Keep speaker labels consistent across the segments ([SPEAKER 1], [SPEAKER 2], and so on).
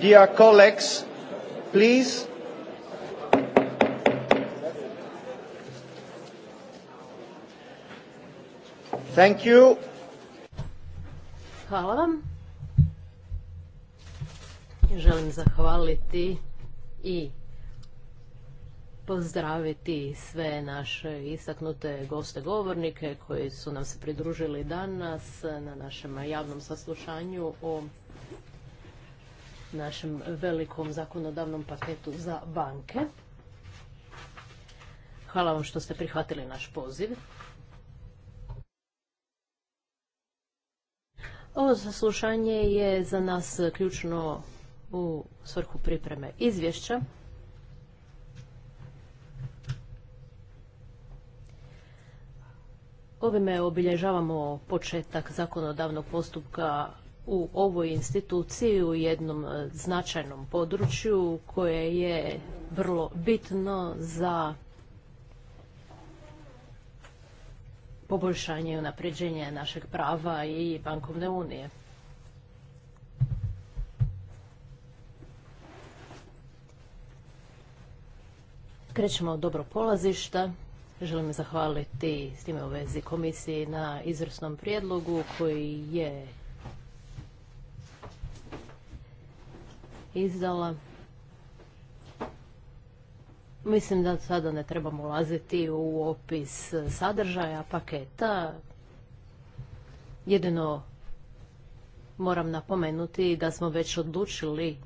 [SPEAKER 1] Dear colleagues, please.
[SPEAKER 2] Thank you. Hvala vam. Želim zahvaliti i pozdraviti sve naše istaknute goste govornike koji su nam se pridružili danas na našem javnom saslušanju o našem velikom zakonodavnom paketu za banke. Hvala vam što ste prihvatili naš poziv. Ovo saslušanje je za nas ključno u svrhu pripreme izvješća. Ovime obilježavamo početak zakonodavnog postupka u ovoj instituciji u jednom e, značajnom području koje je vrlo bitno za poboljšanje i unapređenje našeg prava i bankovne unije. Krećemo od dobro polazišta. Želim zahvaliti s time u vezi komisiji na izvrsnom prijedlogu koji je izdala. Mislim da sada ne trebamo ulaziti u opis sadržaja paketa. Jedino moram napomenuti da smo već odlučili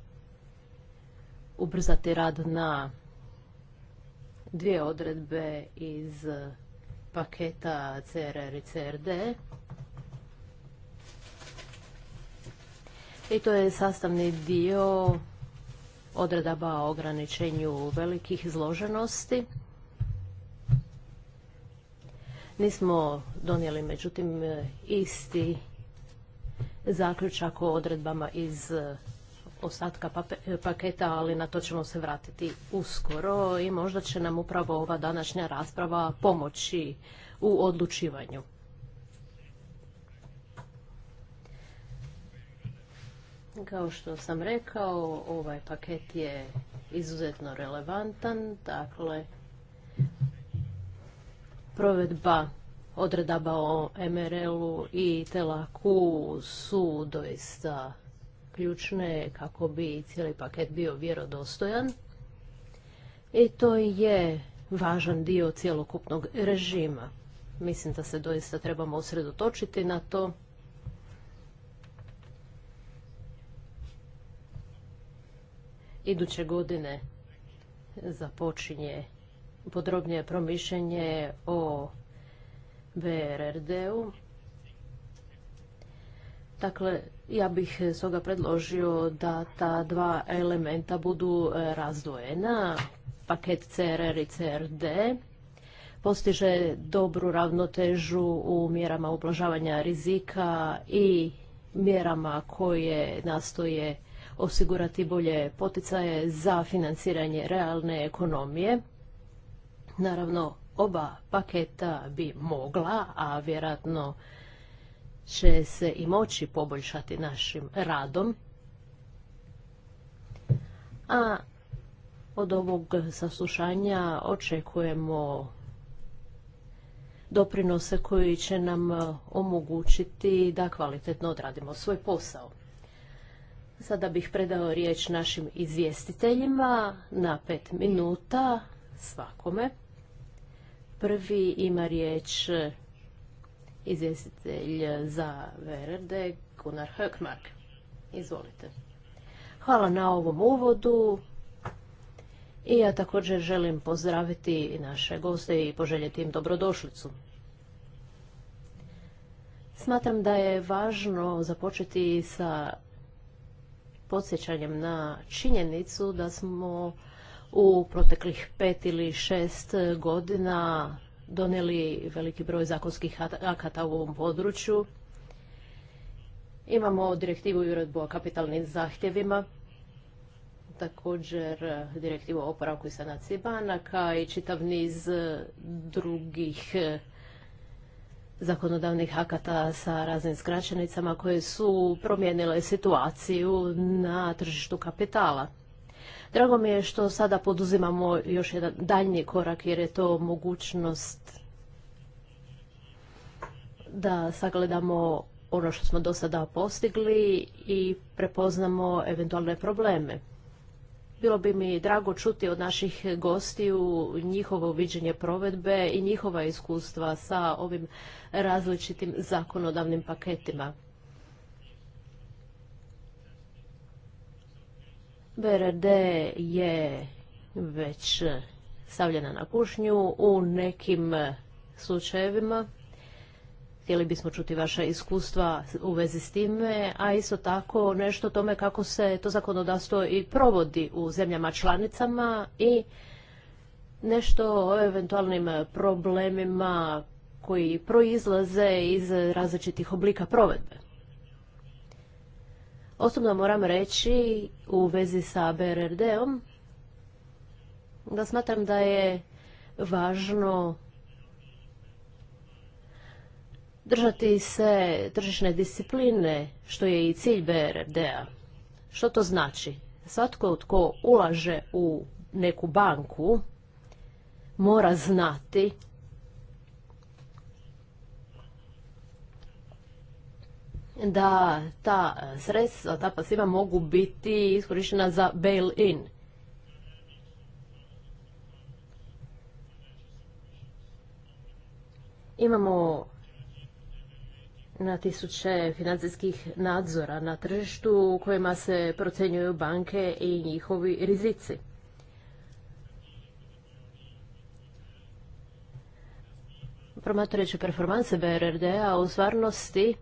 [SPEAKER 2] ubrzati rad na dvije odredbe iz paketa CRR i CRD i to je sastavni dio odredaba o ograničenju velikih izloženosti. Nismo donijeli, međutim, isti zaključak o odredbama iz ostatka paketa, ali na to ćemo se vratiti uskoro i možda će nam upravo ova današnja rasprava pomoći u odlučivanju. Kao što sam rekao, ovaj paket je izuzetno relevantan, dakle provedba odredaba o MRL-u i telaku su doista ključne kako bi cijeli paket bio vjerodostojan. I to je važan dio cjelokupnog režima. Mislim da se doista trebamo osredotočiti na to Iduće godine započinje podrobnije promišljenje o BRRD-u. Dakle, ja bih stoga predložio da ta dva elementa budu e, razdvojena. Paket CRR i CRD postiže dobru ravnotežu u mjerama ublažavanja rizika i mjerama koje nastoje osigurati bolje poticaje za financiranje realne ekonomije. Naravno, oba paketa bi mogla, a vjerojatno će se i moći poboljšati našim radom. A od ovog saslušanja očekujemo doprinose koji će nam omogućiti da kvalitetno odradimo svoj posao. Sada bih predao riječ našim izvjestiteljima na pet minuta svakome. Prvi ima riječ izvjestitelj za VRD, Gunnar Hökmark. Izvolite. Hvala na ovom uvodu. I ja također želim pozdraviti naše goste i poželjeti im dobrodošlicu. Smatram da je važno započeti sa podsjećanjem na činjenicu da smo u proteklih pet ili šest godina donijeli veliki broj zakonskih akata u ovom području. Imamo direktivu i uredbu o kapitalnim zahtjevima, također direktivu o oporavku i sanaciji banaka i čitav niz drugih zakonodavnih akata sa raznim skraćenicama koje su promijenile situaciju na tržištu kapitala. Drago mi je što sada poduzimamo još jedan daljnji korak jer je to mogućnost da sagledamo ono što smo do sada postigli i prepoznamo eventualne probleme. Bilo bi mi drago čuti od naših gostiju njihovo viđenje provedbe i njihova iskustva sa ovim različitim zakonodavnim paketima. BRD je već stavljena na kušnju u nekim slučajevima. Htjeli bismo čuti vaša iskustva u vezi s time, a isto tako nešto o tome kako se to zakonodavstvo i provodi u zemljama članicama i nešto o eventualnim problemima koji proizlaze iz različitih oblika provedbe. Osobno moram reći u vezi sa BRRD-om da smatram da je važno držati se tržišne discipline, što je i cilj BRD-a. Što to znači? Svatko tko ulaže u neku banku mora znati da ta sredstva, ta pasiva mogu biti iskorištena za bail-in. Imamo na tisuće financijskih nadzora na tržištu u kojima se procenjuju banke i njihovi rizici. Promatrajući performanse BRRD-a u stvarnosti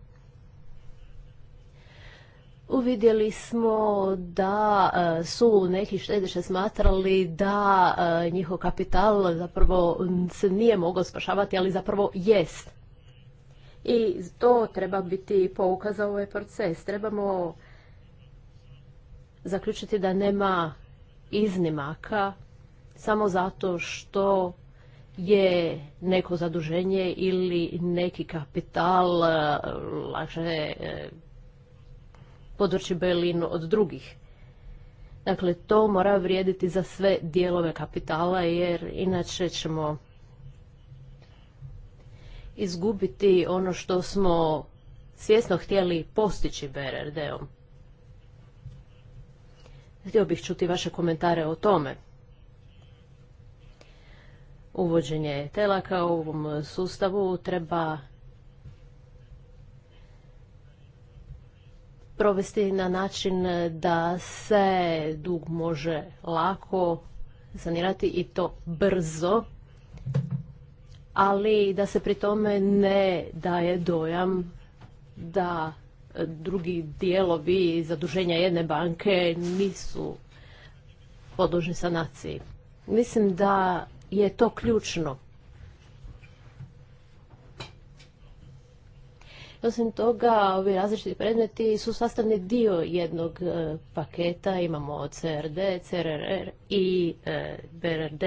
[SPEAKER 2] Uvidjeli smo da e, su neki štediše smatrali da e, njihov kapital zapravo se nije mogao spašavati, ali zapravo jest. I to treba biti pouka za ovaj proces. Trebamo zaključiti da nema iznimaka samo zato što je neko zaduženje ili neki kapital e, lakše e, podvrći Berlinu od drugih. Dakle, to mora vrijediti za sve dijelove kapitala jer inače ćemo izgubiti ono što smo svjesno htjeli postići BRRD-om. Htio bih čuti vaše komentare o tome. Uvođenje telaka u ovom sustavu treba provesti na način da se dug može lako sanirati i to brzo ali da se pri tome ne daje dojam da drugi dijelovi zaduženja jedne banke nisu podložni sanaciji. Mislim da je to ključno. Osim toga, ovi različiti predmeti su sastavni dio jednog e, paketa. Imamo CRD, CRR i e, BRD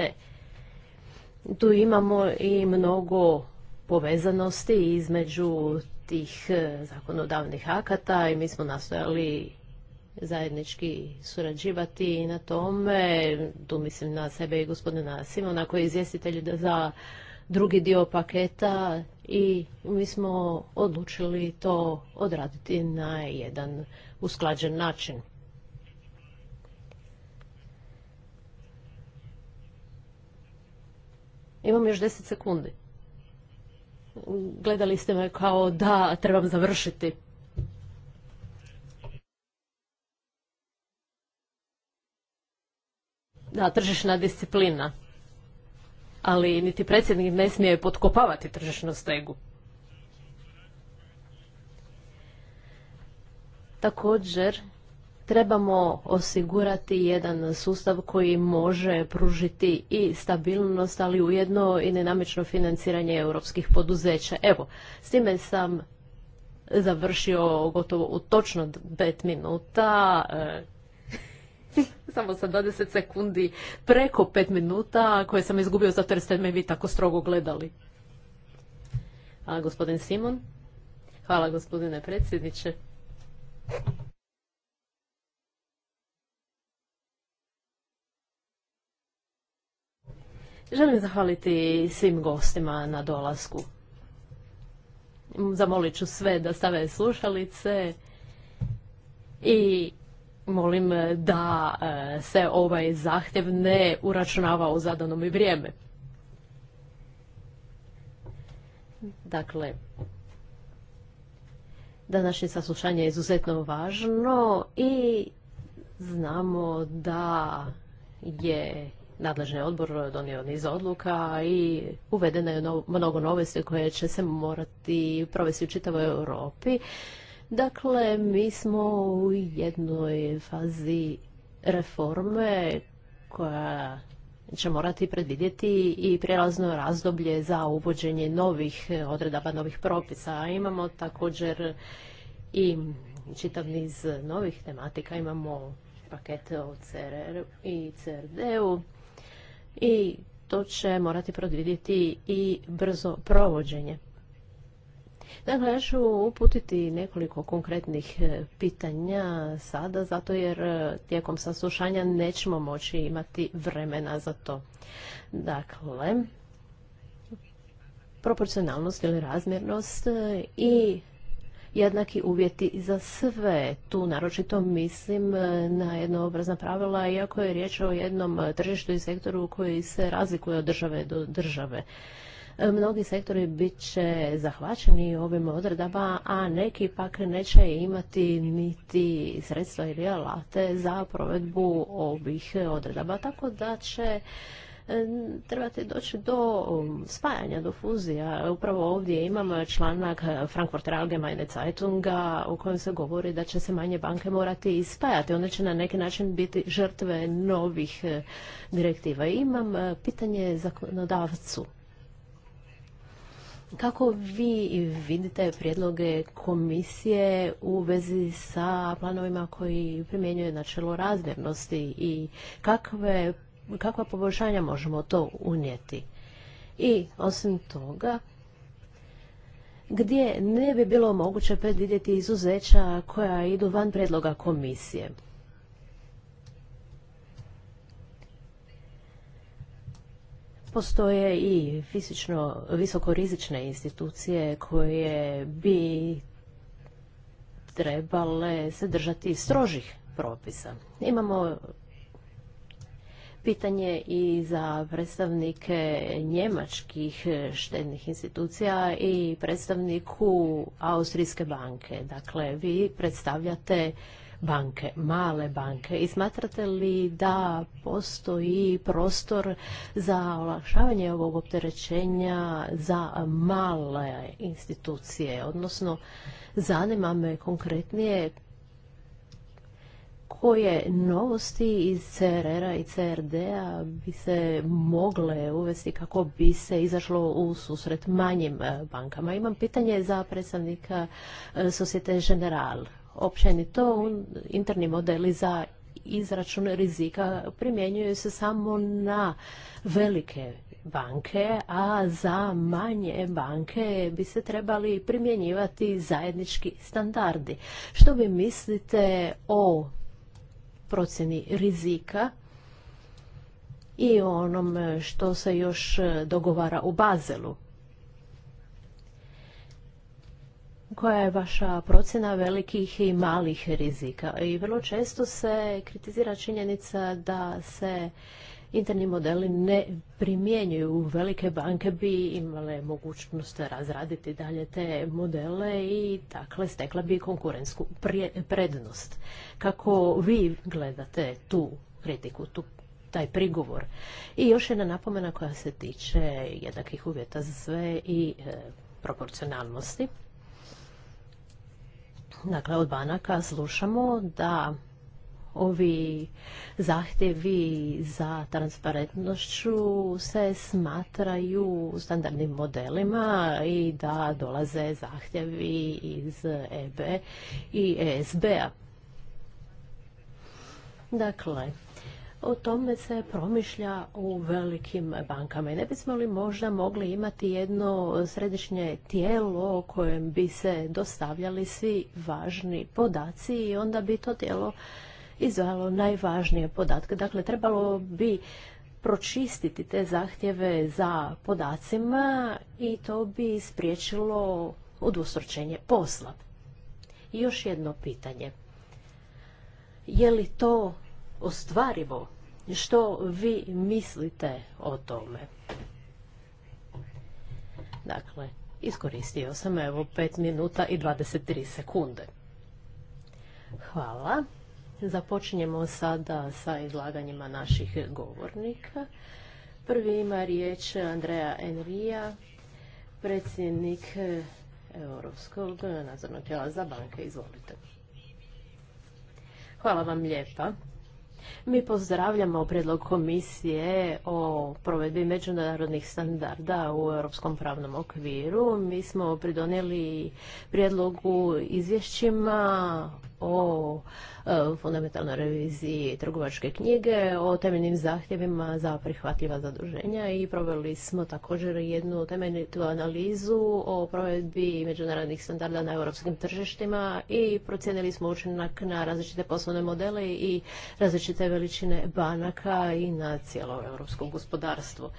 [SPEAKER 2] tu imamo i mnogo povezanosti između tih e, zakonodavnih akata i mi smo nastojali zajednički surađivati na tome. Tu mislim na sebe i gospodina Simona koji je izvjestitelj za drugi dio paketa i mi smo odlučili to odraditi na jedan usklađen način. Imam još deset sekundi. Gledali ste me kao da trebam završiti. Da, tržišna disciplina. Ali niti predsjednik ne smije potkopavati tržišnu stegu. Također, trebamo osigurati jedan sustav koji može pružiti i stabilnost, ali ujedno i nenamično financiranje europskih poduzeća. Evo, s time sam završio gotovo u točno pet minuta. E, samo sa 20 sekundi preko pet minuta koje sam izgubio zato jer ste me vi tako strogo gledali. Hvala gospodin Simon? Hvala gospodine predsjedniče. Želim zahvaliti svim gostima na dolasku. Zamolit ću sve da stave slušalice i molim da e, se ovaj zahtjev ne uračunava u zadano mi vrijeme. Dakle, današnje saslušanje je izuzetno važno i znamo da je nadležni odbor donio niz odluka i uvedeno je mnogo novosti koje će se morati provesti u čitavoj Europi. Dakle, mi smo u jednoj fazi reforme koja će morati predvidjeti i prijelazno razdoblje za uvođenje novih odredaba, novih propisa. Imamo također i čitav niz novih tematika. Imamo pakete o CRR i CRD-u i to će morati predvidjeti i brzo provođenje. Dakle, ja ću uputiti nekoliko konkretnih e, pitanja sada, zato jer e, tijekom saslušanja nećemo moći imati vremena za to. Dakle, proporcionalnost ili razmjernost e, i jednaki uvjeti za sve. Tu naročito mislim e, na jednoobrazna pravila, iako je riječ o jednom tržištu i sektoru koji se razlikuje od države do države. E, mnogi sektori bit će zahvaćeni ovim odredama, a neki pak neće imati niti sredstva ili alate za provedbu ovih odredaba, tako da će E, trebate doći do um, spajanja, do fuzija. Upravo ovdje imam članak Frankfurter Allgemeine Zeitunga u kojem se govori da će se manje banke morati ispajati. One će na neki način biti žrtve novih e, direktiva. Imam e, pitanje zakonodavcu. Kako vi vidite prijedloge komisije u vezi sa planovima koji primjenjuju načelo razmjernosti i kakve kakva poboljšanja možemo to unijeti. I osim toga, gdje ne bi bilo moguće predvidjeti izuzeća koja idu van predloga komisije. Postoje i fizično visokorizične institucije koje bi trebale se držati strožih propisa. Imamo pitanje i za predstavnike njemačkih štednih institucija i predstavniku Austrijske banke. Dakle, vi predstavljate banke, male banke i smatrate li da postoji prostor za olakšavanje ovog opterećenja za male institucije, odnosno zanima me konkretnije koje novosti iz CRR-a i CRD-a bi se mogle uvesti kako bi se izašlo u susret manjim e, bankama. Imam pitanje za predstavnika e, Societe General. Općenito, interni modeli za izračun rizika primjenjuju se samo na velike banke, a za manje banke bi se trebali primjenjivati zajednički standardi. Što vi mislite o procjeni rizika i onom e, što se još e, dogovara u Bazelu. Koja je vaša procjena velikih i malih rizika? I vrlo često se kritizira činjenica da se interni modeli ne primjenjuju. Velike banke bi imale mogućnost razraditi dalje te modele i takle stekla bi konkurentsku prednost. Kako vi gledate tu kritiku, tu taj prigovor. I još jedna napomena koja se tiče jednakih uvjeta za sve i e, proporcionalnosti. Dakle, od banaka slušamo da ovi zahtjevi za transparentnošću se smatraju standardnim modelima i da dolaze zahtjevi iz EB i ESB-a. Dakle, o tome se promišlja u velikim bankama. ne bismo li možda mogli imati jedno središnje tijelo kojem bi se dostavljali svi važni podaci i onda bi to tijelo izvalo najvažnije podatke. Dakle, trebalo bi pročistiti te zahtjeve za podacima i to bi spriječilo udvostručenje posla. I još jedno pitanje. Je li to ostvarivo? Što vi mislite o tome? Dakle, iskoristio sam evo 5 minuta i 23 sekunde. Hvala. Započinjemo sada sa izlaganjima naših govornika. Prvi ima riječ Andreja Enrija, predsjednik e, Europskog nadzornog tijela za banke. Izvolite. Hvala vam lijepa. Mi pozdravljamo predlog komisije o provedbi međunarodnih standarda u europskom pravnom okviru. Mi smo pridonijeli prijedlogu izvješćima o e, fundamentalnoj reviziji trgovačke knjige, o temeljnim zahtjevima za prihvatljiva zaduženja i proveli smo također jednu temeljitu analizu o provedbi međunarodnih standarda na europskim tržištima i procijenili smo učinak na različite poslovne modele i različite veličine banaka i na cijelo europsko gospodarstvo.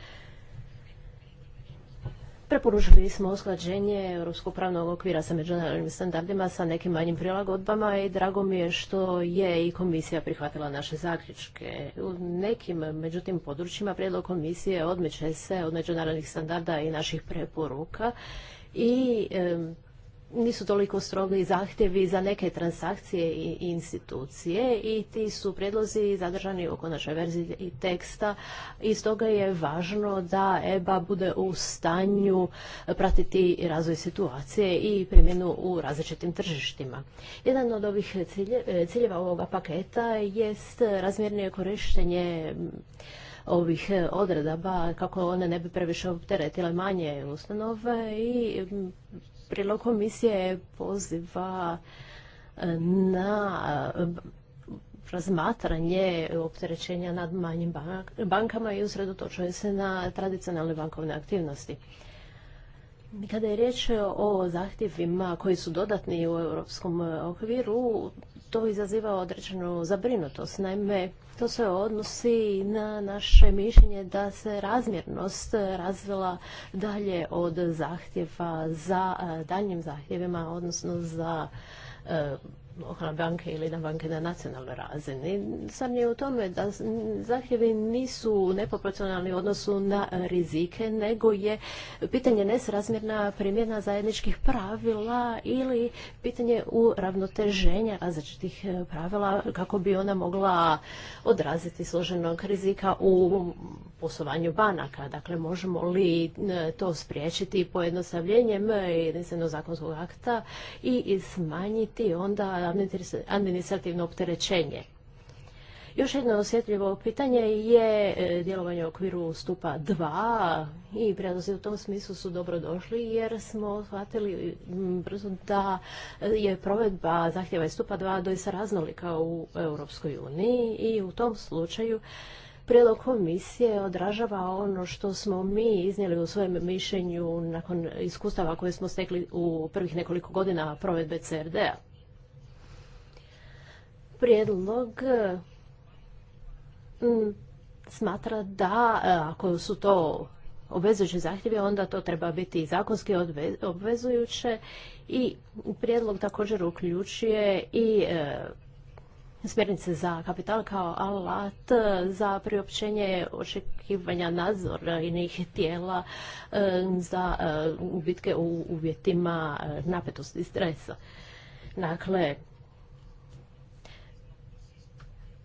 [SPEAKER 2] Preporučili smo usklađenje europskog pravnog okvira sa međunarodnim standardima sa nekim manjim prilagodbama i drago mi je što je i komisija prihvatila naše zaključke. U nekim, međutim, područjima prijedlog komisije odmeće se od međunarodnih standarda i naših preporuka i nisu toliko strogi zahtjevi za neke transakcije i institucije i ti su prijedlozi zadržani u konačnoj verziji i teksta i stoga je važno da EBA bude u stanju pratiti razvoj situacije i primjenu u različitim tržištima. Jedan od ovih ciljeva ovoga paketa jest razmjernije korištenje ovih odredaba kako one ne bi previše opteretile manje ustanove i Prilog komisije poziva e, na e, razmatranje opterećenja nad manjim bankama i usredotočuje se na tradicionalne bankovne aktivnosti. Kada je riječ o zahtjevima koji su dodatni u europskom okviru, to izaziva određenu zabrinutost. Naime, to se odnosi na naše mišljenje da se razmjernost razvila dalje od zahtjeva za eh, daljnjim zahtjevima, odnosno za eh, lokalne banke ili na banke na nacionalnoj razini. Sam je u tome da zahtjevi nisu nepoporcionalni u odnosu na rizike, nego je pitanje nesrazmjerna primjena zajedničkih pravila ili pitanje uravnoteženja različitih e, pravila kako bi ona mogla odraziti složenog rizika u poslovanju banaka. Dakle, možemo li e, to spriječiti pojednostavljenjem jedinstvenog zakonskog akta i smanjiti onda administrativno opterećenje. Još jedno osjetljivo pitanje je e, djelovanje u okviru stupa 2 i prijedlozi u tom smislu su dobro došli jer smo shvatili mm, brzo da je provedba zahtjeva iz stupa 2 doista raznolika u Europskoj uniji i u tom slučaju Prijedlog komisije odražava ono što smo mi iznijeli u svojem mišljenju nakon iskustava koje smo stekli u prvih nekoliko godina provedbe CRD-a prijedlog e, smatra da e, ako su to obvezujući zahtjevi, onda to treba biti zakonski obvezujuće i prijedlog također uključuje i e, smjernice za kapital kao alat za priopćenje očekivanja nadzornih tijela za gubitke u uvjetima napetosti i stresa. Dakle,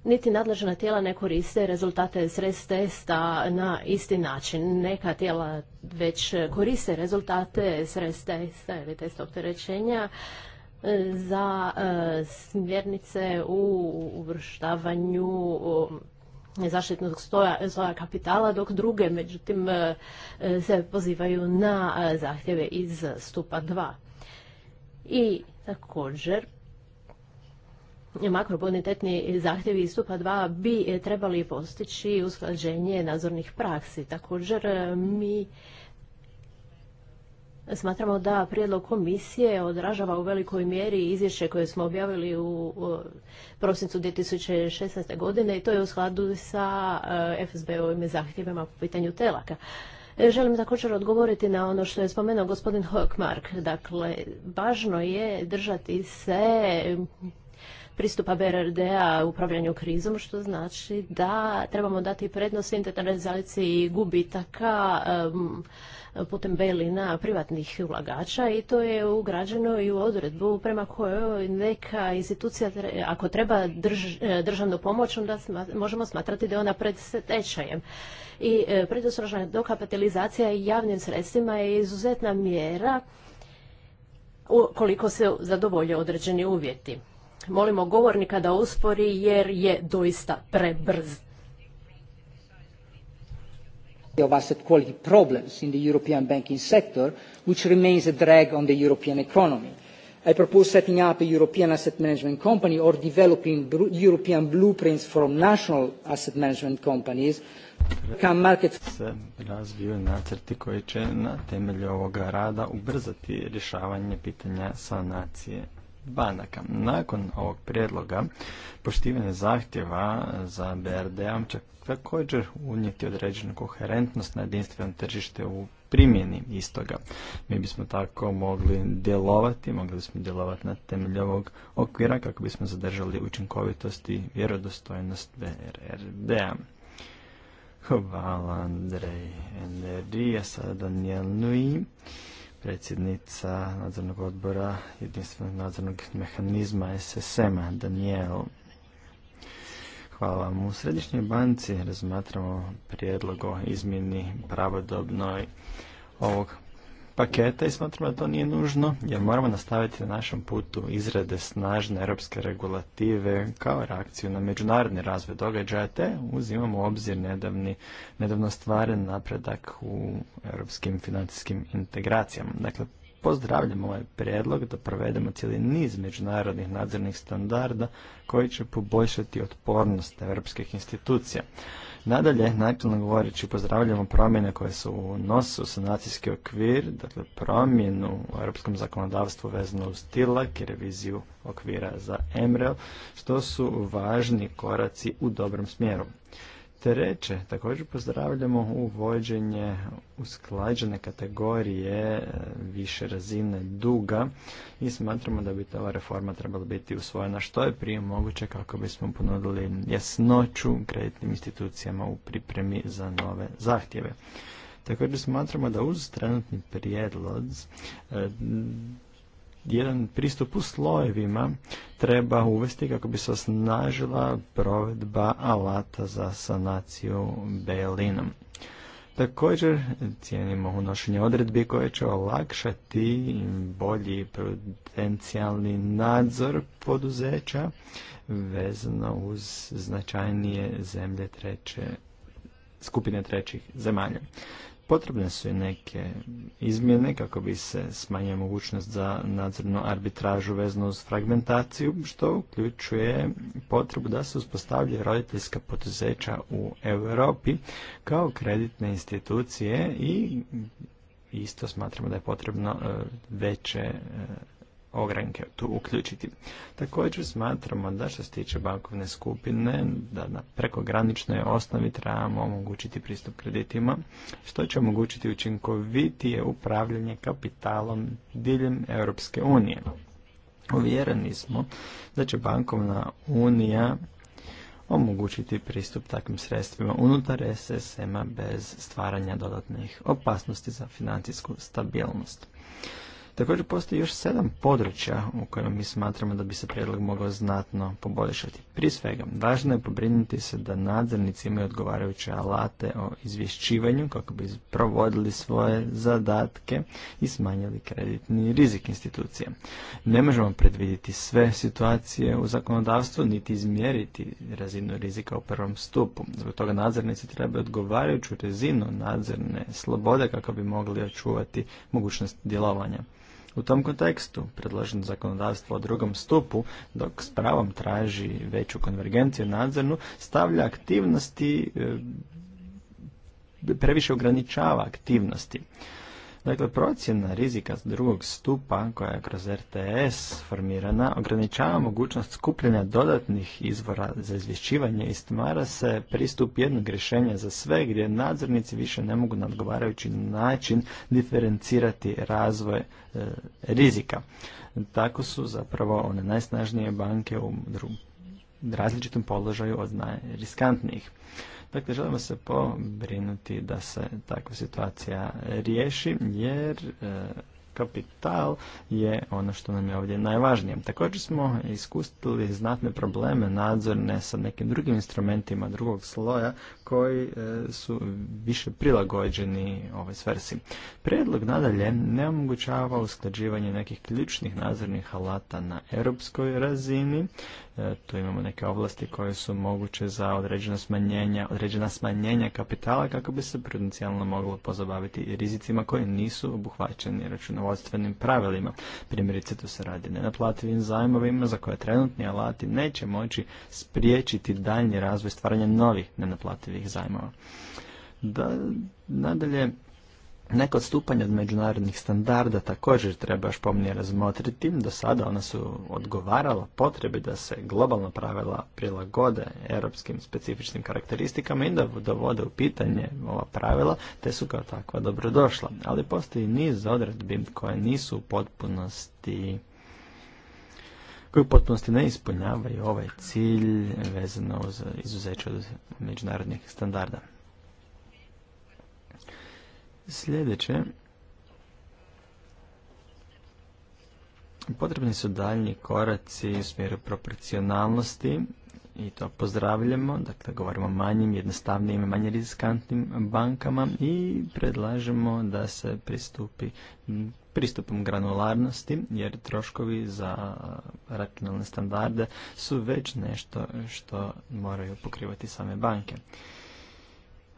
[SPEAKER 2] niti nadležna tijela ne koriste rezultate stres testa na isti način. Neka tijela već koriste rezultate stres testa ili testa opterećenja e, za e, smjernice u uvrštavanju zaštitnog stoja, kapitala, dok druge, međutim, e, se pozivaju na zahtjeve iz stupa 2. I također, makrobonitetni zahtjevi iz stupa 2 bi e, trebali postići usklađenje nadzornih praksi. Također e, mi Smatramo da prijedlog komisije odražava u velikoj mjeri izvješće koje smo objavili u prosincu 2016. godine i to je u skladu sa e, FSB-ovim zahtjevima po pitanju telaka. Želim također odgovoriti na ono što je spomenuo gospodin Hockmark. Dakle, važno je držati se pristupa BRD-a upravljanju krizom, što znači da trebamo dati prednost internalizaciji gubitaka putem belina privatnih ulagača i to je ugrađeno i u odredbu prema kojoj neka institucija, ako treba e, državnu pomoć, onda možemo smatrati da je ona pred stečajem. I e, predostrožna predosrožna dokapitalizacija javnim sredstvima je izuzetna mjera koliko se zadovolje određeni uvjeti. Molimo govornika da uspori jer je doista prebrz. Of asset quality problems in the European banking sector, which remains a drag on the European economy. I propose setting up a European asset management company or developing
[SPEAKER 3] European blueprints from national asset management companies se razviju nacrti koji će na temelju ovoga rada ubrzati rješavanje pitanja sanacije banaka. Nakon ovog prijedloga, poštivanje zahtjeva za BRD-om će također unijeti određenu koherentnost na jedinstveno tržište u primjeni istoga. Mi bismo tako mogli djelovati, mogli bismo djelovati na temelju ovog okvira kako bismo zadržali učinkovitost i vjerodostojnost brd a Hvala Andrej Enerija, sada Daniel Nui predsjednica nadzornog odbora jedinstvenog nadzornog mehanizma SSM-a, Daniel. Hvala vam. U Središnjoj banci razmatramo prijedlog o izmjeni pravodobnoj ovog paketa i smatramo da to nije nužno jer moramo nastaviti na našem putu izrade snažne europske regulative kao reakciju na međunarodni razvoj događaja te uzimamo u obzir nedavni, nedavno stvaren napredak u europskim financijskim integracijama. Dakle, pozdravljamo ovaj prijedlog da provedemo cijeli niz međunarodnih nadzornih standarda koji će poboljšati otpornost europskih institucija. Nadalje, načelno govoreći, pozdravljamo promjene koje su u nosu sanacijski okvir, dakle promjenu u europskom zakonodavstvu vezano uz tilak i reviziju okvira za EMREL, što su važni koraci u dobrom smjeru. Treće, također pozdravljamo uvođenje usklađene kategorije e, više razine duga i smatramo da bi ta ova reforma trebala biti usvojena što je prije moguće kako bismo ponudili jasnoću kreditnim institucijama u pripremi za nove zahtjeve. Također smatramo da uz trenutni prijedlog e, jedan pristup u slojevima treba uvesti kako bi se osnažila provedba alata za sanaciju belinom. Također cijenimo unošenje odredbi koje će olakšati bolji prudencijalni nadzor poduzeća vezano uz značajnije zemlje treće, skupine trećih zemalja. Potrebne su i neke izmjene kako bi se smanjila mogućnost za nadzornu arbitražu vezano uz fragmentaciju, što uključuje potrebu da se uspostavlja roditeljska poduzeća u Europi kao kreditne institucije i isto smatramo da je potrebno e, veće e, ogranke tu uključiti. Također smatramo da što se tiče bankovne skupine, da na prekograničnoj osnovi trebamo omogućiti pristup kreditima, što će omogućiti učinkovitije upravljanje kapitalom diljem Europske unije. Uvjereni smo da će bankovna unija omogućiti pristup takvim sredstvima unutar SSM-a bez stvaranja dodatnih opasnosti za financijsku stabilnost. Također postoji još sedam područja u kojima mi smatramo da bi se prijedlog mogao znatno poboljšati. Prije svega, važno je pobrinuti se da nadzornici imaju odgovarajuće alate o izvješćivanju kako bi provodili svoje zadatke i smanjili kreditni rizik institucije. Ne možemo predvidjeti sve situacije u zakonodavstvu niti izmjeriti razinu rizika u prvom stupu. Zbog toga nadzornici trebaju odgovarajuću razinu nadzorne slobode kako bi mogli očuvati mogućnost djelovanja. U tom kontekstu predloženo zakonodavstvo o drugom stupu, dok s pravom traži veću konvergenciju nadzornu, stavlja aktivnosti, e, previše ograničava aktivnosti. Dakle, procjena rizika drugog stupa koja je kroz RTS formirana ograničava mogućnost skupljanja dodatnih izvora za izvješćivanje i stvara se pristup jednog rješenja za sve gdje nadzornici više ne mogu na odgovarajući način diferencirati razvoj e, rizika. Tako su zapravo one najsnažnije banke u različitom položaju od najriskantnijih. Dakle, želimo se pobrinuti da se takva situacija riješi, jer e, kapital je ono što nam je ovdje najvažnije. Također smo iskustili znatne probleme nadzorne sa nekim drugim instrumentima drugog sloja koji e, su više prilagođeni ovoj svrsi. Prijedlog nadalje ne omogućava usklađivanje nekih ključnih nadzornih alata na europskoj razini E, tu imamo neke ovlasti koje su moguće za određena smanjenja, određena smanjenja kapitala kako bi se prudencijalno moglo pozabaviti i rizicima koji nisu obuhvaćeni računovodstvenim pravilima. Primjerice tu se radi nenaplativim zajmovima za koje trenutni alati neće moći spriječiti daljnji razvoj stvaranja novih nenaplativih zajmova. Da, nadalje, Neko stupanja od međunarodnih standarda također treba još pomnije razmotriti. Do sada ona su odgovarala potrebi da se globalna pravila prilagode europskim specifičnim karakteristikama i da dovode u pitanje ova pravila, te su kao takva dobrodošla. Ali postoji niz odredbi koje nisu u potpunosti koji u potpunosti ne ispunjavaju ovaj cilj vezano uz izuzeće od međunarodnih standarda. Sljedeće, potrebni su daljni koraci u smjeru proporcionalnosti i to pozdravljamo, dakle govorimo o manjim, jednostavnijim i manje riskantnim bankama i predlažemo da se pristupi pristupom granularnosti jer troškovi za računalne standarde su već nešto što moraju pokrivati same banke.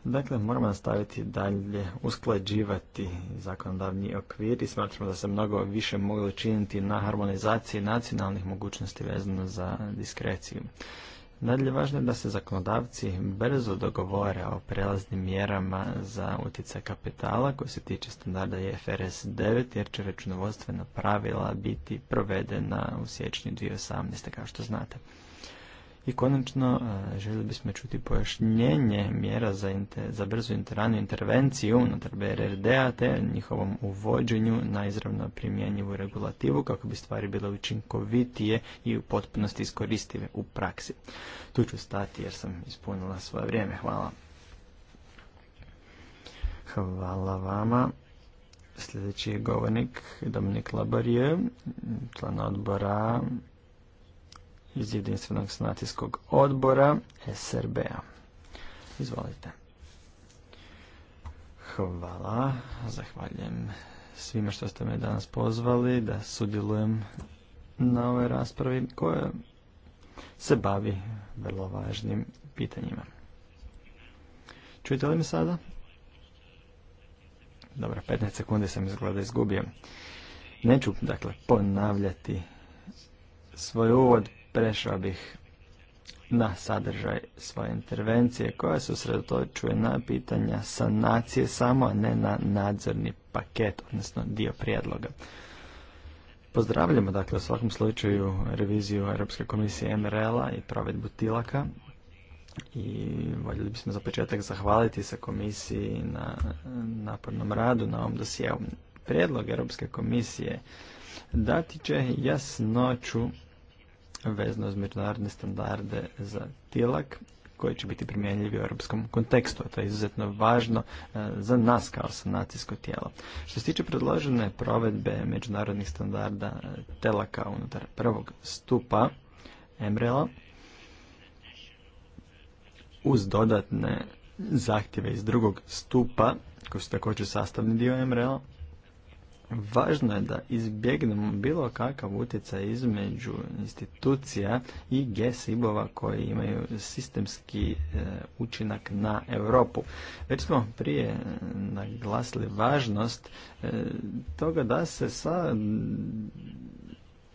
[SPEAKER 3] Dakle, moramo nastaviti dalje usklađivati zakonodavni okvir i smatramo da se mnogo više moglo učiniti na harmonizaciji nacionalnih mogućnosti vezano za diskreciju. Nadalje, važno je da se zakonodavci brzo dogovore o prelaznim mjerama za utjecaj kapitala koji se tiče standarda IFRS e 9 jer će računovodstvena pravila biti provedena u siječnju 2018. kao što znate. I konačno e, željeli bismo čuti pojašnjenje mjera za, inter, za brzu interanu intervenciju na brrd te njihovom uvođenju na izravno primjenjivu regulativu kako bi stvari bile učinkovitije i u potpunosti iskoristive u praksi. Tu ću stati jer sam ispunila svoje vrijeme. Hvala. Hvala vama. Sljedeći je govornik Dominik Labarije, član odbora iz Jedinstvenog sanacijskog odbora SRB-a. Izvolite. Hvala, zahvaljujem svima što ste me danas pozvali da sudjelujem na ovoj raspravi koja se bavi vrlo važnim pitanjima. Čujete li mi sada? Dobro, 15 sekundi sam izgleda izgubio. Neću, dakle, ponavljati svoj uvod prešao bih na sadržaj svoje intervencije koja se usredotočuje na pitanja sanacije samo, a ne na nadzorni paket, odnosno dio prijedloga. Pozdravljamo dakle u svakom slučaju reviziju Europske komisije MRL-a i provedbu tilaka i voljeli bismo za početak zahvaliti se komisiji na napornom radu na ovom dosjeu. Prijedlog Europske komisije dati će jasnoću vezano uz međunarodne standarde za tilak koji će biti primjenjivi u europskom kontekstu. a To je izuzetno važno e, za nas kao sanacijsko tijelo. Što se tiče predložene provedbe međunarodnih standarda e, telaka unutar prvog stupa Emrela, uz dodatne zahtjeve iz drugog stupa, koji su također sastavni dio MRL, Važno je da izbjegnemo bilo kakav utjecaj između institucija i GSIB-ova koji imaju sistemski e, učinak na Europu. Već smo prije e, naglasili važnost e, toga da se sa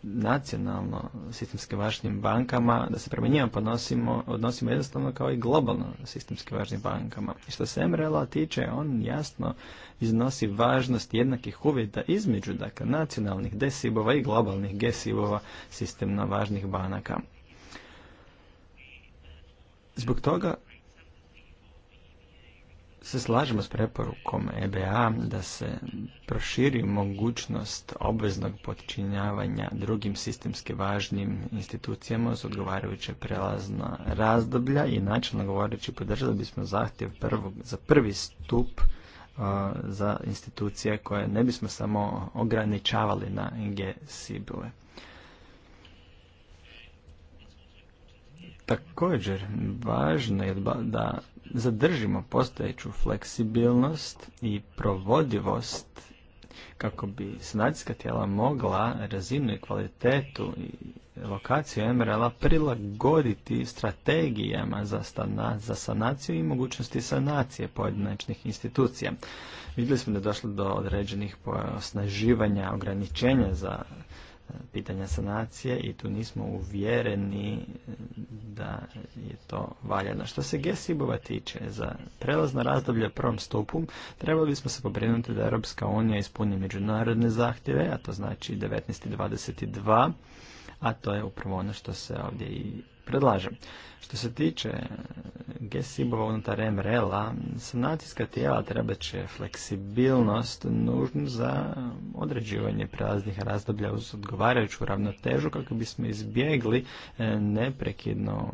[SPEAKER 3] nacionalno sistemski važnim bankama, da se prema njima odnosimo jednostavno kao i globalno sistemske važnim bankama. I što se MRL-a tiče, on jasno iznosi važnost jednakih uvjeta između dakle, nacionalnih desibova i globalnih gesibova sistemno važnih banaka. Zbog toga se slažemo s preporukom EBA da se proširi mogućnost obveznog podčinjavanja drugim sistemski važnim institucijama s odgovarajuće prelazna razdoblja i načelno govoreći podržali bismo zahtjev prvog, za prvi stup uh, za institucije koje ne bismo samo ograničavali na G-sibile. Također, važno je da zadržimo postojeću fleksibilnost i provodivost kako bi sanacijska tijela mogla razinu i kvalitetu i lokaciju MRL-a prilagoditi strategijama za, stana, za sanaciju i mogućnosti sanacije pojedinačnih institucija. Vidjeli smo da je došlo do određenih osnaživanja, ograničenja za pitanja sanacije i tu nismo uvjereni eh, da je to valjano. Što se gesibova tiče, za prelazno razdoblje prvom stupu trebali bismo se pobrinuti da Europska unija ispuni međunarodne zahtjeve, a to znači 19.22, a to je upravo ono što se ovdje i predlažem. Što se tiče GESIBOVA unutar MRL-a, sanacijska tijela treba će fleksibilnost nužnu za određivanje prelaznih razdoblja uz odgovarajuću ravnotežu kako bismo izbjegli e, neprekidno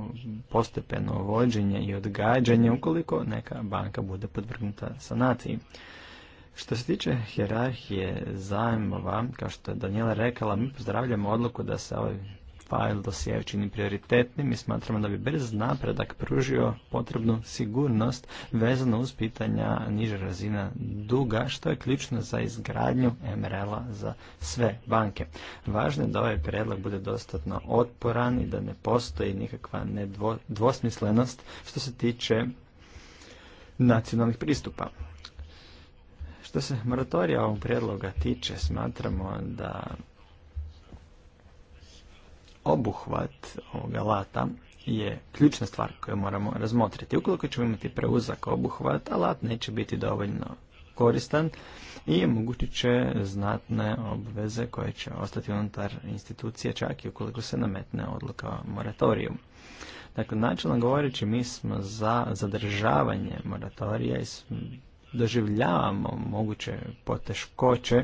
[SPEAKER 3] postepeno vođenje i odgađanje ukoliko neka banka bude podvrgnuta sanaciji. Što se tiče hjerarhije zajmova, kao što je Daniela rekala, mi pozdravljamo odluku da se ovaj Fajl dosije čini prioritetnim i smatramo da bi brz napredak pružio potrebnu sigurnost vezano uz pitanja niže razina duga, što je ključno za izgradnju MRL-a za sve banke. Važno je da ovaj prijedlog bude dostatno otporan i da ne postoji nikakva nedvosmislenost što se tiče nacionalnih pristupa. Što se moratorija ovog prijedloga tiče, smatramo da obuhvat ovog alata je ključna stvar koju moramo razmotriti. Ukoliko ćemo imati preuzak obuhvat, alat neće biti dovoljno koristan i mogući će znatne obveze koje će ostati unutar institucije čak i ukoliko se nametne odluka o moratoriju. Dakle, načelno govoreći mi smo za zadržavanje moratorija i doživljavamo moguće poteškoće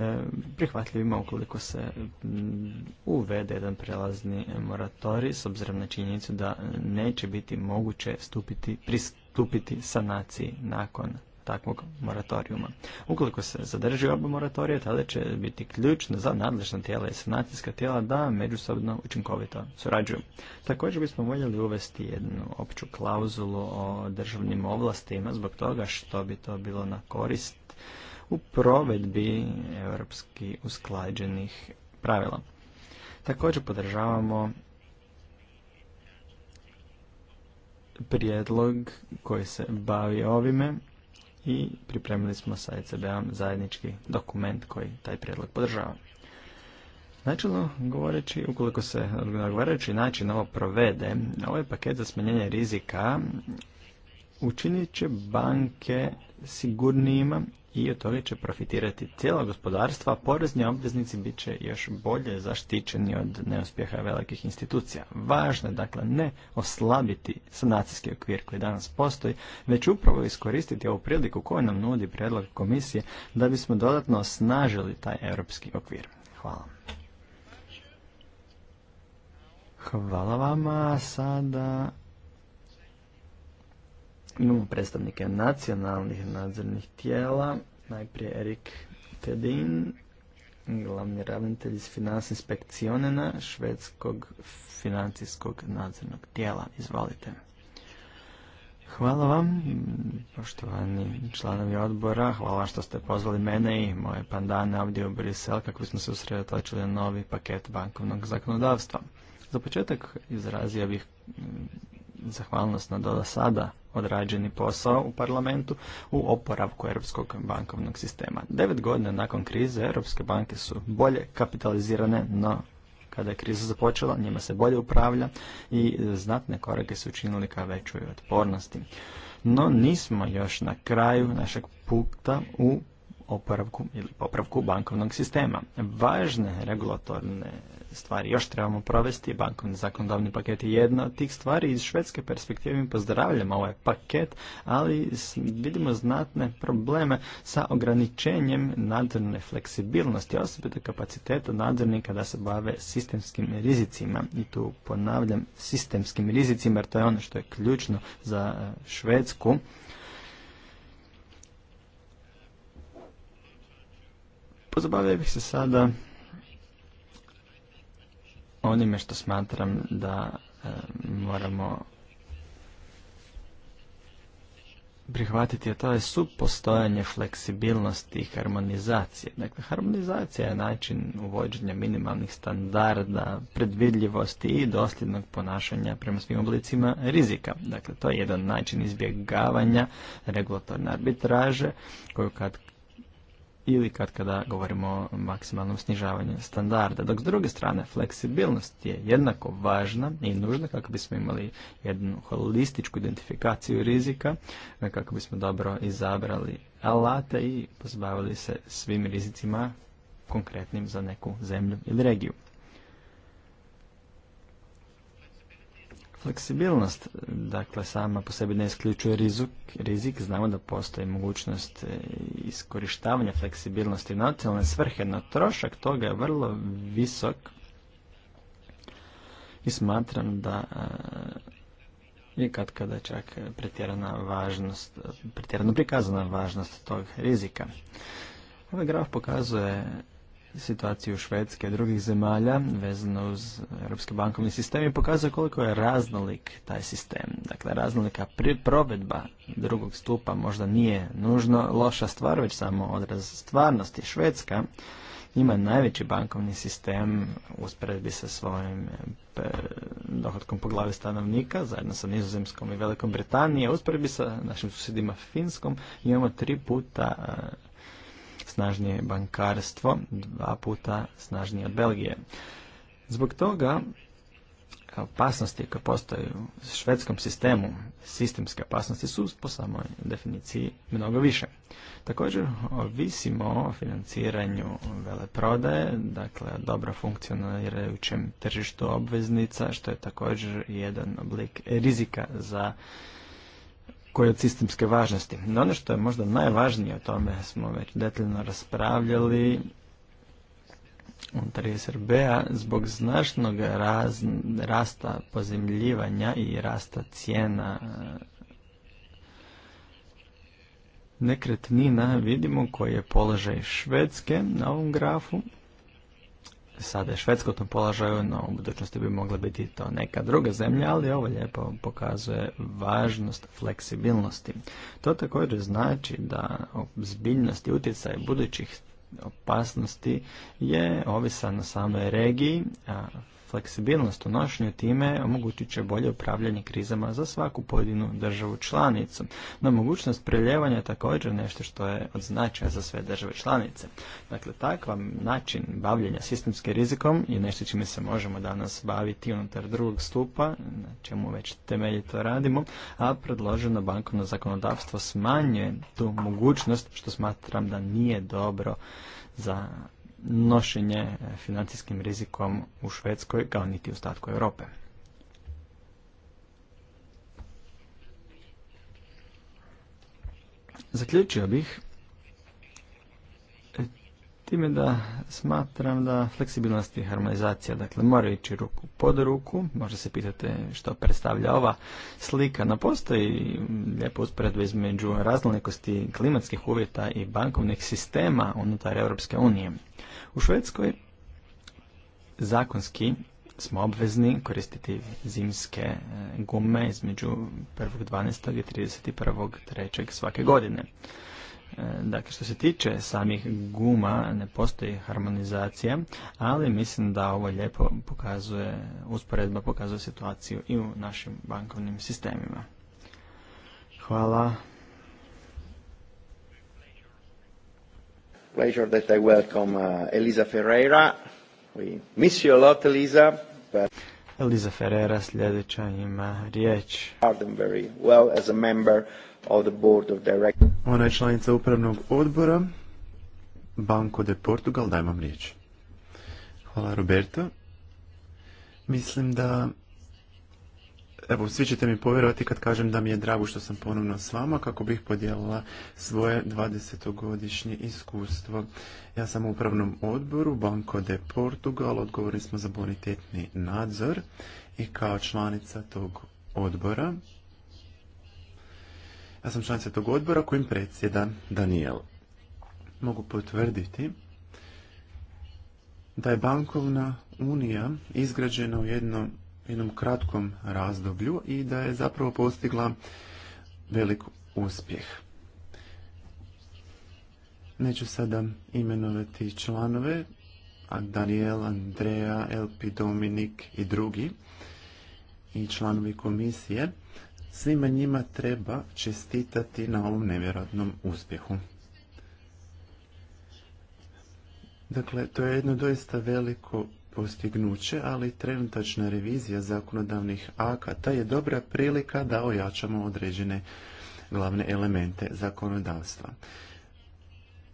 [SPEAKER 3] E, prihvatljivima ukoliko se mm, uvede jedan prelazni moratorij s obzirom na činjenicu da neće biti moguće stupiti, pristupiti sanaciji nakon takvog moratorijuma. Ukoliko se zadrži oba moratorija, tada će biti ključno za nadležna tijela i sanacijska tijela da međusobno učinkovito surađuju. Također bismo voljeli uvesti jednu opću klauzulu o državnim ovlastima zbog toga što bi to bilo na korist u provedbi europski usklađenih pravila. Također podržavamo prijedlog koji se bavi ovime i pripremili smo sa ecb zajednički dokument koji taj prijedlog podržava. Načelno govoreći, ukoliko se odgovarajući način ovo provede, ovaj paket za smanjenje rizika učinit će banke sigurnijima i od toga će profitirati cijela gospodarstva, a porezni obveznici bit će još bolje zaštićeni od neuspjeha velikih institucija. Važno je dakle ne oslabiti sanacijski okvir koji danas postoji, već upravo iskoristiti ovu priliku koju nam nudi predlog komisije da bismo dodatno osnažili taj europski okvir. Hvala. Hvala vama. Sada Imamo predstavnike nacionalnih nadzornih tijela, najprije Erik Tedin, glavni ravnatelj iz Finans Inspekcionena, švedskog financijskog nadzornog tijela. Izvalite. Hvala vam, poštovani članovi odbora. Hvala što ste pozvali mene i moje pandane ovdje u Brisel kako smo se usredotočili na novi paket bankovnog zakonodavstva. Za početak izrazio bih zahvalnost na do sada odrađeni posao u parlamentu u oporavku europskog bankovnog sistema. Devet godina nakon krize europske banke su bolje kapitalizirane, no kada je kriza započela, njima se bolje upravlja i znatne korake su učinili ka većoj otpornosti. No nismo još na kraju našeg puta u oporavku ili popravku bankovnog sistema. Važne regulatorne stvari još trebamo provesti, bankovni zakonodavni paket je jedna od tih stvari. Iz švedske perspektive mi pozdravljamo ovaj paket, ali vidimo znatne probleme sa ograničenjem nadzorne fleksibilnosti, osobito kapaciteta nadzornika da se bave sistemskim rizicima. I tu ponavljam sistemskim rizicima jer to je ono što je ključno za eh, Švedsku Pozabavio bih se sada onime što smatram da e, moramo prihvatiti, a to je supostojanje fleksibilnosti i harmonizacije. Dakle, harmonizacija je način uvođenja minimalnih standarda, predvidljivosti i dosljednog ponašanja prema svim oblicima rizika. Dakle, to je jedan način izbjegavanja regulatorne arbitraže koju kad ili kad kada govorimo o maksimalnom snižavanju standarda. Dok s druge strane, fleksibilnost je jednako važna i nužna kako bismo imali jednu holističku identifikaciju rizika, kako bismo dobro izabrali alate i pozbavili se svim rizicima konkretnim za neku zemlju ili regiju. Fleksibilnost, dakle, sama po sebi ne isključuje rizik, rizik. Znamo da postoji mogućnost e, iskorištavanja fleksibilnosti na nacionalne svrhe, no trošak toga je vrlo visok i smatram da e, je kad kada čak pretjerana važnost, pretjerano prikazana važnost tog rizika. Ovaj graf pokazuje situaciju Švedske i drugih zemalja vezano uz europski bankovni sistem i pokazuje koliko je raznolik taj sistem. Dakle, raznolika provedba drugog stupa možda nije nužno loša stvar, već samo odraz stvarnosti. Švedska ima najveći bankovni sistem usporedbi sa svojim dohodkom po glavi stanovnika, zajedno sa Nizozemskom i Velikom Britanije, usporedbi sa našim susjedima Finskom, imamo tri puta snažnije bankarstvo, dva puta snažnije od Belgije. Zbog toga opasnosti koje postoje u švedskom sistemu, sistemske opasnosti su po samoj definiciji mnogo više. Također ovisimo o financiranju veleprodaje, dakle dobro funkcionirajućem tržištu obveznica, što je također jedan oblik rizika za koji je od sistemske važnosti. No ono što je možda najvažnije o tome smo već detaljno raspravljali unutar SRB-a zbog značnog rasta pozemljivanja i rasta cijena e, nekretnina vidimo koji je položaj Švedske na ovom grafu Sada je švedsko u tom no u budućnosti bi mogla biti to neka druga zemlja, ali ovo lijepo pokazuje važnost fleksibilnosti. To također znači da zbiljnost i utjecaj budućih opasnosti je ovisan na samoj regiji, a Fleksibilnost u nošnju time omogućit će bolje upravljanje krizama za svaku pojedinu državu članicu, no mogućnost preljevanja je također nešto što je od značaja za sve države članice. Dakle, takav način bavljenja sistemskim rizikom je nešto čime se možemo danas baviti unutar drugog stupa, na čemu već temeljito radimo, a predloženo bankovno zakonodavstvo smanjuje tu mogućnost, što smatram da nije dobro za nošenje eh, financijskim rizikom u Švedskoj kao niti u statku Europe. Zaključio bih Time da smatram da fleksibilnost i harmonizacija dakle, moraju ići ruku pod ruku. Možda se pitate što predstavlja ova slika. na postoji lijepo usporedba između raznolikosti klimatskih uvjeta i bankovnih sistema unutar Europske unije. U Švedskoj zakonski smo obvezni koristiti zimske e, gume između 1.12. i 31.3. svake godine. E, dakle, što se tiče samih guma, ne postoji harmonizacija, ali mislim da ovo lijepo pokazuje, usporedba pokazuje situaciju i u našim bankovnim sistemima.
[SPEAKER 1] Hvala. Pleasure that I welcome uh, Elisa Ferreira. We miss you a lot, Elisa.
[SPEAKER 3] But... Ferreira sljedeća ima riječ. Very well as a member of the board of directors.
[SPEAKER 1] Ona je članica upravnog odbora Banco de Portugal, daj vam riječ. Hvala Roberto. Mislim da Evo, svi ćete mi povjerovati kad kažem da mi je drago što sam ponovno s vama kako bih podijelila svoje 20-godišnje iskustvo. Ja sam u upravnom odboru Banco de Portugal, odgovorni smo za bonitetni nadzor i kao članica tog odbora ja sam članica tog odbora kojim predsjeda Daniel. Mogu potvrditi da je bankovna unija izgrađena u jednom, jednom kratkom razdoblju i da je zapravo postigla velik uspjeh. Neću sada imenovati članove, a Daniel, Andrea, Elpi, Dominik i drugi i članovi komisije Svima njima treba čestitati na ovom nevjerojatnom uspjehu. Dakle, to je jedno doista veliko postignuće, ali trenutačna revizija zakonodavnih akata je dobra prilika da ojačamo određene glavne elemente zakonodavstva.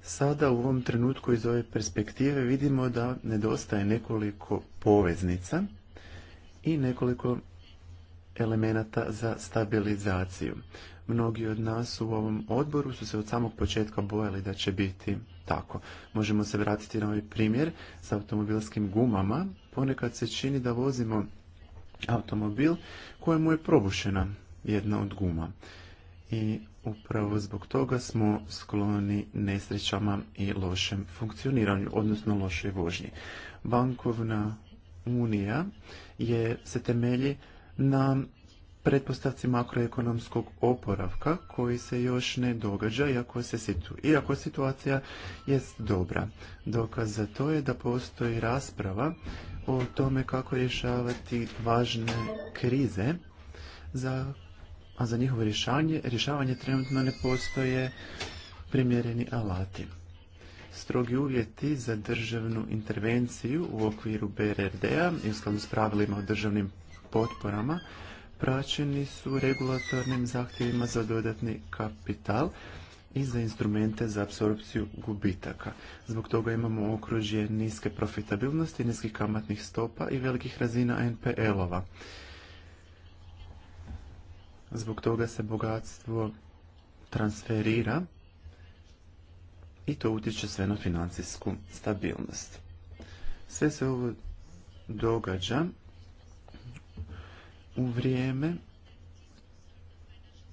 [SPEAKER 1] Sada u ovom trenutku iz ove perspektive vidimo da nedostaje nekoliko poveznica i nekoliko elemenata za stabilizaciju. Mnogi od nas u ovom odboru su se od samog početka bojali da će biti tako. Možemo se vratiti na ovaj primjer s automobilskim gumama. Ponekad se čini da vozimo automobil kojemu je probušena jedna od guma. I upravo zbog toga smo skloni nesrećama i lošem funkcioniranju, odnosno lošoj vožnji. Bankovna unija je, se temelji na pretpostavci makroekonomskog oporavka koji se još ne događa iako, se iako situacija jest dobra. Dokaz za to je da postoji rasprava o tome kako rješavati važne krize, za... a za njihovo rješavanje, rješavanje trenutno ne postoje primjereni alati. Strogi uvjeti za državnu intervenciju u okviru BRRD-a i u skladu s pravilima o državnim potporama praćeni su regulatornim zahtjevima za dodatni kapital i za instrumente za apsorpciju gubitaka. Zbog toga imamo okružje niske profitabilnosti, niskih kamatnih stopa i velikih razina NPL-ova. Zbog toga se bogatstvo transferira i to utječe sve na financijsku stabilnost. Sve se ovo događa u vrijeme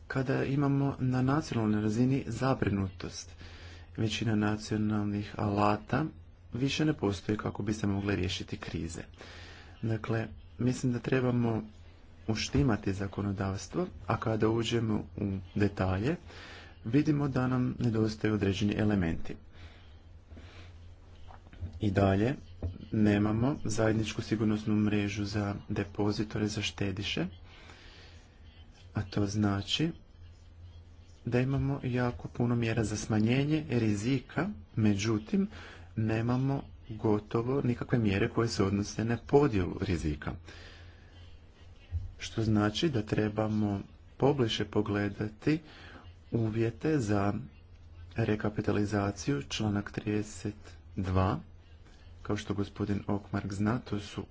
[SPEAKER 1] kada imamo na nacionalnoj razini zabrinutost. Većina nacionalnih alata više ne postoji kako bi se mogle riješiti krize. Dakle, mislim da trebamo uštimati zakonodavstvo, a kada uđemo u detalje, vidimo da nam nedostaju određeni elementi. I dalje, nemamo zajedničku sigurnosnu mrežu za depozitore za štediše, a to znači da imamo jako puno mjera za smanjenje rizika, međutim nemamo gotovo nikakve mjere koje se odnose na podjelu rizika. Što znači da trebamo pobliže pogledati uvjete za rekapitalizaciju članak 32 kao što gospodin Okmark zna, to su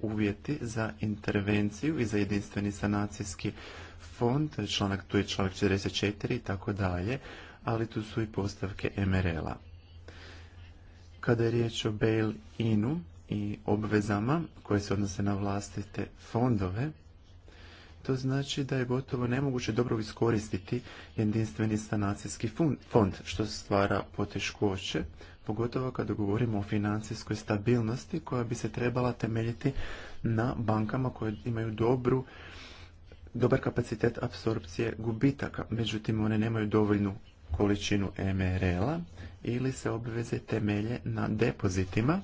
[SPEAKER 1] uvjeti za intervenciju i za jedinstveni sanacijski fond, članak, tu je članak 44 i tako dalje, ali tu su i postavke MRL-a. Kada je riječ o bail-inu i obvezama koje se odnose na vlastite fondove, to znači da je gotovo nemoguće dobro iskoristiti jedinstveni sanacijski fond, što stvara poteškoće pogotovo kada govorimo o financijskoj stabilnosti koja bi se trebala temeljiti na bankama koje imaju dobru dobar kapacitet apsorpcije gubitaka, međutim one nemaju dovoljnu količinu MRL-a ili se obveze temelje na depozitima,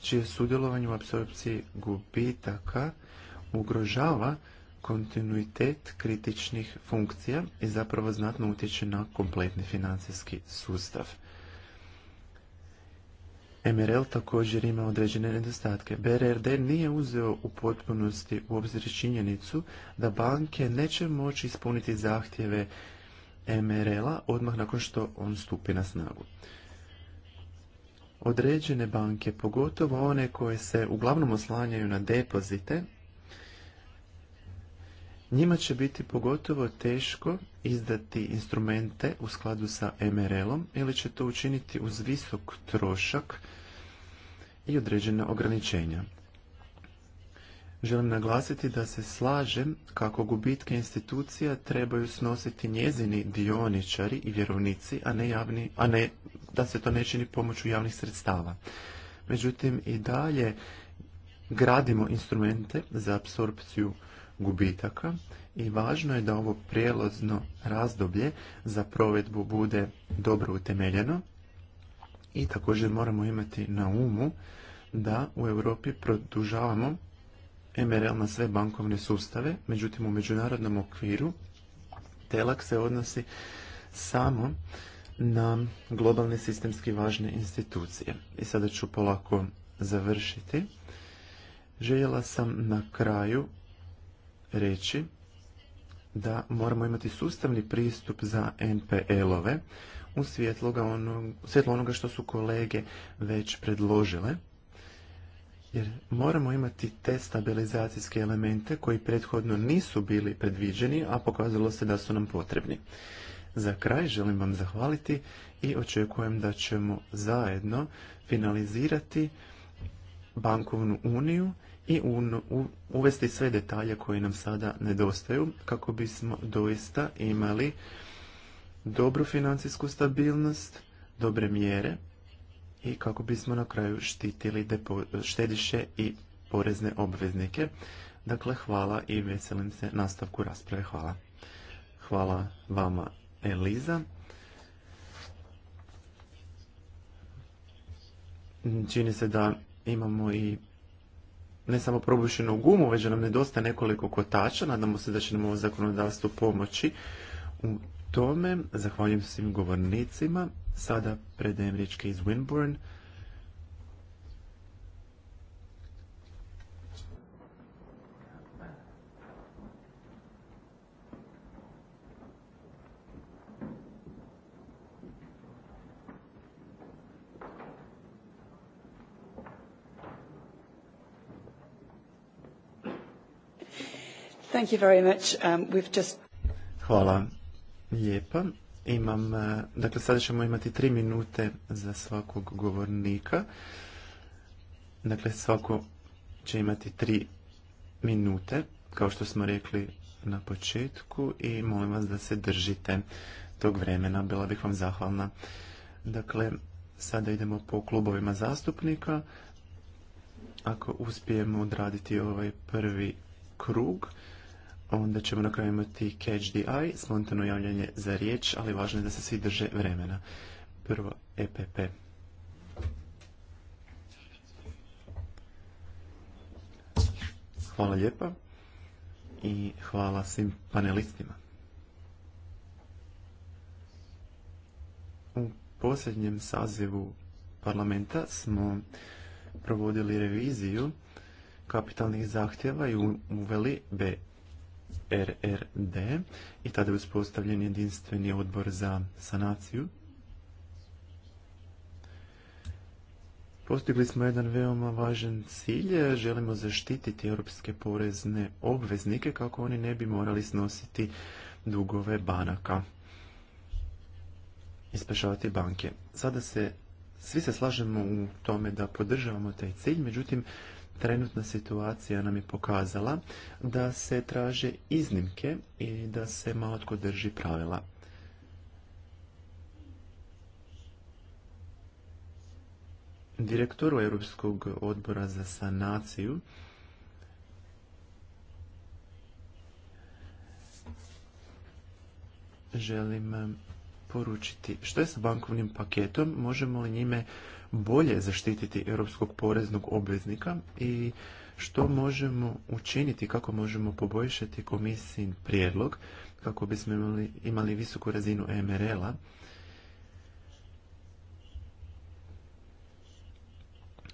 [SPEAKER 1] čije sudjelovanje u apsorpciji gubitaka ugrožava kontinuitet kritičnih funkcija i zapravo znatno utječe na kompletni financijski sustav. MRL također ima određene nedostatke. BRRD nije uzeo u potpunosti u obzir činjenicu da banke neće moći ispuniti zahtjeve MRL-a odmah nakon što on stupi na snagu. Određene banke, pogotovo one koje se uglavnom oslanjaju na depozite, njima će biti pogotovo teško izdati instrumente u skladu sa MRL-om ili će to učiniti uz visok trošak i određena ograničenja. Želim naglasiti da se slažem kako gubitke institucija trebaju snositi njezini dioničari i vjerovnici, a ne, javni, a ne da se to ne čini pomoću javnih sredstava. Međutim, i dalje gradimo instrumente za apsorpciju gubitaka i važno je da ovo prijelazno razdoblje za provedbu bude dobro utemeljeno i također moramo imati na umu da u Europi produžavamo MRL na sve bankovne sustave, međutim u međunarodnom okviru telak se odnosi samo na globalne sistemski važne institucije. I sada ću polako završiti. Željela sam na kraju reći da moramo imati sustavni pristup za NPL-ove u svjetlo ono, onoga što su kolege već predložile, jer moramo imati te stabilizacijske elemente koji prethodno nisu bili predviđeni, a pokazalo se da su nam potrebni. Za kraj želim vam zahvaliti i očekujem da ćemo zajedno finalizirati bankovnu uniju i uvesti sve detalje koje nam sada nedostaju kako bismo doista imali dobru financijsku stabilnost, dobre mjere i kako bismo na kraju štitili depo, štediše i porezne obveznike. Dakle, hvala i veselim se nastavku rasprave. Hvala. Hvala vama, Eliza. Čini se da imamo i ne samo probušenu gumu, već da nam nedostaje nekoliko kotača. Nadamo se da će nam ovo zakonodavstvo pomoći. U tome zahvaljujem svim govornicima. Sada predajem riječke iz Winburne.
[SPEAKER 3] Thank you very much. Um,
[SPEAKER 1] Hvala lijepa. Imam, uh, dakle sada ćemo imati tri minute za svakog govornika. Dakle, svako će imati tri minute, kao što smo rekli na početku i molim vas da se držite tog vremena. Bila bih vam zahvalna. Dakle, sada idemo po klubovima zastupnika. Ako uspijemo odraditi ovaj prvi krug, onda ćemo na kraju imati catch the eye, spontano javljanje za riječ, ali važno je da se svi drže vremena. Prvo EPP. Hvala lijepa i hvala svim panelistima. U posljednjem sazivu parlamenta smo provodili reviziju kapitalnih zahtjeva i uveli B RRD i tada je uspostavljen jedinstveni odbor za sanaciju. Postigli smo jedan veoma važan cilj, želimo zaštititi europske porezne obveznike kako oni ne bi morali snositi dugove banaka i spašavati banke. Sada se, svi se slažemo u tome da podržavamo taj cilj, međutim Trenutna situacija nam je pokazala da se traže iznimke i da se malo tko drži pravila. Direktoru Europskog odbora za sanaciju želim poručiti što je sa bankovnim paketom, možemo li njime bolje zaštititi europskog poreznog obveznika i što možemo učiniti, kako možemo poboljšati komisijin prijedlog, kako bismo imali, imali visoku razinu MRL-a.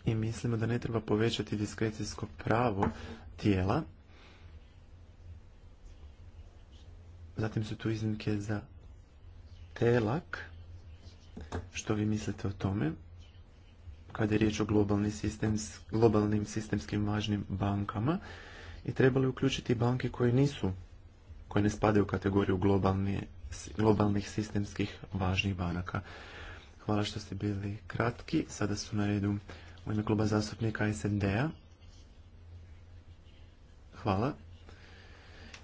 [SPEAKER 1] I mislimo da ne treba povećati diskrecijsko pravo tijela. Zatim su tu iznimke za telak. Što vi mislite o tome? kada je riječ o globalni globalnim sistemskim važnim bankama i trebali uključiti banke koje nisu, koje ne spadaju u kategoriju globalnih sistemskih važnih banaka. Hvala što ste bili kratki. Sada su na redu u ime kluba zastupnika SND-a. Hvala.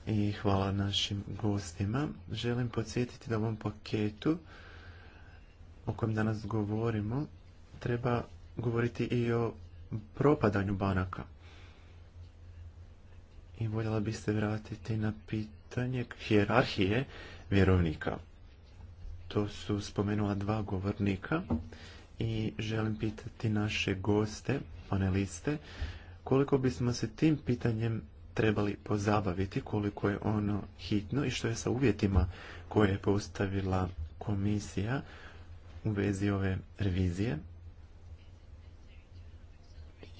[SPEAKER 1] I hvala našim gostima. Želim podsjetiti da u ovom paketu o kojem danas govorimo treba govoriti i o propadanju banaka. I voljela bi se vratiti na pitanje hijerarhije vjerovnika. To su spomenula dva govornika i želim pitati naše goste, paneliste, koliko bismo se tim pitanjem trebali pozabaviti, koliko je ono hitno i što je sa uvjetima koje je postavila komisija u vezi ove revizije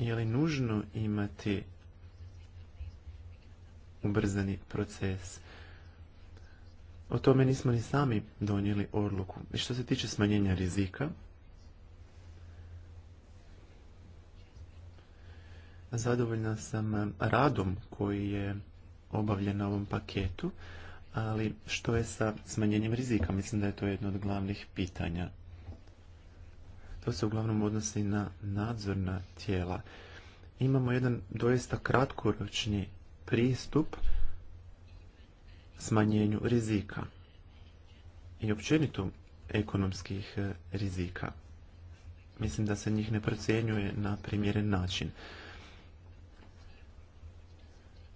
[SPEAKER 1] je li nužno imati ubrzani proces? O tome nismo ni sami donijeli odluku. I što se tiče smanjenja rizika, zadovoljna sam radom koji je obavljen na ovom paketu, ali što je sa smanjenjem rizika? Mislim da je to jedno od glavnih pitanja. To se uglavnom odnosi na nadzorna tijela. Imamo jedan doista kratkoročni pristup smanjenju rizika i općenito ekonomskih e, rizika. Mislim da se njih ne procjenjuje na primjeren način.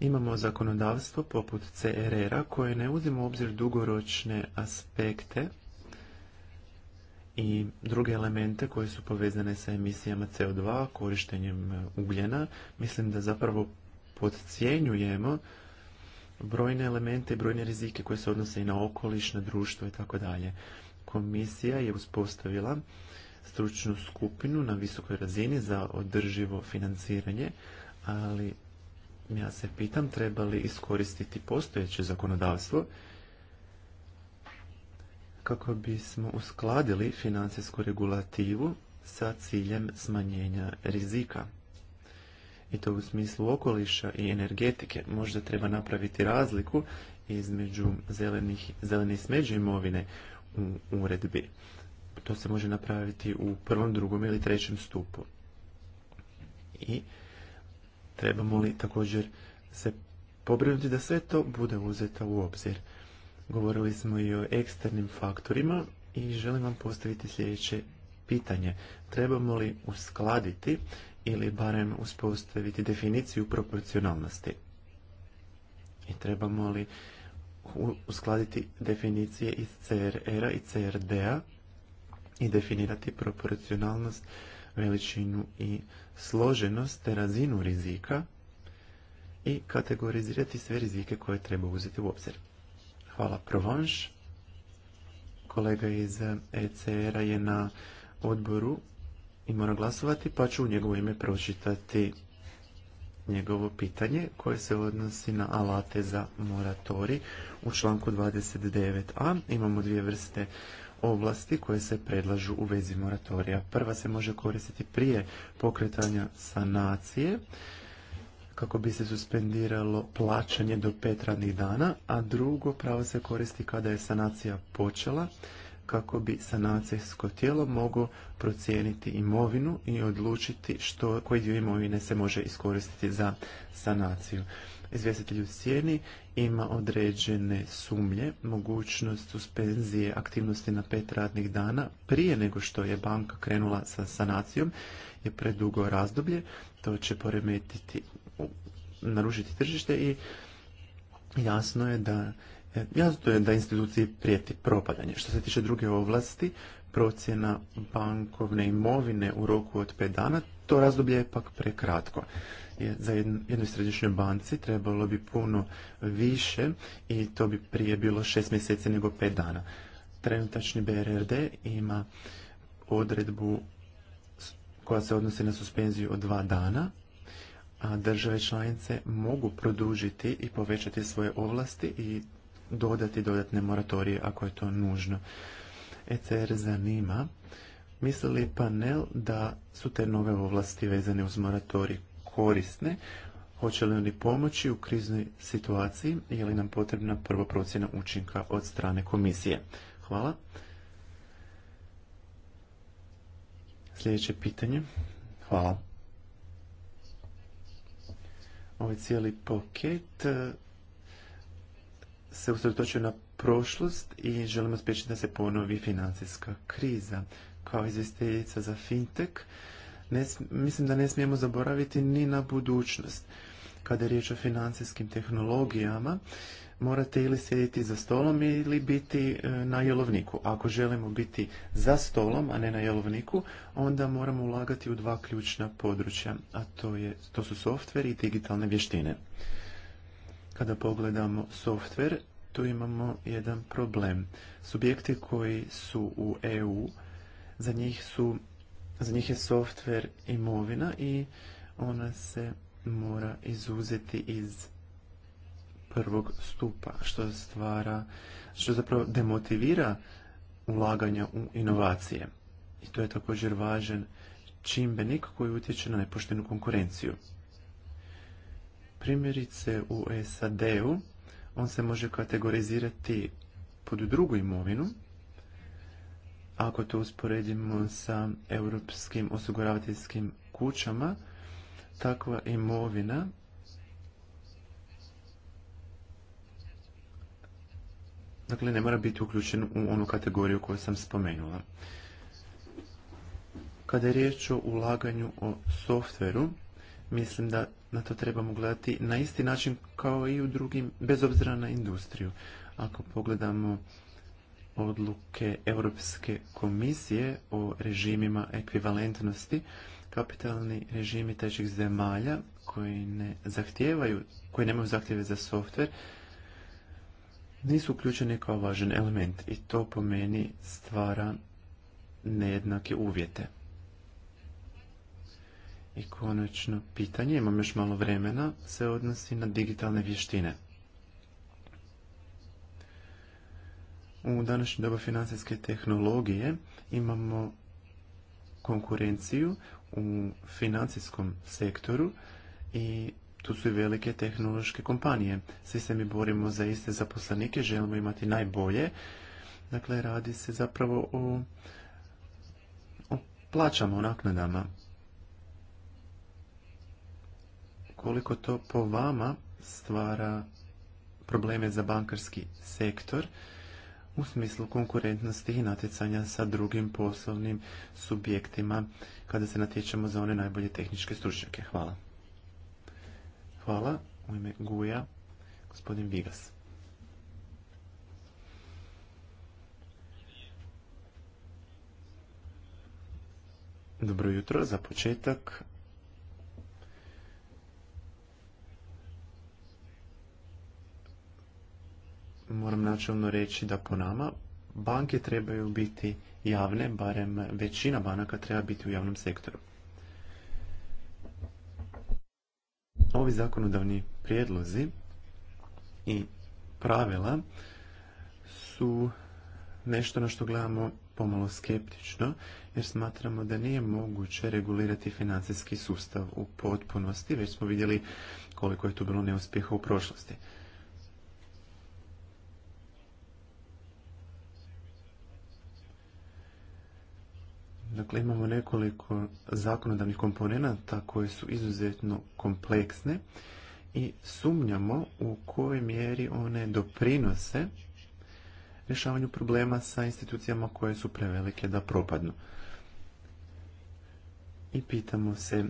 [SPEAKER 1] Imamo zakonodavstvo poput CRR-a koje ne uzima u obzir dugoročne aspekte i druge elemente koje su povezane sa emisijama CO2, korištenjem e, ugljena. Mislim da zapravo podcjenjujemo brojne elemente i brojne rizike koje se odnose i na okoliš, na društvo i tako dalje. Komisija je uspostavila stručnu skupinu na visokoj razini za održivo financiranje, ali ja se pitam treba li iskoristiti postojeće zakonodavstvo kako bismo uskladili financijsku regulativu sa ciljem smanjenja rizika. I to u smislu okoliša i energetike. Možda treba napraviti razliku između zelenih, zelene i smeđe imovine u uredbi. To se može napraviti u prvom, drugom ili trećem stupu. I trebamo li također se pobrinuti da sve to bude uzeto u obzir. Govorili smo i o eksternim faktorima i želim vam postaviti sljedeće pitanje. Trebamo li uskladiti ili barem uspostaviti definiciju proporcionalnosti? I trebamo li uskladiti definicije iz CRR-a i CRD-a i definirati proporcionalnost, veličinu i složenost te razinu rizika i kategorizirati sve rizike koje treba uzeti u obzir. Hvala Provanš, Kolega iz ECR-a je na odboru i mora glasovati, pa ću u njegovo ime pročitati njegovo pitanje koje se odnosi na alate za moratori. U članku 29a imamo dvije vrste ovlasti koje se predlažu u vezi moratorija. Prva se može koristiti prije pokretanja sanacije kako bi se suspendiralo plaćanje do pet radnih dana, a drugo pravo se koristi kada je sanacija počela, kako bi sanacijsko tijelo moglo procijeniti imovinu i odlučiti što, koji dio imovine se može iskoristiti za sanaciju. Izvjestitelj u cijeni ima određene sumlje, mogućnost suspenzije aktivnosti na pet radnih dana prije nego što je banka krenula sa sanacijom je predugo razdoblje, to će poremetiti narušiti tržište i jasno je da e, Jasno je da instituciji prijeti propadanje. Što se tiče druge ovlasti, procjena bankovne imovine u roku od 5 dana, to razdoblje je pak prekratko. Za jednoj središnjoj banci trebalo bi puno više i to bi prije bilo 6 mjeseci nego 5 dana. Trenutačni BRRD ima odredbu koja se odnosi na suspenziju od 2 dana države članice mogu produžiti i povećati svoje ovlasti i dodati dodatne moratorije ako je to nužno. ECR zanima misli li panel da su te nove ovlasti vezane uz moratorij korisne, hoće li oni pomoći u kriznoj situaciji ili je li nam potrebna prvo procjena učinka od strane komisije. Hvala. Sljedeće pitanje. Hvala ovaj cijeli paket e, se usredotočio na prošlost i želimo spriječiti da se ponovi financijska kriza. Kao izvjestiteljica za fintech, mislim da ne smijemo zaboraviti ni na budućnost kada je riječ o financijskim tehnologijama, morate ili sjediti za stolom ili biti e, na jelovniku. Ako želimo biti za stolom, a ne na jelovniku, onda moramo ulagati u dva ključna područja, a to, je, to su softver i digitalne vještine. Kada pogledamo softver, tu imamo jedan problem. Subjekti koji su u EU, za njih, su, za njih je softver imovina i ona se mora izuzeti iz prvog stupa, što stvara, što zapravo demotivira ulaganja u inovacije. I to je također važan čimbenik koji utječe na nepoštenu konkurenciju. Primjerice u SAD-u on se može kategorizirati pod drugu imovinu, ako to usporedimo sa europskim osiguravateljskim kućama, takva imovina dakle ne mora biti uključen u onu kategoriju koju sam spomenula. Kada je riječ o ulaganju o softveru, mislim da na to trebamo gledati na isti način kao i u drugim, bez obzira na industriju. Ako pogledamo odluke Europske komisije o režimima ekvivalentnosti, kapitalni režimi trećih zemalja koji ne zahtijevaju, koji nemaju zahtjeve za softver, nisu uključeni kao važan element i to po meni stvara nejednake uvjete. I konačno pitanje, imam još malo vremena, se odnosi na digitalne vještine. U današnje doba financijske tehnologije imamo konkurenciju u financijskom sektoru i tu su i velike tehnološke kompanije. Svi se mi borimo za iste zaposlenike, želimo imati najbolje. Dakle, radi se zapravo o, plaćama, o naknadama. Koliko to po vama stvara probleme za bankarski sektor, u smislu konkurentnosti i natjecanja sa drugim poslovnim subjektima kada se natječemo za one najbolje tehničke stručnjake. Hvala. Hvala. U ime Guja, gospodin Vigas. Dobro jutro. Za početak moram načelno reći da po nama banke trebaju biti javne, barem većina banaka treba biti u javnom sektoru. Ovi zakonodavni prijedlozi i pravila su nešto na što gledamo pomalo skeptično, jer smatramo da nije moguće regulirati financijski sustav u potpunosti, već smo vidjeli koliko je tu bilo neuspjeha u prošlosti. Dakle, imamo nekoliko zakonodavnih komponenta koje su izuzetno kompleksne i sumnjamo u kojoj mjeri one doprinose rješavanju problema sa institucijama koje su prevelike da propadnu. I pitamo se,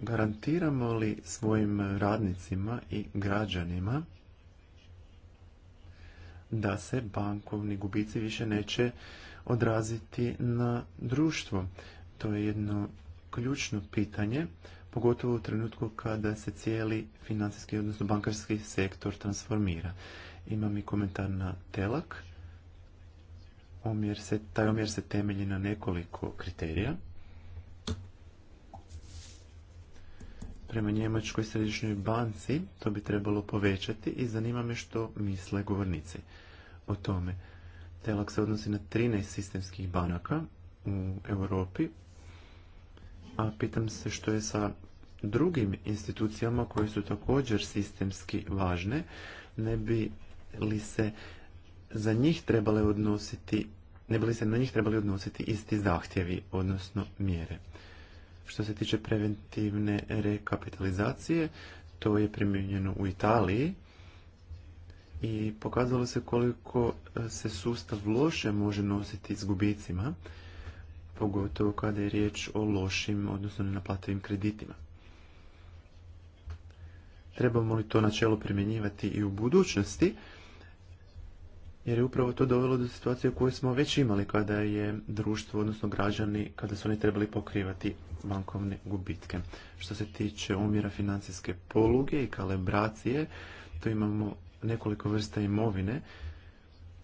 [SPEAKER 1] garantiramo li svojim radnicima i građanima da se bankovni gubici više neće odraziti na društvo? To je jedno ključno pitanje, pogotovo u trenutku kada se cijeli financijski, odnosno bankarski sektor transformira. Imam i komentar na telak. Omjer se, taj omjer se temelji na nekoliko kriterija. prema Njemačkoj središnjoj banci, to bi trebalo povećati i zanima me što misle govornici o tome. Telak se odnosi na 13 sistemskih banaka u Europi, a pitam se što je sa drugim institucijama koje su također sistemski važne, ne bi li se za njih trebale odnositi ne bi li se na njih trebali odnositi isti zahtjevi, odnosno mjere. Što se tiče preventivne rekapitalizacije, to je primijenjeno u Italiji, i pokazalo se koliko e, se sustav loše može nositi s gubicima, pogotovo kada je riječ o lošim, odnosno nenaplativim kreditima. Trebamo li to načelo primjenjivati i u budućnosti, jer je upravo to dovelo do situacije koju smo već imali kada je društvo, odnosno građani, kada su oni trebali pokrivati bankovne gubitke. Što se tiče umjera financijske poluge i kalibracije, to imamo nekoliko vrsta imovine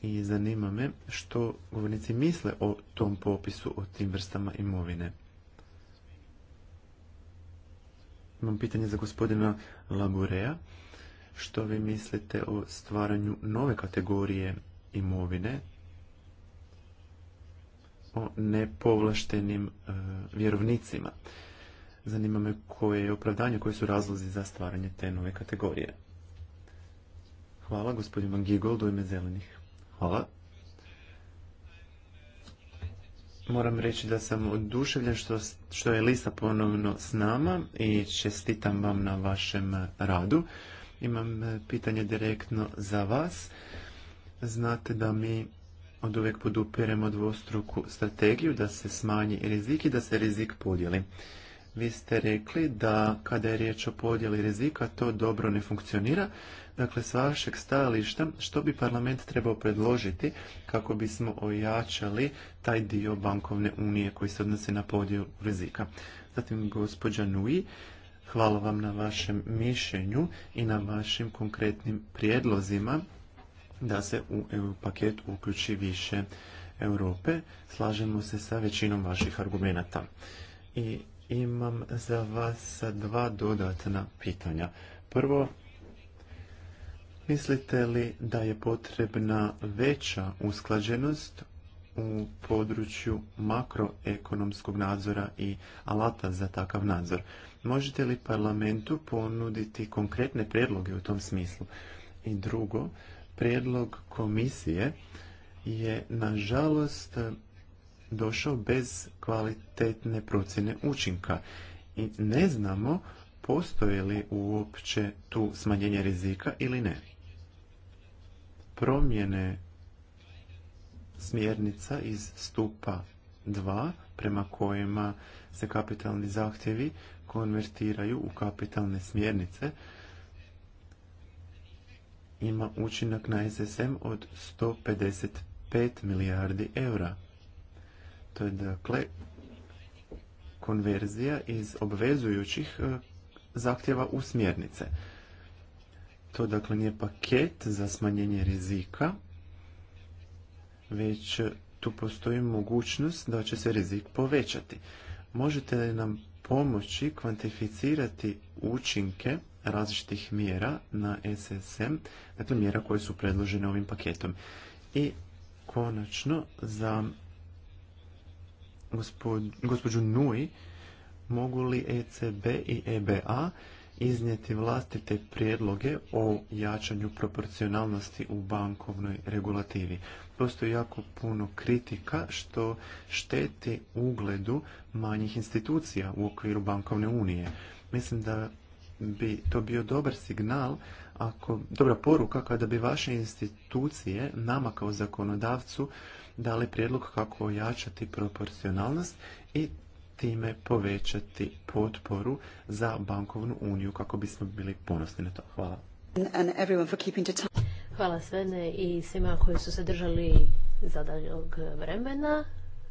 [SPEAKER 1] i zanima me što govornici misle o tom popisu, o tim vrstama imovine. Imam pitanje za gospodina Laburea. Što vi mislite o stvaranju nove kategorije imovine, o nepovlaštenim e, vjerovnicima? Zanima me koje je opravdanje, koje su razlozi za stvaranje te nove kategorije. Hvala, gospodin Van u ime zelenih. Hvala. Moram reći da sam oduševljen što, je Lisa ponovno s nama i čestitam vam na vašem radu. Imam pitanje direktno za vas. Znate da mi od uvijek podupiremo dvostruku strategiju da se smanji rizik i da se rizik podijeli. Vi ste rekli da kada je riječ o podjeli rizika to dobro ne funkcionira, Dakle, s vašeg stajališta, što bi parlament trebao predložiti kako bismo ojačali taj dio bankovne unije koji se odnosi na podjelu rizika? Zatim, gospođa Nui, hvala vam na vašem mišljenju i na vašim konkretnim prijedlozima da se u EU paket uključi više Europe. Slažemo se sa većinom vaših argumenata. I imam za vas dva dodatna pitanja. Prvo, Mislite li da je potrebna veća usklađenost u području makroekonomskog nadzora i alata za takav nadzor? Možete li parlamentu ponuditi konkretne predloge u tom smislu? I drugo, predlog komisije je nažalost došao bez kvalitetne procjene učinka i ne znamo postoje li uopće tu smanjenje rizika ili ne promjene smjernica iz stupa 2 prema kojima se kapitalni zahtjevi konvertiraju u kapitalne smjernice ima učinak na SSM od 155 milijardi eura. To je dakle konverzija iz obvezujućih eh, zahtjeva u smjernice. To dakle nije paket za smanjenje rizika, već tu postoji mogućnost da će se rizik povećati. Možete li nam pomoći kvantificirati učinke različitih mjera na SSM, dakle mjera koje su predložene ovim paketom. I konačno za gospođu Nui mogu li ECB i EBA iznijeti vlastite prijedloge o jačanju proporcionalnosti u bankovnoj regulativi. Postoji jako puno kritika što šteti ugledu manjih institucija u okviru bankovne unije. Mislim da bi to bio dobar signal, ako, dobra poruka kada bi vaše institucije nama kao zakonodavcu dali prijedlog kako ojačati proporcionalnost i time povećati potporu za bankovnu uniju kako bismo bili ponosni na to. Hvala.
[SPEAKER 2] Hvala Svene i svima koji su se držali zadanog vremena.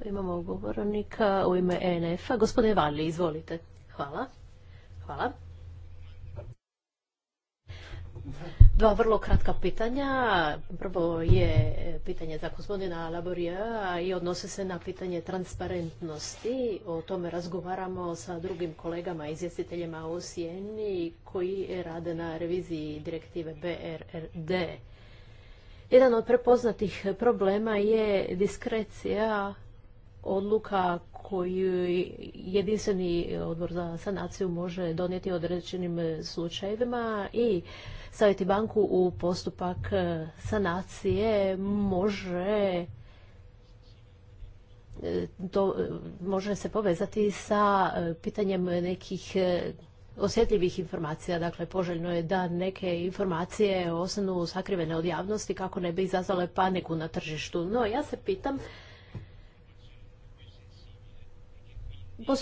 [SPEAKER 2] Imamo govornika u ime ENF-a. Gospodine Vali, izvolite. Hvala. Hvala. Dva vrlo kratka pitanja. Prvo je pitanje za gospodina Laborija i odnose se na pitanje transparentnosti. O tome razgovaramo sa drugim kolegama izvjestiteljima u Sijeni koji rade na reviziji direktive BRRD. Jedan od prepoznatih problema je diskrecija odluka koju jedinstveni odbor za sanaciju može donijeti u određenim slučajevima i staviti banku u postupak e, sanacije može e, to e, može se povezati sa pitanjem nekih osjetljivih informacija. Dakle, poželjno je da neke informacije ostanu sakrivene od javnosti kako ne bi izazvale paniku na tržištu. No, ja se pitam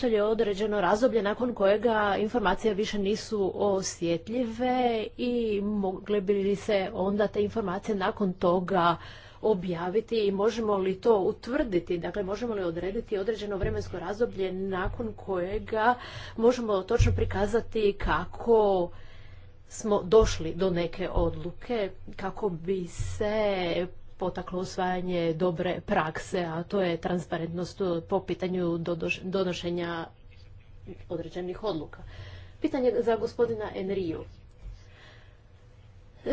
[SPEAKER 2] je određeno razdoblje nakon kojega informacije više nisu osjetljive i mogle bi li se onda te informacije nakon toga objaviti i možemo li to utvrditi, dakle možemo li odrediti određeno vremensko razdoblje nakon kojega možemo točno prikazati kako smo došli do neke odluke kako bi se potaklo usvajanje dobre prakse, a to je transparentnost po pitanju donošenja određenih odluka. Pitanje za gospodina Enriju.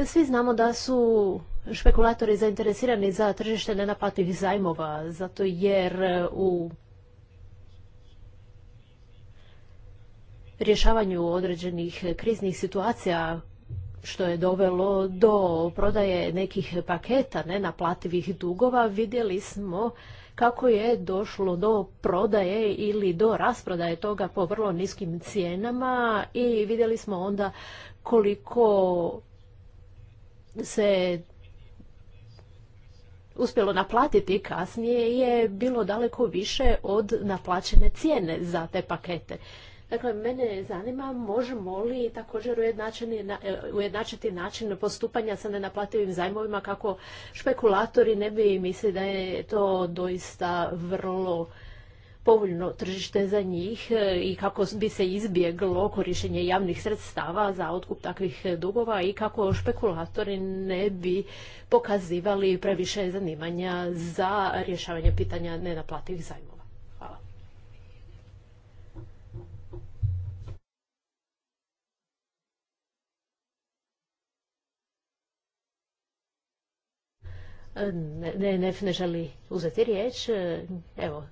[SPEAKER 2] Svi znamo da su špekulatori zainteresirani za tržište nenaplativih zajmova, zato jer u rješavanju određenih kriznih situacija što je dovelo do prodaje nekih paketa nenaplativih dugova, vidjeli smo kako je došlo do prodaje ili do rasprodaje toga po vrlo niskim cijenama i vidjeli smo onda koliko se uspjelo naplatiti kasnije je bilo daleko više od naplaćene cijene za te pakete. Dakle, mene zanima možemo li također e, ujednačiti način postupanja sa nenaplativim zajmovima kako špekulatori ne bi mislili da je to doista vrlo povoljno tržište za njih e, i kako bi se izbjeglo korištenje javnih sredstava za otkup takvih dugova i kako špekulatori ne bi pokazivali previše zanimanja za rješavanje pitanja nenaplativih zajmova. ne želi uzeti riječ. Evo,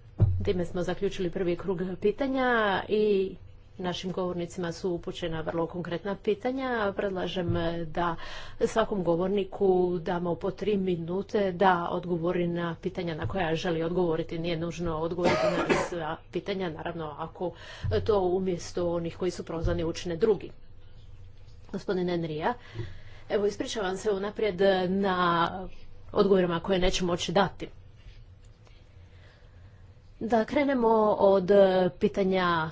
[SPEAKER 2] time smo zaključili prvi krug pitanja i našim govornicima su upućena vrlo konkretna pitanja. Predlažem da svakom govorniku damo po tri minute da odgovori na pitanja na koja želi odgovoriti. Nije nužno odgovoriti na sva pitanja, naravno ako to umjesto onih koji su prozvani učine drugi. Gospodine Enrija, evo ispričavam se unaprijed na odgovorima koje neće moći dati. Da krenemo od e, pitanja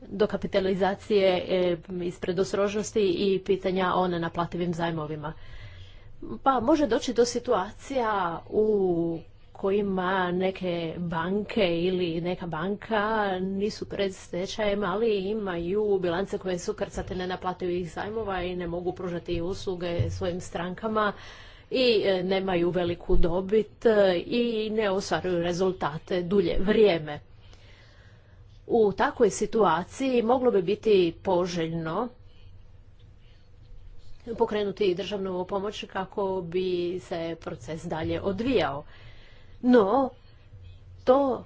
[SPEAKER 2] dokapitalizacije e, ispred osrožnosti i pitanja o nenaplativim zajmovima. Pa može doći do situacija u kojima neke banke ili neka banka nisu pred stečajem, ali imaju bilance koje su krcate nenaplativih zajmova i ne mogu pružati usluge svojim strankama i e, nemaju veliku dobit e, i ne ostvaruju rezultate dulje vrijeme. U takvoj situaciji moglo bi biti poželjno pokrenuti državnu pomoć kako bi se proces dalje odvijao. No, to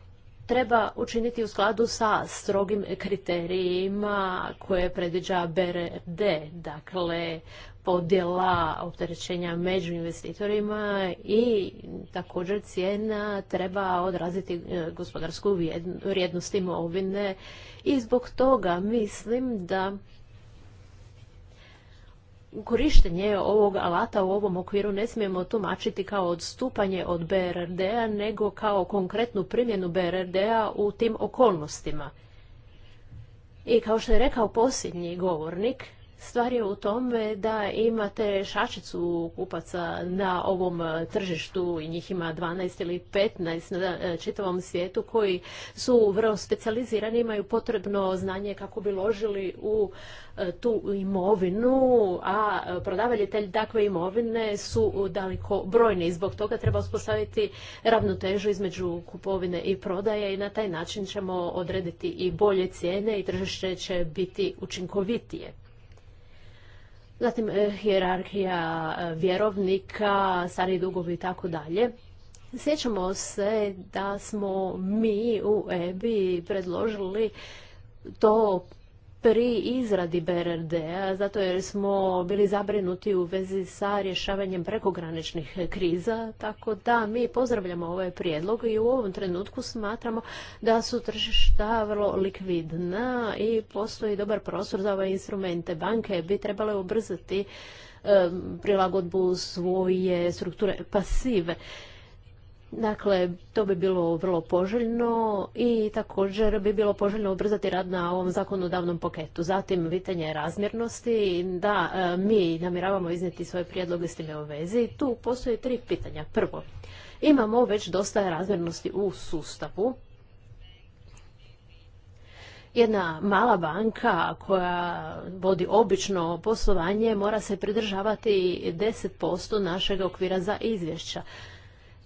[SPEAKER 2] treba učiniti u skladu sa strogim kriterijima koje predviđa BRD, dakle podjela opterećenja među investitorima i također cijena treba odraziti e, gospodarsku vrijednost imovine i zbog toga mislim da korištenje ovog alata u ovom okviru ne smijemo tumačiti kao odstupanje od BRRD-a, nego kao konkretnu primjenu BRRD-a u tim okolnostima. I kao što je rekao posljednji govornik, Stvar je u tome da imate šačicu kupaca na ovom tržištu i njih ima 12 ili 15 na e, čitavom svijetu koji su vrlo specijalizirani, imaju potrebno znanje kako bi ložili u e, tu imovinu, a prodavatelj takve imovine su daleko brojni i zbog toga treba uspostaviti ravnotežu između kupovine i prodaje i na taj način ćemo odrediti i bolje cijene i tržište će biti učinkovitije zatim hjerarhija eh, eh, vjerovnika, stari dugovi i tako dalje. Sjećamo se da smo mi u EBI predložili to pri izradi BRD-a, zato jer smo bili zabrinuti u vezi sa rješavanjem prekograničnih kriza, tako da mi pozdravljamo ovaj prijedlog i u ovom trenutku smatramo da su tržišta vrlo likvidna i postoji dobar prostor za ove instrumente. Banke bi trebale ubrzati prilagodbu svoje strukture pasive. Dakle, to bi bilo vrlo poželjno i također bi bilo poželjno ubrzati rad na ovom zakonodavnom paketu. Zatim, pitanje razmjernosti. Da, e, mi namiravamo iznijeti svoje prijedloge s time u vezi. Tu postoje tri pitanja. Prvo, imamo već dosta razmjernosti u sustavu. Jedna mala banka koja vodi obično poslovanje mora se pridržavati 10% našeg okvira za izvješća.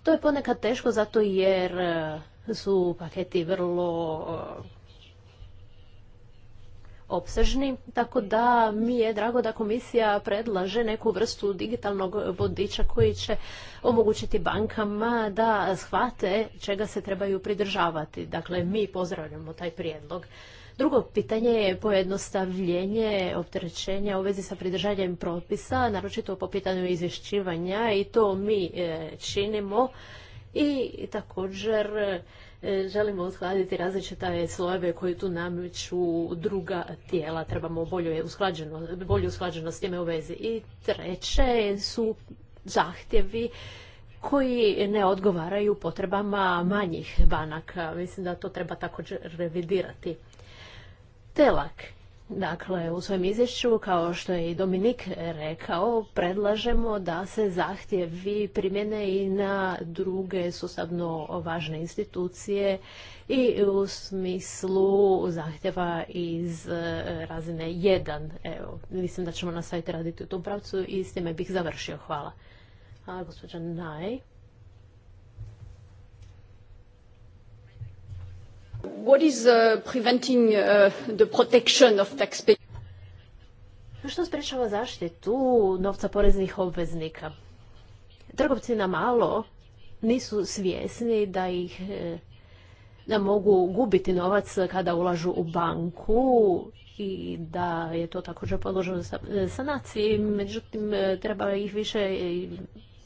[SPEAKER 2] To je ponekad teško zato jer e, su paketi vrlo e, opsežni, tako da mi je drago da komisija predlaže neku vrstu digitalnog vodiča koji će omogućiti bankama da shvate čega se trebaju pridržavati. Dakle, mi pozdravljamo taj prijedlog. Drugo pitanje je pojednostavljenje opterećenja u vezi sa pridržanjem propisa, naročito po pitanju izvješćivanja i to mi e, činimo i također e, želimo uskladiti različite slojeve koji tu nameću druga tijela. Trebamo bolju usklađeno s time u vezi. I treće su zahtjevi koji ne odgovaraju potrebama manjih banaka. Mislim da to treba također revidirati. Telak. Dakle, u svojem izvješću, kao što je i Dominik rekao, predlažemo da se zahtjevi primjene i na druge sustavno važne institucije i u smislu zahtjeva iz e, razine 1. Evo, mislim da ćemo na raditi u tom pravcu i s time bih završio. Hvala. Hvala gospođa Naj. What is uh, preventing uh, the protection Što sprečava zaštitu novca poreznih obveznika? Trgovci na malo nisu svjesni da ih e, da mogu gubiti novac kada ulažu u banku i da je to također podloženo sanaciji, međutim e, treba ih više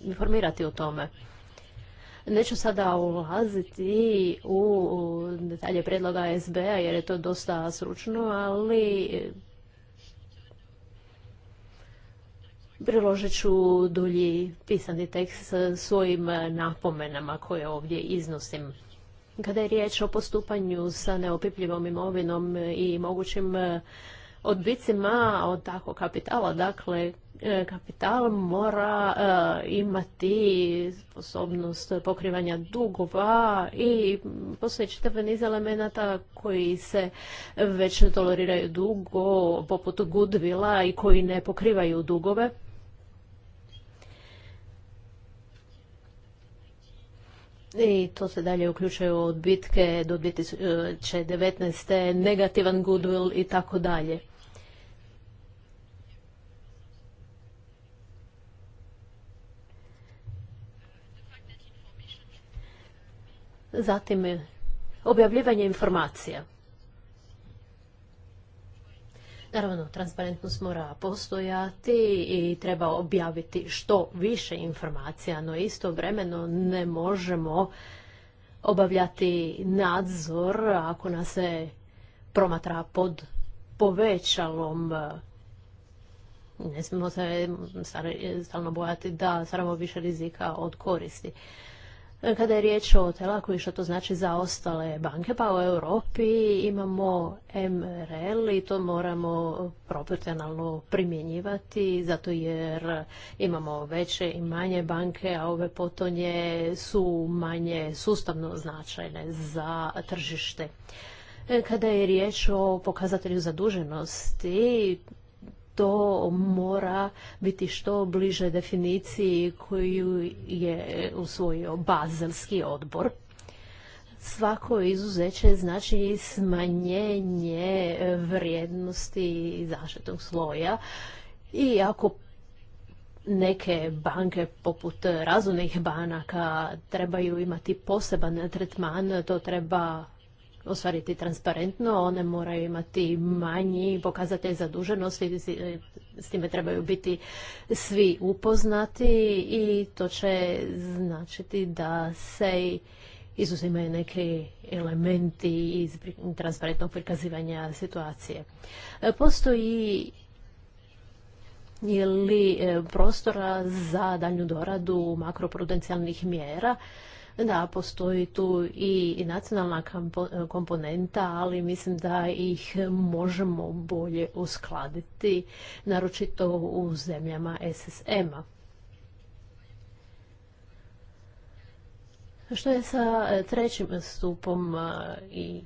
[SPEAKER 2] informirati o tome. Neću sada ulaziti u detalje predloga SB-a jer je to dosta sručno, ali priložit ću dulji pisani tekst svojim napomenama koje ovdje iznosim. Kada je riječ o postupanju sa neopipljivom imovinom i mogućim odbicima od takvog kapitala, dakle, E, kapital mora e, imati sposobnost pokrivanja dugova i postoji čitav niz elemenata koji se već toleriraju dugo, poput goodwilla i koji ne pokrivaju dugove. I to se dalje uključuje u odbitke do 2019. negativan goodwill i tako dalje. Zatim objavljivanje informacija. Naravno, transparentnost mora postojati i treba objaviti što više informacija, no istovremeno ne možemo obavljati nadzor ako nas se promatra pod povećalom. Ne smijemo se stalno bojati da stvaramo više rizika od koristi. E, kada je riječ o telaku i što to znači za ostale banke, pa u Europi imamo MRL i to moramo proporcionalno primjenjivati, zato jer imamo veće i manje banke, a ove potonje su manje sustavno značajne za tržište. E, kada je riječ o pokazatelju zaduženosti, to mora biti što bliže definiciji koju je usvojio bazelski odbor. Svako izuzeće znači smanjenje vrijednosti zaštitnog sloja i ako neke banke poput razumnih banaka trebaju imati poseban tretman, to treba ostvariti transparentno, one moraju imati manji pokazatelj zaduženosti, s time trebaju biti svi upoznati i to će značiti da se izuzimaju neki elementi iz transparentnog prikazivanja situacije. E, postoji ili e, prostora za daljnju doradu makroprudencijalnih mjera da, postoji tu i nacionalna e, komponenta, ali mislim da ih možemo bolje uskladiti, naročito u zemljama SSM-a. Što je sa e, trećim stupom e, i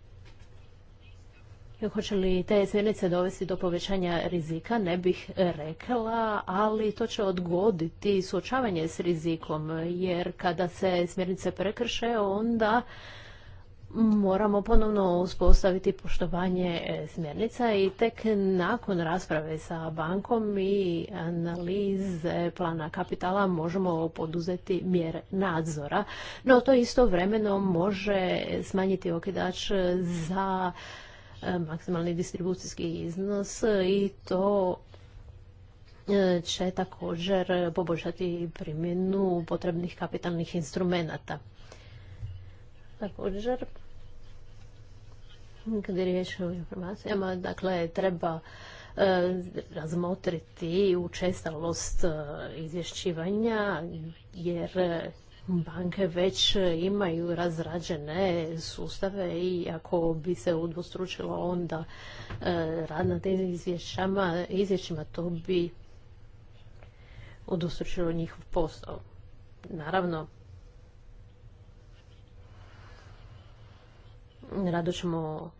[SPEAKER 2] Hoće li te smjernice dovesti do povećanja rizika, ne bih rekla, ali to će odgoditi suočavanje s rizikom, jer kada se smjernice prekrše, onda moramo ponovno uspostaviti poštovanje e, smjernica i tek nakon rasprave sa bankom i analize plana kapitala možemo poduzeti mjere nadzora. No to istovremeno može smanjiti okidač za E, maksimalni distribucijski iznos i to e, će također poboljšati primjenu potrebnih kapitalnih instrumenata. Također, kad je riječ o informacijama, dakle, treba e, razmotriti učestalost izvješćivanja, jer banke već imaju razrađene sustave i ako bi se udvostručilo onda e, rad na tim izvješćama, izvješćima to bi udvostručilo njihov posao. Naravno, rado ćemo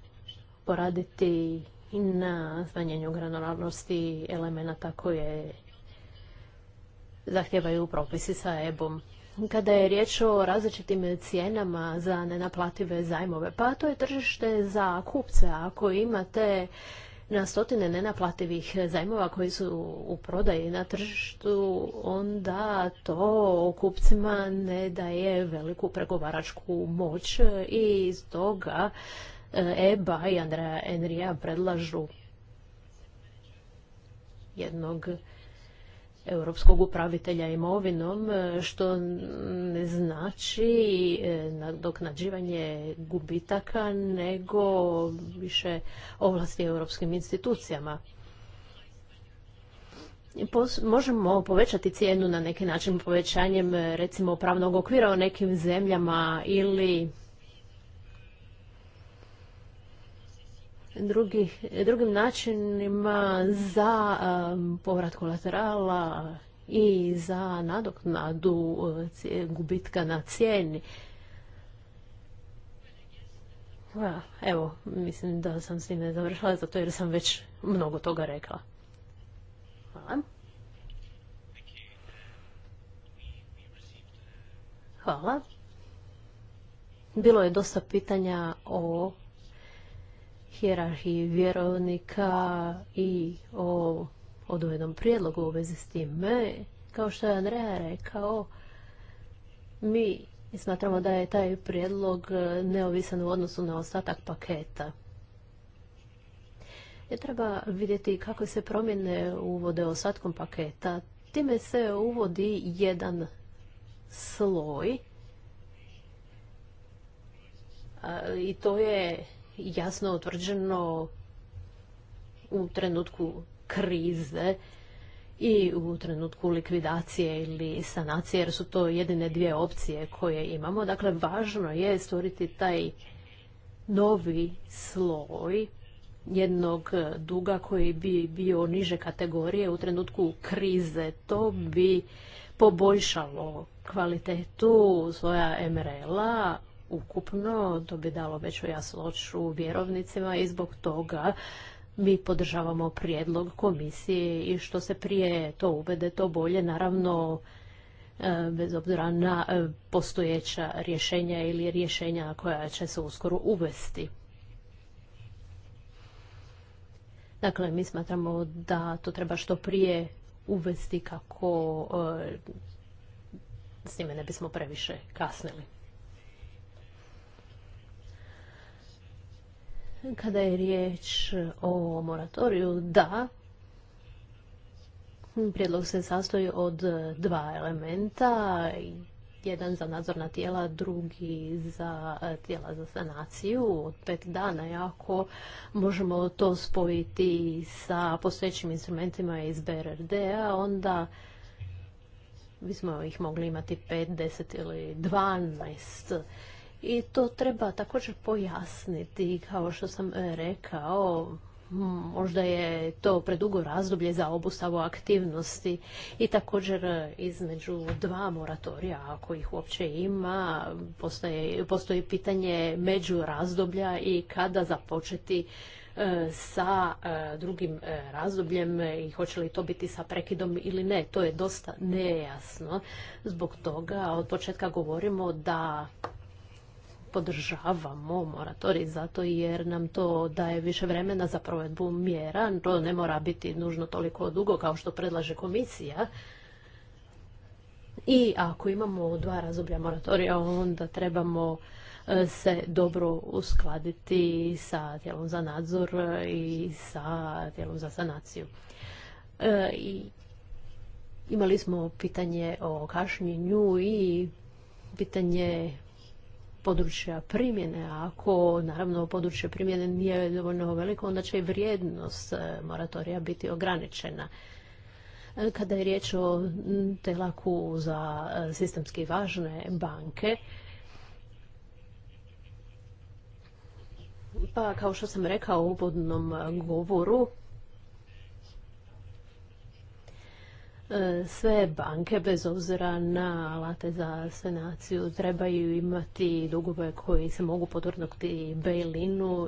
[SPEAKER 2] poraditi i na smanjenju granularnosti elemenata koje zahtijevaju propisi sa EBOM kada je riječ o različitim cijenama za nenaplative zajmove. Pa to je tržište za kupce. Ako imate na stotine nenaplativih zajmova koji su u prodaji na tržištu, onda to kupcima ne daje veliku pregovaračku moć i toga e, EBA i Andrea Enrija predlažu jednog europskog upravitelja imovinom, e, što ne znači e, nadoknađivanje gubitaka, nego više ovlasti europskim institucijama. Možemo povećati cijenu na neki način povećanjem e, recimo pravnog okvira u nekim zemljama ili drugim načinima za povrat kolaterala i za nadoknadu e, gubitka na cijeni. evo, mislim da sam s ne završila zato jer sam već mnogo toga rekla. Hvala. Hvala. Bilo je dosta pitanja o hjerarhiji vjerovnika i o odvojenom prijedlogu u vezi s time. Kao što je Andreja rekao, mi smatramo da je taj prijedlog e, neovisan u odnosu na ostatak paketa. Je treba vidjeti kako se promjene uvode ostatkom paketa. Time se uvodi jedan sloj i to je jasno utvrđeno u trenutku krize i u trenutku likvidacije ili sanacije, jer su to jedine dvije opcije koje imamo. Dakle, važno je stvoriti taj novi sloj jednog duga koji bi bio niže kategorije u trenutku krize. To bi poboljšalo kvalitetu svoja MRL-a, ukupno, to bi dalo veću jasnoću vjerovnicima i zbog toga mi podržavamo prijedlog komisije i što se prije to uvede, to bolje. Naravno, e, bez obzira na e, postojeća rješenja ili rješenja koja će se uskoro uvesti. Dakle, mi smatramo da to treba što prije uvesti kako e, s njime ne bismo previše kasnili. Kada je riječ o moratoriju, da, prijedlog se sastoji od dva elementa, jedan za nadzorna tijela, drugi za e, tijela za sanaciju od pet dana. Ako možemo to spojiti sa postojećim instrumentima iz BRRD, a onda bismo ih mogli imati 5, deset ili 12 i to treba također pojasniti, kao što sam e, rekao, možda je to predugo razdoblje za obustavu aktivnosti i također e, između dva moratorija, ako ih uopće ima, postoji, postoji pitanje među razdoblja i kada započeti e, sa drugim razdobljem i hoće li to biti sa prekidom ili ne. To je dosta nejasno. Zbog toga od početka govorimo da podržavamo moratorij zato jer nam to daje više vremena za provedbu mjera. To ne mora biti nužno toliko dugo kao što predlaže komisija. I ako imamo dva razoblja moratorija, onda trebamo e, se dobro uskladiti sa tijelom za nadzor i sa tijelom za sanaciju. E, I imali smo pitanje o kašnjenju i pitanje područja primjene, ako naravno područje primjene nije dovoljno veliko, onda će i vrijednost e, moratorija biti ograničena. E, kada je riječ o telaku za e, sistemski važne banke, pa kao što sam rekao u uvodnom govoru, E, sve banke, bez obzira na alate za sanaciju, trebaju imati dugove koji se mogu podvrnuti bail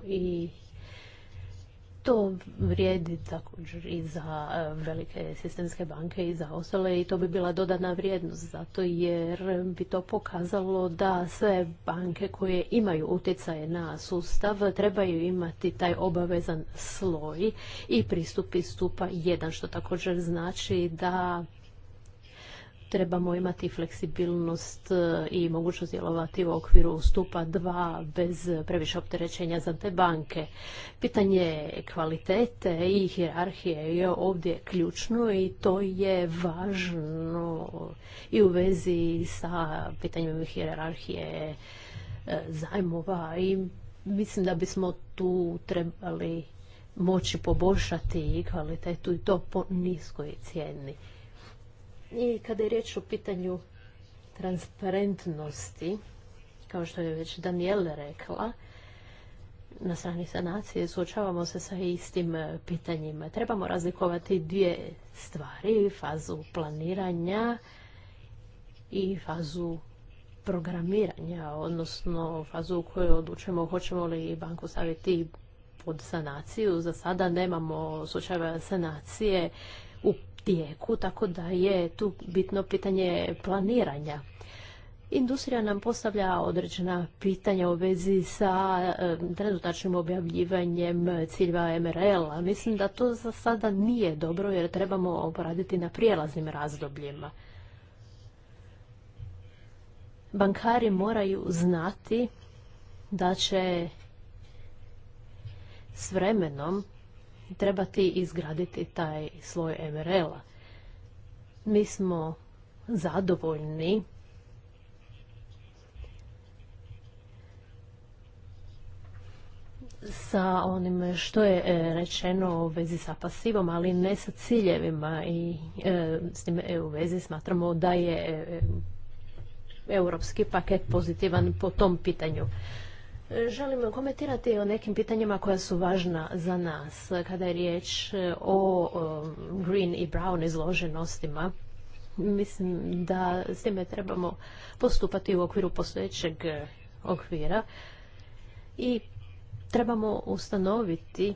[SPEAKER 2] i to vrijedi također i za e, velike sistemske banke i za ostale i to bi bila dodana vrijednost zato jer bi to pokazalo da sve banke koje imaju utjecaj na sustav trebaju imati taj obavezan sloj i pristup istupa jedan, što također znači da trebamo imati fleksibilnost e, i mogućnost djelovati u okviru stupa 2 bez previše opterećenja za te banke. Pitanje kvalitete i hjerarhije je ovdje ključno i to je važno i u vezi sa pitanjem hjerarhije e, zajmova i mislim da bismo tu trebali moći poboljšati kvalitetu i to po niskoj cijeni. I kada je riječ o pitanju transparentnosti, kao što je već Daniel rekla, na strani sanacije suočavamo se sa istim e, pitanjima. Trebamo razlikovati dvije stvari, fazu planiranja i fazu programiranja, odnosno fazu u kojoj odlučujemo hoćemo li banku staviti pod sanaciju. Za sada nemamo slučajeva sanacije u tijeku, tako da je tu bitno pitanje planiranja. Industrija nam postavlja određena pitanja u vezi sa e, trenutačnim objavljivanjem ciljeva MRL-a. Mislim da to za sada nije dobro jer trebamo poraditi na prijelaznim razdobljima. Bankari moraju znati da će s vremenom trebati izgraditi taj sloj MRL-a. Mi smo zadovoljni sa onim što je e, rečeno u vezi sa pasivom, ali ne sa ciljevima i e, s tim e, u vezi smatramo da je europski paket pozitivan po tom pitanju želim komentirati o nekim pitanjima koja su važna za nas kada je riječ e, o green i brown izloženostima. Mislim da s time trebamo postupati u okviru postojećeg e, okvira i trebamo ustanoviti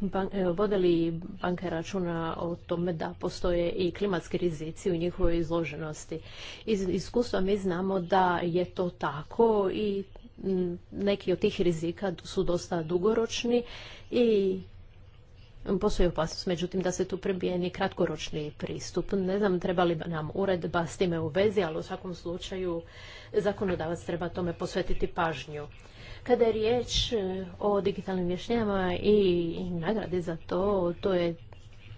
[SPEAKER 2] Vode vodili banke računa o tome da postoje i klimatski rizici u njihovoj izloženosti. Iz iskustva mi znamo da je to tako i neki od tih rizika su dosta dugoročni i Postoji opasnost, međutim, da se tu prebijeni kratkoročni pristup. Ne znam treba li nam uredba s time u vezi, ali u svakom slučaju zakonodavac treba tome posvetiti pažnju. Kada je riječ e, o digitalnim vješnjama i nagradi za to, to je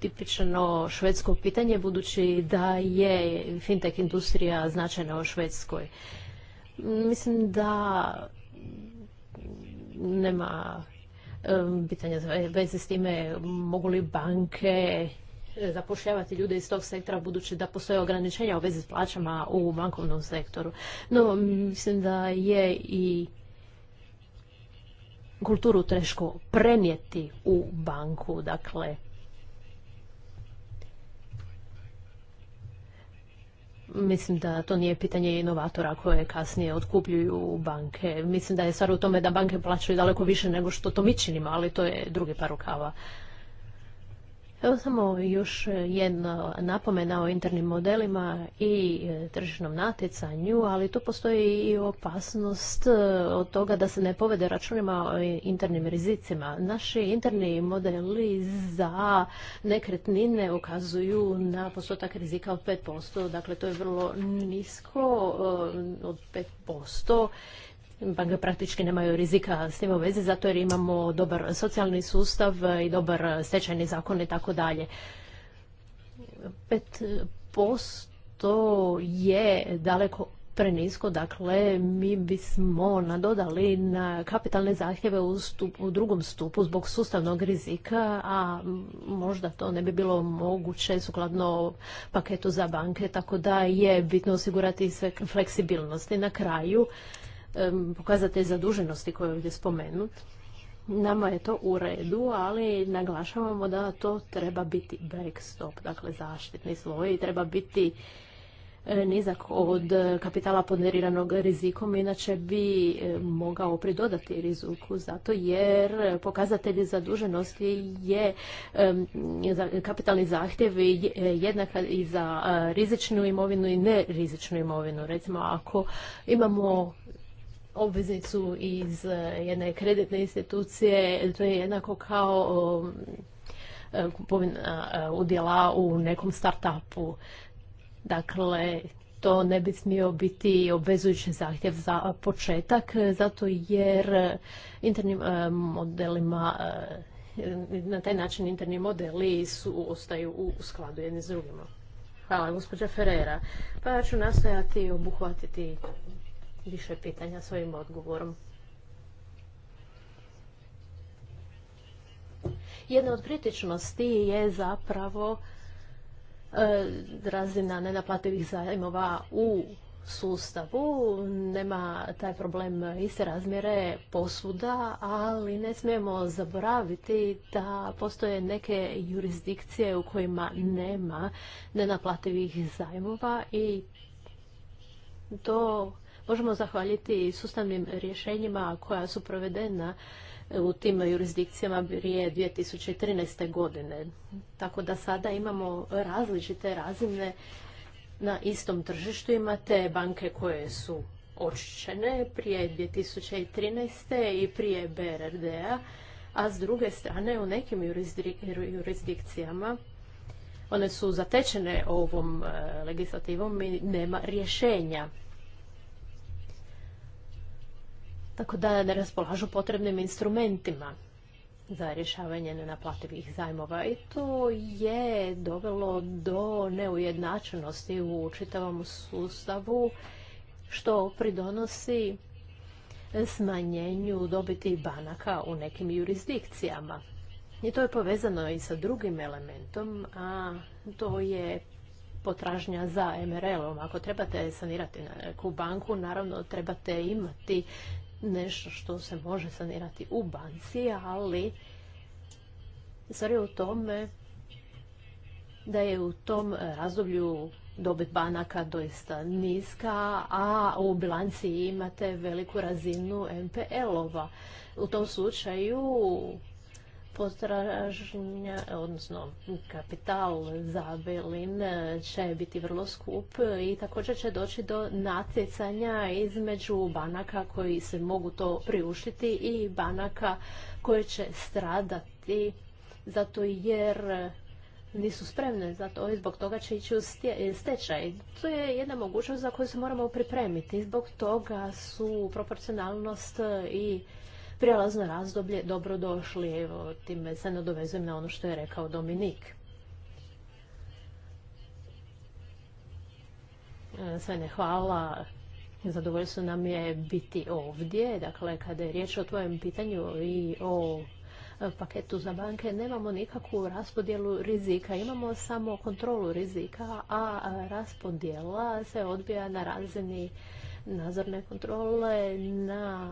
[SPEAKER 2] tipično švedsko pitanje, budući da je fintech industrija značajna u Švedskoj. Mislim da nema e, pitanja e, veze s time mogu li banke zapošljavati ljude iz tog sektora budući da postoje ograničenja u vezi s plaćama u bankovnom sektoru. No, mislim da je i kulturu teško prenijeti u banku. Dakle, Mislim da to nije pitanje inovatora koje kasnije otkupljuju banke. Mislim da je stvar u tome da banke plaćaju daleko više nego što to mi činimo, ali to je drugi par rukava. Evo samo još jedna napomena o internim modelima i e, tržišnom natjecanju, ali tu postoji i opasnost e, od toga da se ne povede računima o internim rizicima. Naši interni modeli za nekretnine ukazuju na postotak rizika od 5%, dakle to je vrlo nisko e, od 5% banke praktički nemaju rizika s njima u vezi zato jer imamo dobar socijalni sustav i dobar stečajni zakon i tako dalje. 5% je daleko prenisko, dakle mi bismo nadodali na kapitalne zahtjeve u, u drugom stupu zbog sustavnog rizika, a možda to ne bi bilo moguće sukladno paketu za banke, tako da je bitno osigurati sve fleksibilnosti. Na kraju, pokazatelj zaduženosti koji je ovdje spomenut. Nama je to u redu, ali naglašavamo da to treba biti stop, dakle zaštitni sloj i treba biti e, nizak od kapitala ponderiranog rizikom, inače bi e, mogao pridodati riziku, zato jer pokazatelj zaduženosti je kapitalni zahtjev jednak i za e, rizičnu imovinu i nerizičnu imovinu. Recimo, ako imamo obveznicu iz e, jedne kreditne institucije, to je jednako kao e, kupovina e, udjela u nekom startupu. Dakle, to ne bi smio biti obvezujući zahtjev za početak, zato jer internim modelima na taj način interni modeli su, ostaju u skladu jedni s drugima. Hvala, gospođa Ferreira. Pa ja ću nastojati obuhvatiti više pitanja svojim odgovorom. Jedna od kritičnosti je zapravo e, razina nenaplativih zajmova u sustavu. Nema taj problem iste razmjere posvuda, ali ne smijemo zaboraviti da postoje neke jurisdikcije u kojima nema nenaplativih zajmova i to možemo zahvaliti sustavnim rješenjima koja su provedena u tim jurisdikcijama prije 2013. godine. Tako da sada imamo različite razine na istom tržištu. Imate banke koje su očičene prije 2013. i prije brd a a s druge strane u nekim jurisdikcijama one su zatečene ovom e, legislativom i nema rješenja. tako da ne raspolažu potrebnim instrumentima za rješavanje nenaplativih zajmova i to je dovelo do neujednačenosti u čitavom sustavu što pridonosi smanjenju dobiti banaka u nekim jurisdikcijama. I to je povezano i sa drugim elementom, a to je potražnja za MRL-om. Ako trebate sanirati neku banku, naravno trebate imati nešto što se može sanirati u banci, ali stvar je u tome da je u tom razdoblju dobit banaka doista niska, a u bilanci imate veliku razinu MPL-ova. U tom slučaju postražnja, odnosno kapital za Berlin e, će biti vrlo skup i također će doći do natjecanja između banaka koji se mogu to priuštiti i banaka koje će stradati zato jer nisu spremne za to i zbog toga će ići u stečaj. To je jedna mogućnost za koju se moramo pripremiti. Zbog toga su proporcionalnost i prijelazno razdoblje dobrodošli. Evo, time se nadovezujem na ono što je rekao Dominik. E, Sve ne hvala. Zadovoljstvo nam je biti ovdje. Dakle, kada je riječ o tvojem pitanju i o e, paketu za banke nemamo nikakvu raspodjelu rizika, imamo samo kontrolu rizika, a raspodjela se odbija na razini nadzorne kontrole, na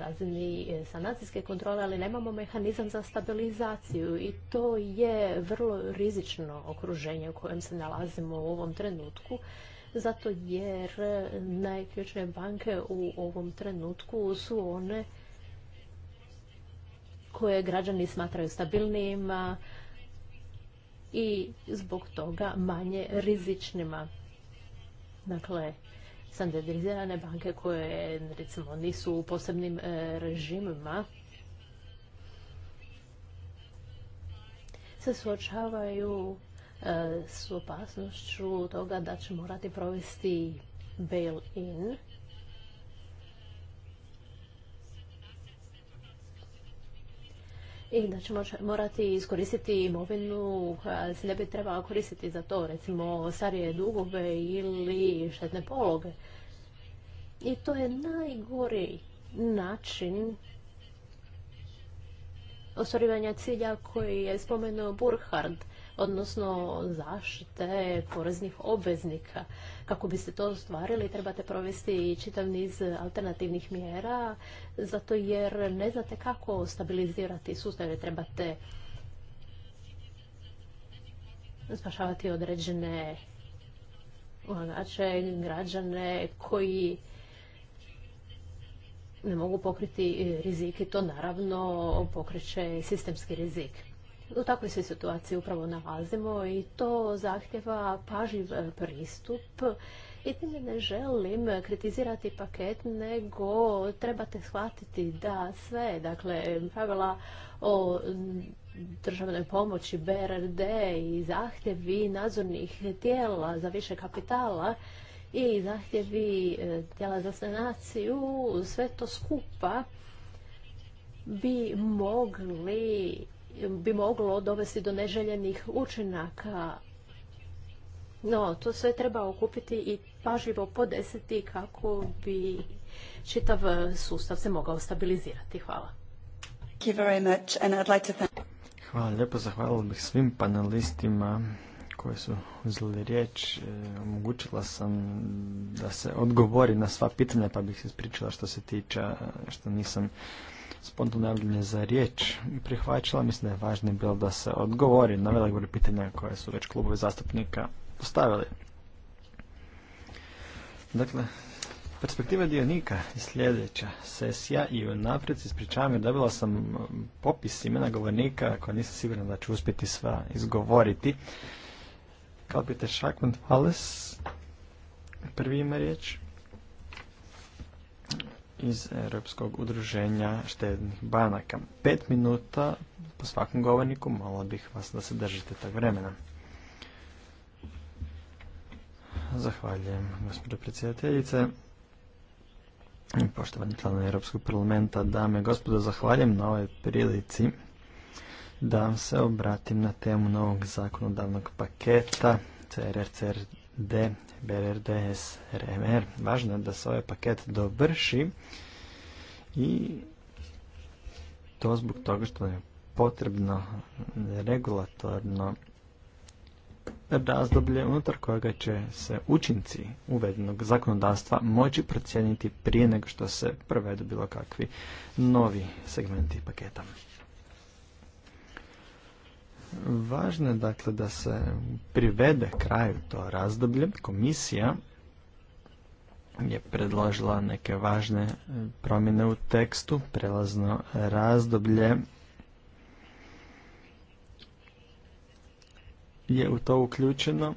[SPEAKER 2] razini e, sanacijske kontrole, ali nemamo mehanizam za stabilizaciju i to je vrlo rizično okruženje u kojem se nalazimo u ovom trenutku, zato jer e, najključne banke u ovom trenutku su one koje građani smatraju stabilnijima i zbog toga manje rizičnima. Dakle, standardizirane banke koje recimo nisu u posebnim e, režimima se suočavaju e, s opasnošću toga da će morati provesti bail-in i da ćemo morati iskoristiti imovinu koja se ne bi trebala koristiti za to, recimo starije dugove ili štetne pologe. I to je najgori način ostvarivanja cilja koji je spomenuo Burhard odnosno zaštite poreznih obveznika. Kako biste to ostvarili, trebate provesti čitav niz alternativnih mjera, zato jer ne znate kako stabilizirati sustave, trebate spašavati određene ulagače, građane koji ne mogu pokriti rizik i to naravno pokreće sistemski rizik. U takvoj se situaciji upravo nalazimo i to zahtjeva pažljiv e, pristup. I time ne želim kritizirati paket, nego trebate shvatiti da sve, dakle, pravila o državnoj pomoći BRD i zahtjevi nadzornih tijela za više kapitala i zahtjevi e, tijela za sanaciju, sve to skupa bi mogli bi moglo dovesti do neželjenih učinaka. No, to sve treba okupiti i pažljivo podesiti kako bi čitav sustav se mogao stabilizirati. Hvala.
[SPEAKER 3] Hvala lijepo, zahvalila bih svim panelistima koji su uzeli riječ. E, omogućila sam da se odgovori na sva pitanja, pa bih se ispričala što se tiče, što nisam spontano za riječ i prihvaćala. Mislim da je važno bilo da se odgovori na velik pitanja koje su već klubovi zastupnika postavili. Dakle, perspektiva dionika je sljedeća sesija i unaprijed se ispričavam jer dobila sam um, popis imena govornika koja nisam siguran da ću uspjeti sva izgovoriti. Kao pite Šakman Fales, prvi ima riječ iz Europskog udruženja štednih banaka. Pet minuta po svakom govorniku, mola bih vas da se držite tog vremena. Zahvaljujem, gospođo predsjedateljice. Poštovani članovi Europskog parlamenta, dame i gospodo, zahvaljujem na ovoj prilici da vam se obratim na temu novog zakonodavnog paketa CRCRD BRRDS, RMR. Važno je da se ovaj paket dovrši i to zbog toga što je potrebno regulatorno razdoblje unutar kojega će se učinci uvedenog zakonodavstva moći procijeniti prije nego što se provedu bilo kakvi novi segmenti paketa. Važno je dakle da se privede kraju to razdoblje. Komisija je predložila neke važne e, promjene u tekstu, prelazno razdoblje je u to uključeno,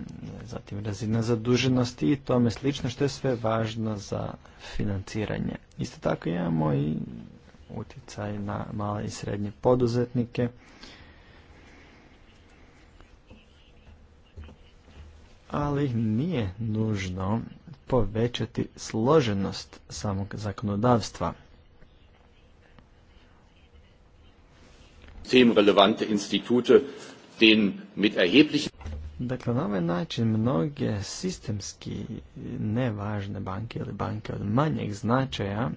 [SPEAKER 3] zatim razina zaduženosti i tome slično što je sve važno za financiranje. Isto tako imamo i utjecaj na male i srednje poduzetnike ali nije nužno povećati složenost samog zakonodavstva.
[SPEAKER 1] relevante institute den mit
[SPEAKER 3] Dakle, na ovaj način mnoge sistemski nevažne banke ili banke od manjeg značaja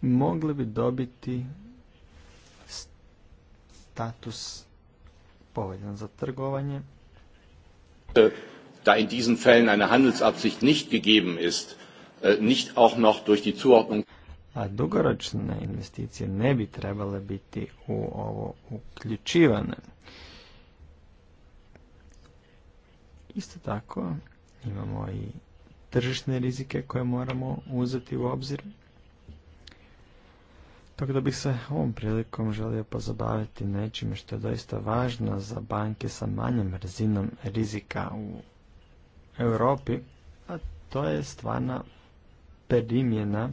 [SPEAKER 3] mogle bi dobiti status povoljan za trgovanje.
[SPEAKER 2] E, da in diesen Fällen eine Handelsabsicht nicht gegeben ist, äh, nicht auch noch durch die Zuordnung.
[SPEAKER 3] A dugoročne investicije ne bi trebale biti u ovo uključivane. Isto tako imamo i tržišne rizike koje moramo uzeti u obzir. Tako da bih se ovom prilikom želio pozabaviti nečime što je doista važno za banke sa manjom razinom rizika u Europi, a to je stvarna predimjena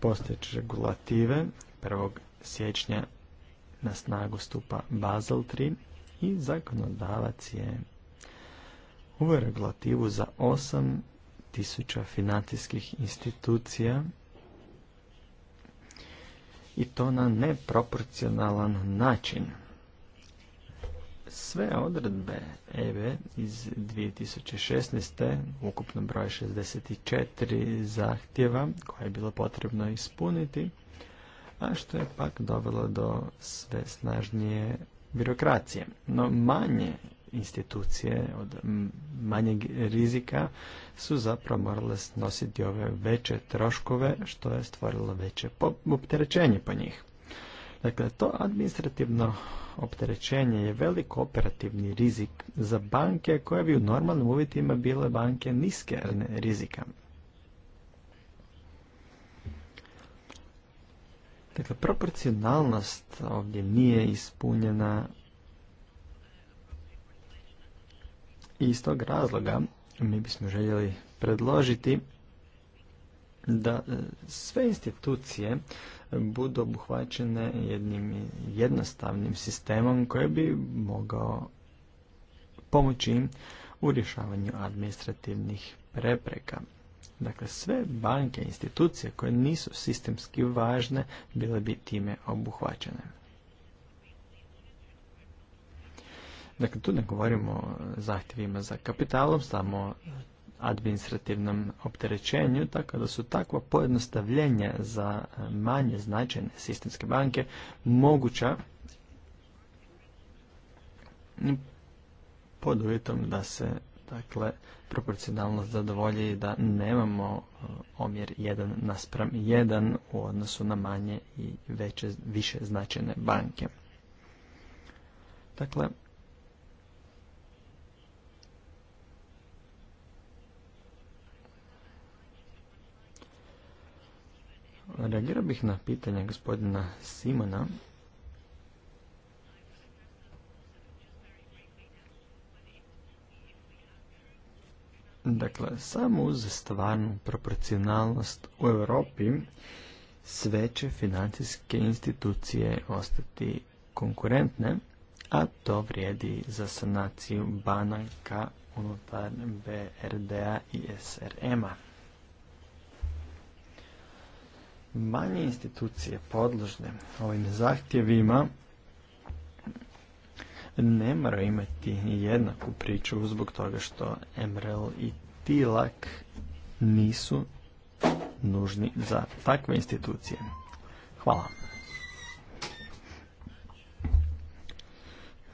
[SPEAKER 3] postojeće regulative 1. siječnja na snagu stupa Basel 3 i zakonodavac je uveo regulativu za 8000 financijskih institucija i to na neproporcionalan način sve odredbe EVE iz 2016. ukupno broj 64 zahtjeva koje je bilo potrebno ispuniti, a što je pak dovelo do sve snažnije birokracije. No manje institucije od manjeg rizika su zapravo morale snositi ove veće troškove što je stvorilo veće opterećenje po njih. Dakle, to administrativno opterećenje je velik operativni rizik za banke koje bi u normalnim uvjetima bile banke niske rizika. Dakle, proporcionalnost ovdje nije ispunjena i iz tog razloga mi bismo željeli predložiti da e, sve institucije budu obuhvaćene jednim jednostavnim sistemom koji bi mogao pomoći im u rješavanju administrativnih prepreka. Dakle, sve banke i institucije koje nisu sistemski važne bile bi time obuhvaćene. Dakle, tu ne govorimo o zahtjevima za kapitalom, samo administrativnom opterećenju, tako da su takva pojednostavljenja za e, manje značajne sistemske banke moguća pod uvjetom da se dakle proporcionalnost zadovolji da nemamo e, omjer 1 naspram 1 u odnosu na manje i veće, više značajne banke. Dakle, Reagirao bih na pitanje gospodina Simona. Dakle, samo uz stvarnu proporcionalnost u Europi sve će financijske institucije ostati konkurentne, a to vrijedi za sanaciju banaka unutar BRDA i SRM-a. manje institucije podložne ovim zahtjevima ne moraju imati jednaku priču zbog toga što MRL i TILAK nisu nužni za takve institucije. Hvala.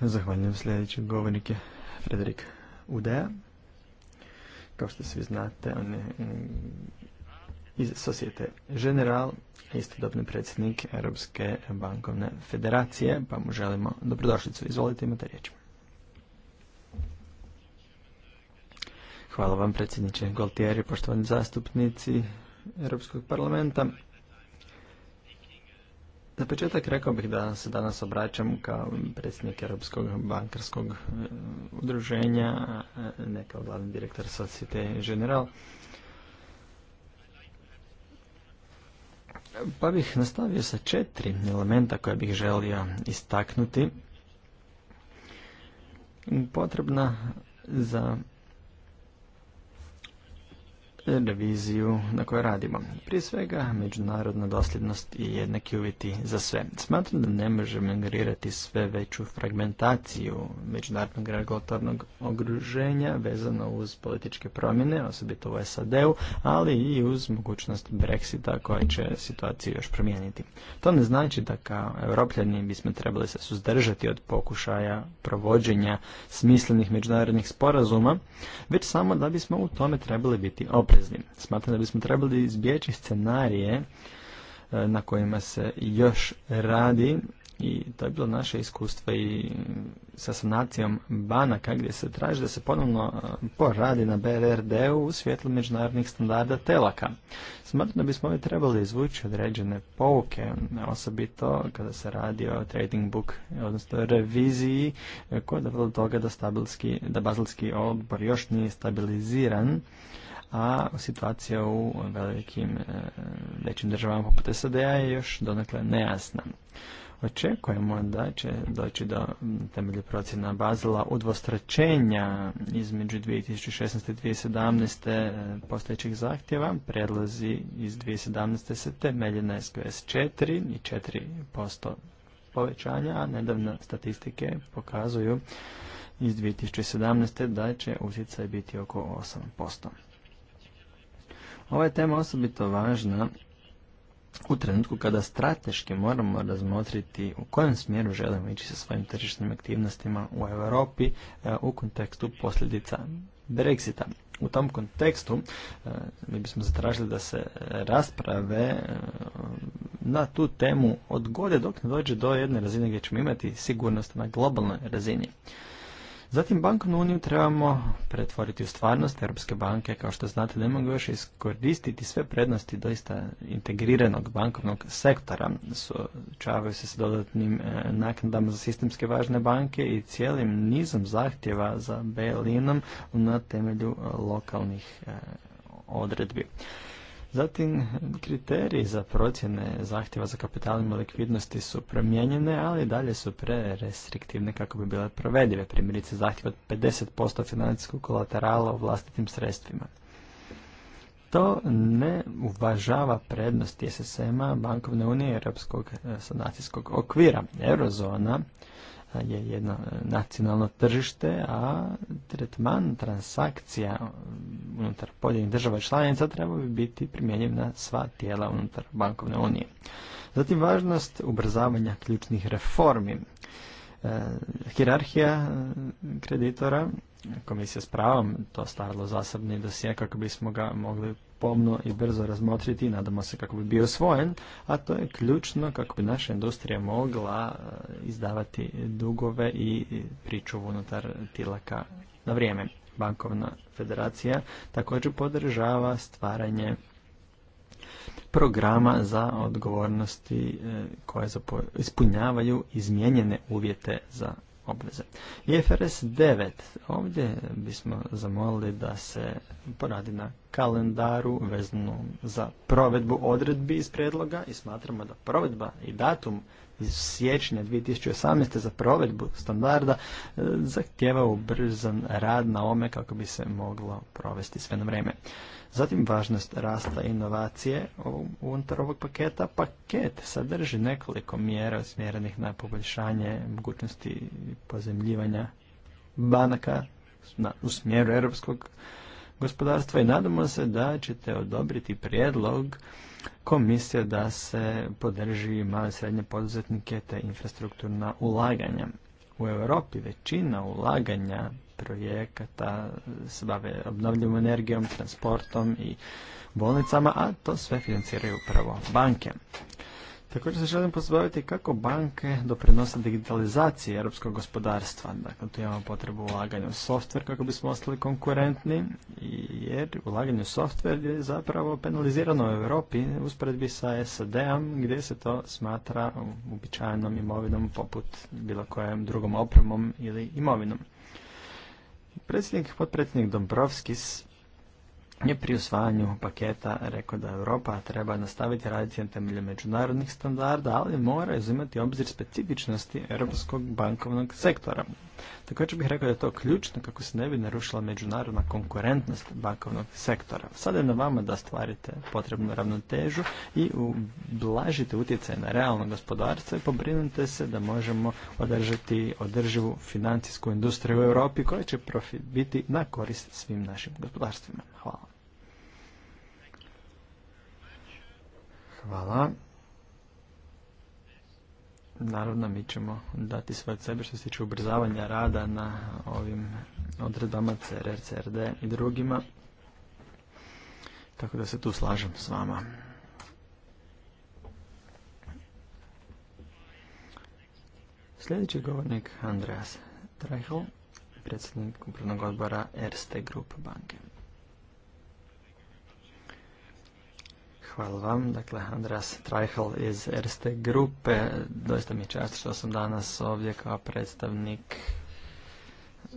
[SPEAKER 3] Zahvaljujem sljedećeg govornike Frederik Udea. Kao što svi znate, on je mm, iz Societe General, istodobni predsjednik Europske bankovne federacije, pa mu želimo dobrodošlicu. Izvolite, imate riječ. Hvala vam predsjedniče Goltieri, poštovani zastupnici Europskog parlamenta. Za početak rekao bih da se danas obraćam kao predsjednik Europskog bankarskog e, udruženja, ne kao glavni direktor Societe General. Pa bih nastavio sa četiri elementa koje bih želio istaknuti. Potrebna za reviziju na kojoj radimo. Prije svega, međunarodna dosljednost i jednaki uvjeti za sve. Smatram da ne možemo ignorirati sve veću fragmentaciju međunarodnog regulatornog ogruženja vezano uz političke promjene, osobito u SAD-u, ali i uz mogućnost Brexita koja će situaciju još promijeniti. To ne znači da kao europljani bismo trebali se suzdržati od pokušaja provođenja smislenih međunarodnih sporazuma, već samo da bismo u tome trebali biti opet oprezni. Smatram da bismo trebali izbjeći scenarije e, na kojima se još radi i to je bilo naše iskustvo i sa sanacijom banaka gdje se traži da se ponovno e, poradi na BRRD-u u svjetlu međunarodnih standarda telaka. Smatram da bismo ovdje trebali izvući određene pouke, osobito kada se radi o trading book, odnosno reviziji, e, koja je dovoljno toga da, stabilski, da bazalski odbor još nije stabiliziran a situacija u velikim e, većim državama poput SAD-a je još donekle nejasna. Očekujemo da će doći do temelju procjena Bazela udvostračenja između 2016. i 2017. E, postojećih zahtjeva. Predlazi iz 2017. se temelje na SQS 4 i 4% povećanja, a nedavne statistike pokazuju iz 2017. da će utjecaj biti oko 8%. Ova je tema osobito važna u trenutku kada strateški moramo razmotriti u kojem smjeru želimo ići sa svojim tržišnim aktivnostima u Europi e, u kontekstu posljedica Brexita. U tom kontekstu e, mi bismo zatražili da se rasprave e, na tu temu odgode dok ne dođe do jedne razine gdje ćemo imati sigurnost na globalnoj razini. Zatim bankovnu uniju trebamo pretvoriti u stvarnost. Europske banke, kao što znate, ne mogu još iskoristiti sve prednosti doista integriranog bankovnog sektora. Suočavaju se s dodatnim e, naknadama za sistemske važne banke i cijelim nizom zahtjeva za Belinom na temelju lokalnih e, odredbi. Zatim, kriteriji za procjene zahtjeva za kapitalima likvidnosti su promijenjene, ali dalje su prerestriktivne kako bi bile provedive. Primjerice, zahtjev od 50% financijskog kolaterala u vlastitim sredstvima. To ne uvažava prednosti SSM-a, Bankovne unije i Europskog sanacijskog okvira. Eurozona je jedno e, nacionalno tržište, a tretman transakcija unutar pojedinih država članica treba bi biti primjenjiv na sva tijela unutar bankovne unije. Zatim važnost ubrzavanja ključnih reformi. E, hirarhija e, kreditora komisija s pravom to stavilo zasebni dosije kako bismo ga mogli pomno i brzo razmotriti i nadamo se kako bi bio svojen, a to je ključno kako bi naša industrija mogla e, izdavati dugove i priču unutar tilaka na vrijeme. Bankovna federacija također podržava stvaranje programa za odgovornosti e, koje ispunjavaju izmijenjene uvjete za obveze. IFRS 9. Ovdje bismo zamolili da se poradi na kalendaru vezano za provedbu odredbi iz predloga i smatramo da provedba i datum iz siječnja 2018. za provedbu standarda e, zahtjeva ubrzan rad na ome kako bi se moglo provesti sve na vreme. Zatim važnost rasta inovacije unutar ovog paketa. Paket sadrži nekoliko mjera usmjerenih na poboljšanje mogućnosti pozemljivanja banaka na, u smjeru europskog gospodarstva i nadamo se da ćete odobriti prijedlog komisije da se podrži male i srednje poduzetnike te infrastrukturna ulaganja. U Europi većina ulaganja projekata eh, se bave obnovljivom energijom, transportom i bolnicama, a to sve financiraju upravo banke. Također se želim pozbaviti kako banke doprinose digitalizaciji europskog gospodarstva. Dakle, tu imamo potrebu ulaganja u softver kako bismo ostali konkurentni, jer ulaganje u softver je zapravo penalizirano u Europi usporedbi sa SAD-om, gdje se to smatra uobičajenom imovinom poput bilo kojem drugom opremom ili imovinom. Predsjednik i potpredsjednik Dombrovskis je pri usvajanju paketa rekao da Europa treba nastaviti raditi na temelju međunarodnih standarda, ali mora u obzir specifičnosti europskog bankovnog sektora. Također bih rekao da je to ključno kako se ne bi narušila međunarodna konkurentnost bankovnog sektora. Sada je na vama da stvarite potrebnu ravnotežu i ublažite utjecaj na realno gospodarstvo i pobrinute se da možemo održati održivu financijsku industriju u Europi koja će profit biti na korist svim našim gospodarstvima. Hvala. Hvala. Naravno, mi ćemo dati sve od sebe što se tiče ubrzavanja rada na ovim odredbama CRR, CRD i drugima. Tako da se tu slažem s vama. Sljedeći govornik Andreas Trajhl, predsjednik upravnog odbora Erste Group banke. Hvala vam. Dakle, Andreas Trajhal iz Erste Grupe. Doista mi je čast što sam danas ovdje kao predstavnik eh,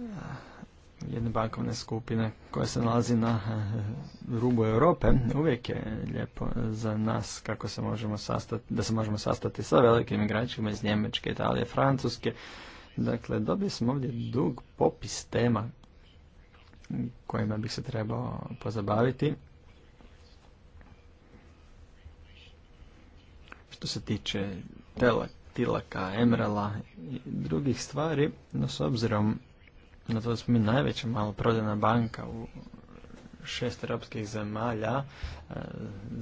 [SPEAKER 3] jedne bankovne skupine koja se nalazi na eh, rubu Europe. Uvijek je lijepo za nas kako se možemo sastati, da se možemo sastati sa velikim igračima iz Njemačke, Italije, Francuske. Dakle, dobili smo ovdje dug popis tema kojima bih se trebao pozabaviti što se tiče tela, tilaka, emrela i drugih stvari, no s obzirom na to da smo mi najveća prodana banka u šest europskih zemalja, e,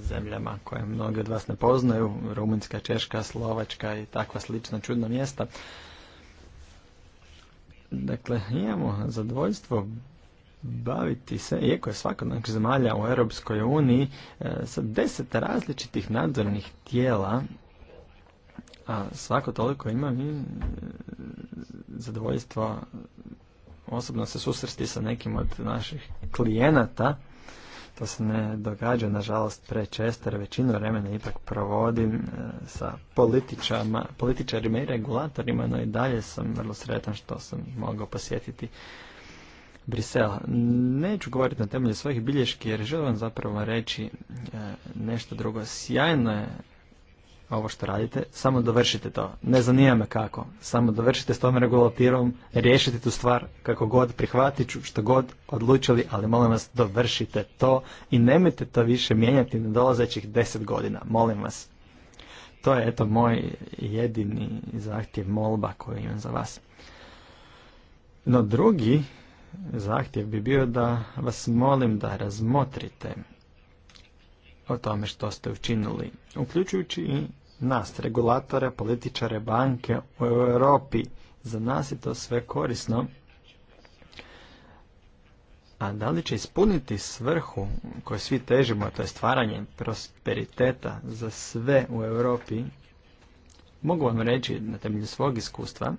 [SPEAKER 3] zemljama koje mnogi od vas ne poznaju, Rumunjska, Češka, Slovačka i takva slična čudna mjesta. Dakle, imamo zadovoljstvo baviti se, iako je svaka zemalja u Europskoj uniji e, sa deset različitih nadzornih tijela, a svako toliko ima i e, zadovoljstvo osobno se susrsti sa nekim od naših klijenata, to se ne događa nažalost prečesto jer većinu vremena ipak provodim e, sa političarima i regulatorima, no i dalje sam vrlo sretan što sam mogao posjetiti Brisela. Neću govoriti na temelju svojih bilješki jer želim vam zapravo reći e, nešto drugo. Sjajno je ovo što radite, samo dovršite to. Ne zanima me kako. Samo dovršite s tom regulativom, riješite tu stvar kako god prihvatit ću, što god odlučili, ali molim vas dovršite to i nemojte to više mijenjati na dolazećih deset godina. Molim vas. To je eto moj jedini zahtjev molba koju imam za vas. No drugi zahtjev bi bio da vas molim da razmotrite o tome što ste učinili, uključujući i nas, regulatore, političare, banke u Europi. Za nas je to sve korisno. A da li će ispuniti svrhu koju svi težimo, to je stvaranje prosperiteta za sve u Europi, mogu vam reći na temelju svog iskustva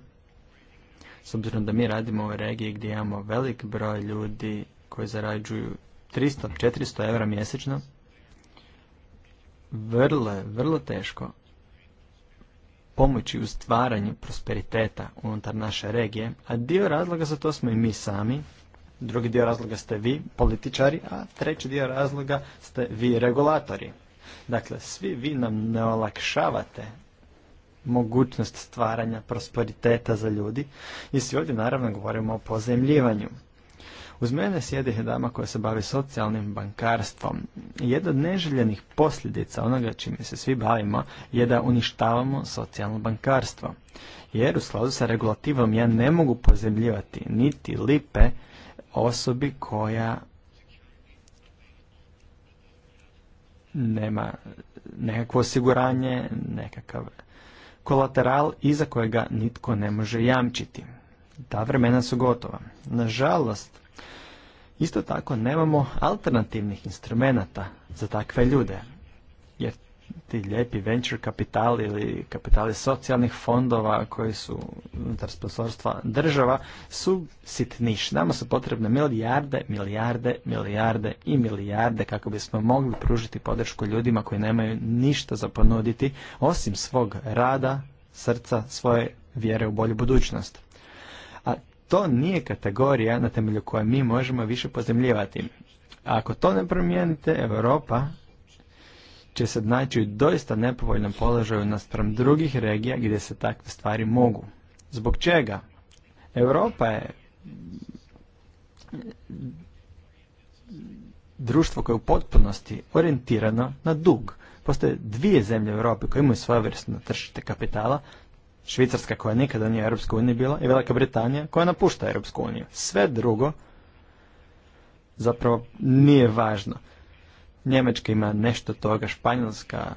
[SPEAKER 3] s obzirom da mi radimo u regiji gdje imamo velik broj ljudi koji zarađuju 300-400 eura mjesečno, vrlo je, vrlo teško pomoći u stvaranju prosperiteta unutar naše regije, a dio razloga za to smo i mi sami, drugi dio razloga ste vi, političari, a treći dio razloga ste vi, regulatori. Dakle, svi vi nam ne olakšavate mogućnost stvaranja prosperiteta za ljudi i svi ovdje naravno govorimo o pozemljivanju. Uz mene sjedi dama koja se bavi socijalnim bankarstvom. Jedna od neželjenih posljedica onoga čime se svi bavimo je da uništavamo socijalno bankarstvo. Jer u skladu sa regulativom ja ne mogu pozemljivati niti lipe osobi koja nema nekakvo osiguranje, nekakav kolateral iza kojega nitko ne može jamčiti. Ta vremena su gotova. Nažalost, isto tako nemamo alternativnih instrumenata za takve ljude ti lijepi venture kapitali ili kapitali socijalnih fondova koji su unutar sponsorstva država su sitniš. Nama su potrebne milijarde, milijarde, milijarde i milijarde kako bismo mogli pružiti podršku ljudima koji nemaju ništa za ponuditi osim svog rada, srca, svoje vjere u bolju budućnost. A to nije kategorija na temelju koje mi možemo više pozemljivati. A ako to ne promijenite, Europa će se naći u doista nepovoljnom položaju naspram drugih regija gdje se takve stvari mogu. Zbog čega? Europa je društvo koje je u potpunosti orijentirano na dug. Postoje dvije zemlje u Europi koje imaju na tržište kapitala, Švicarska koja nikada nije u Europskoj uniji bila i Velika Britanija koja napušta Europsku uniju. Sve drugo zapravo nije važno. Njemačka ima nešto toga, Španjolska,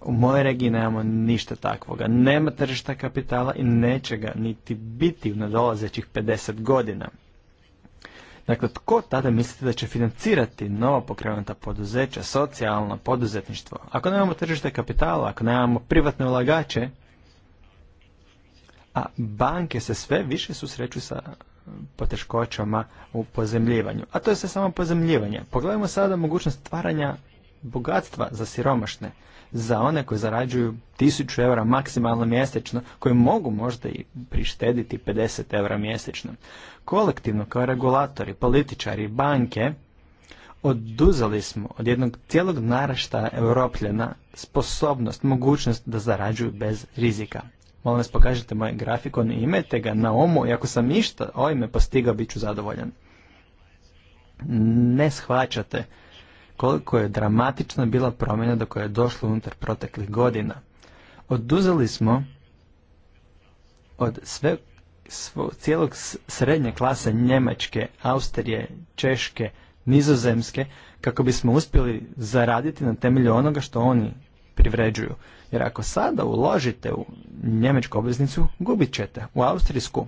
[SPEAKER 3] u mojoj regiji nemamo ništa takvoga. Nema tržišta kapitala i neće ga niti biti u nadolazećih 50 godina. Dakle, tko tada mislite da će financirati nova pokrenuta poduzeća, socijalno poduzetništvo? Ako nemamo tržište kapitala, ako nemamo privatne ulagače, a banke se sve više susreću sa poteškoćama u pozemljivanju. A to je sve samo pozemljivanje. Pogledajmo sada mogućnost stvaranja bogatstva za siromašne, za one koji zarađuju 1000 eura maksimalno mjesečno, koji mogu možda i prištediti 50 eura mjesečno. Kolektivno kao regulatori, političari, banke oduzeli smo od jednog cijelog naraštaja Europljena sposobnost, mogućnost da zarađuju bez rizika. Molim vas pokažite moj grafikon i imajte ga na omu i ako sam išta ovime postigao bit ću zadovoljan. Ne shvaćate koliko je dramatična bila promjena do koje je došlo unutar proteklih godina. Oduzeli smo od sve, svo, cijelog srednje klase Njemačke, Austrije, Češke, Nizozemske, kako bismo uspjeli zaraditi na temelju onoga što oni privređuju. Jer ako sada uložite u njemečku obveznicu, gubit ćete. U austrijsku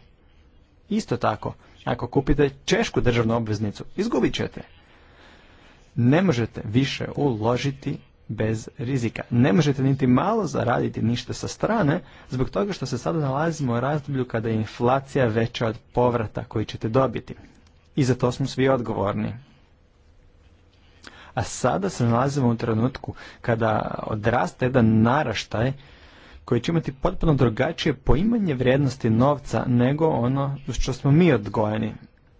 [SPEAKER 3] isto tako. Ako kupite češku državnu obveznicu, izgubit ćete. Ne možete više uložiti bez rizika. Ne možete niti malo zaraditi ništa sa strane zbog toga što se sada nalazimo u razdoblju kada je inflacija veća od povrata koji ćete dobiti. I za to smo svi odgovorni. A sada se nalazimo u trenutku kada odraste jedan naraštaj koji će imati potpuno drugačije poimanje vrijednosti novca nego ono što smo mi odgojeni.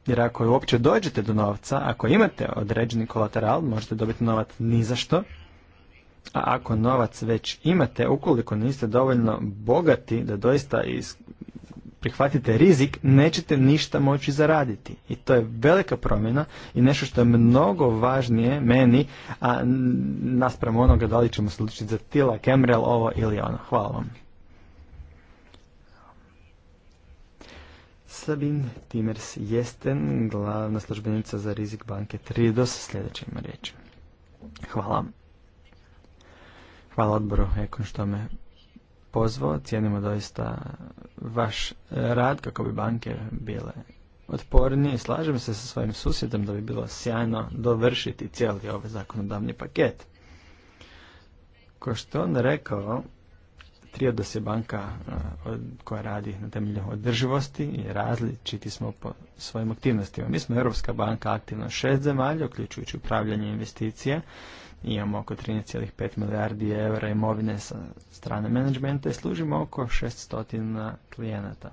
[SPEAKER 3] Jer ako uopće dođete do novca, ako imate određeni kolateral, možete dobiti novac ni za što. A ako novac već imate, ukoliko niste dovoljno bogati da doista prihvatite rizik, nećete ništa moći zaraditi. I to je velika promjena i nešto što je mnogo važnije meni, a naspram onoga da li ćemo slučiti za Tila, Kemrel, ovo ili ono. Hvala vam. Sabin Timers Jesten, glavna službenica za rizik banke Tridos, sljedeća ima riječ. Hvala. Hvala odboru Ekon što me pozvao. Cijenimo doista vaš rad kako bi banke bile otpornije. Slažem se sa svojim susjedom da bi bilo sjajno dovršiti cijeli ovaj zakonodavni paket. Ko što on rekao, Triodos je banka eh, koja radi na temelju održivosti i različiti smo po svojim aktivnostima. Mi smo Europska banka aktivna šest zemalja, uključujući upravljanje investicija imamo oko 13,5 milijardi eura imovine sa strane menadžmenta i služimo oko 600 klijenata.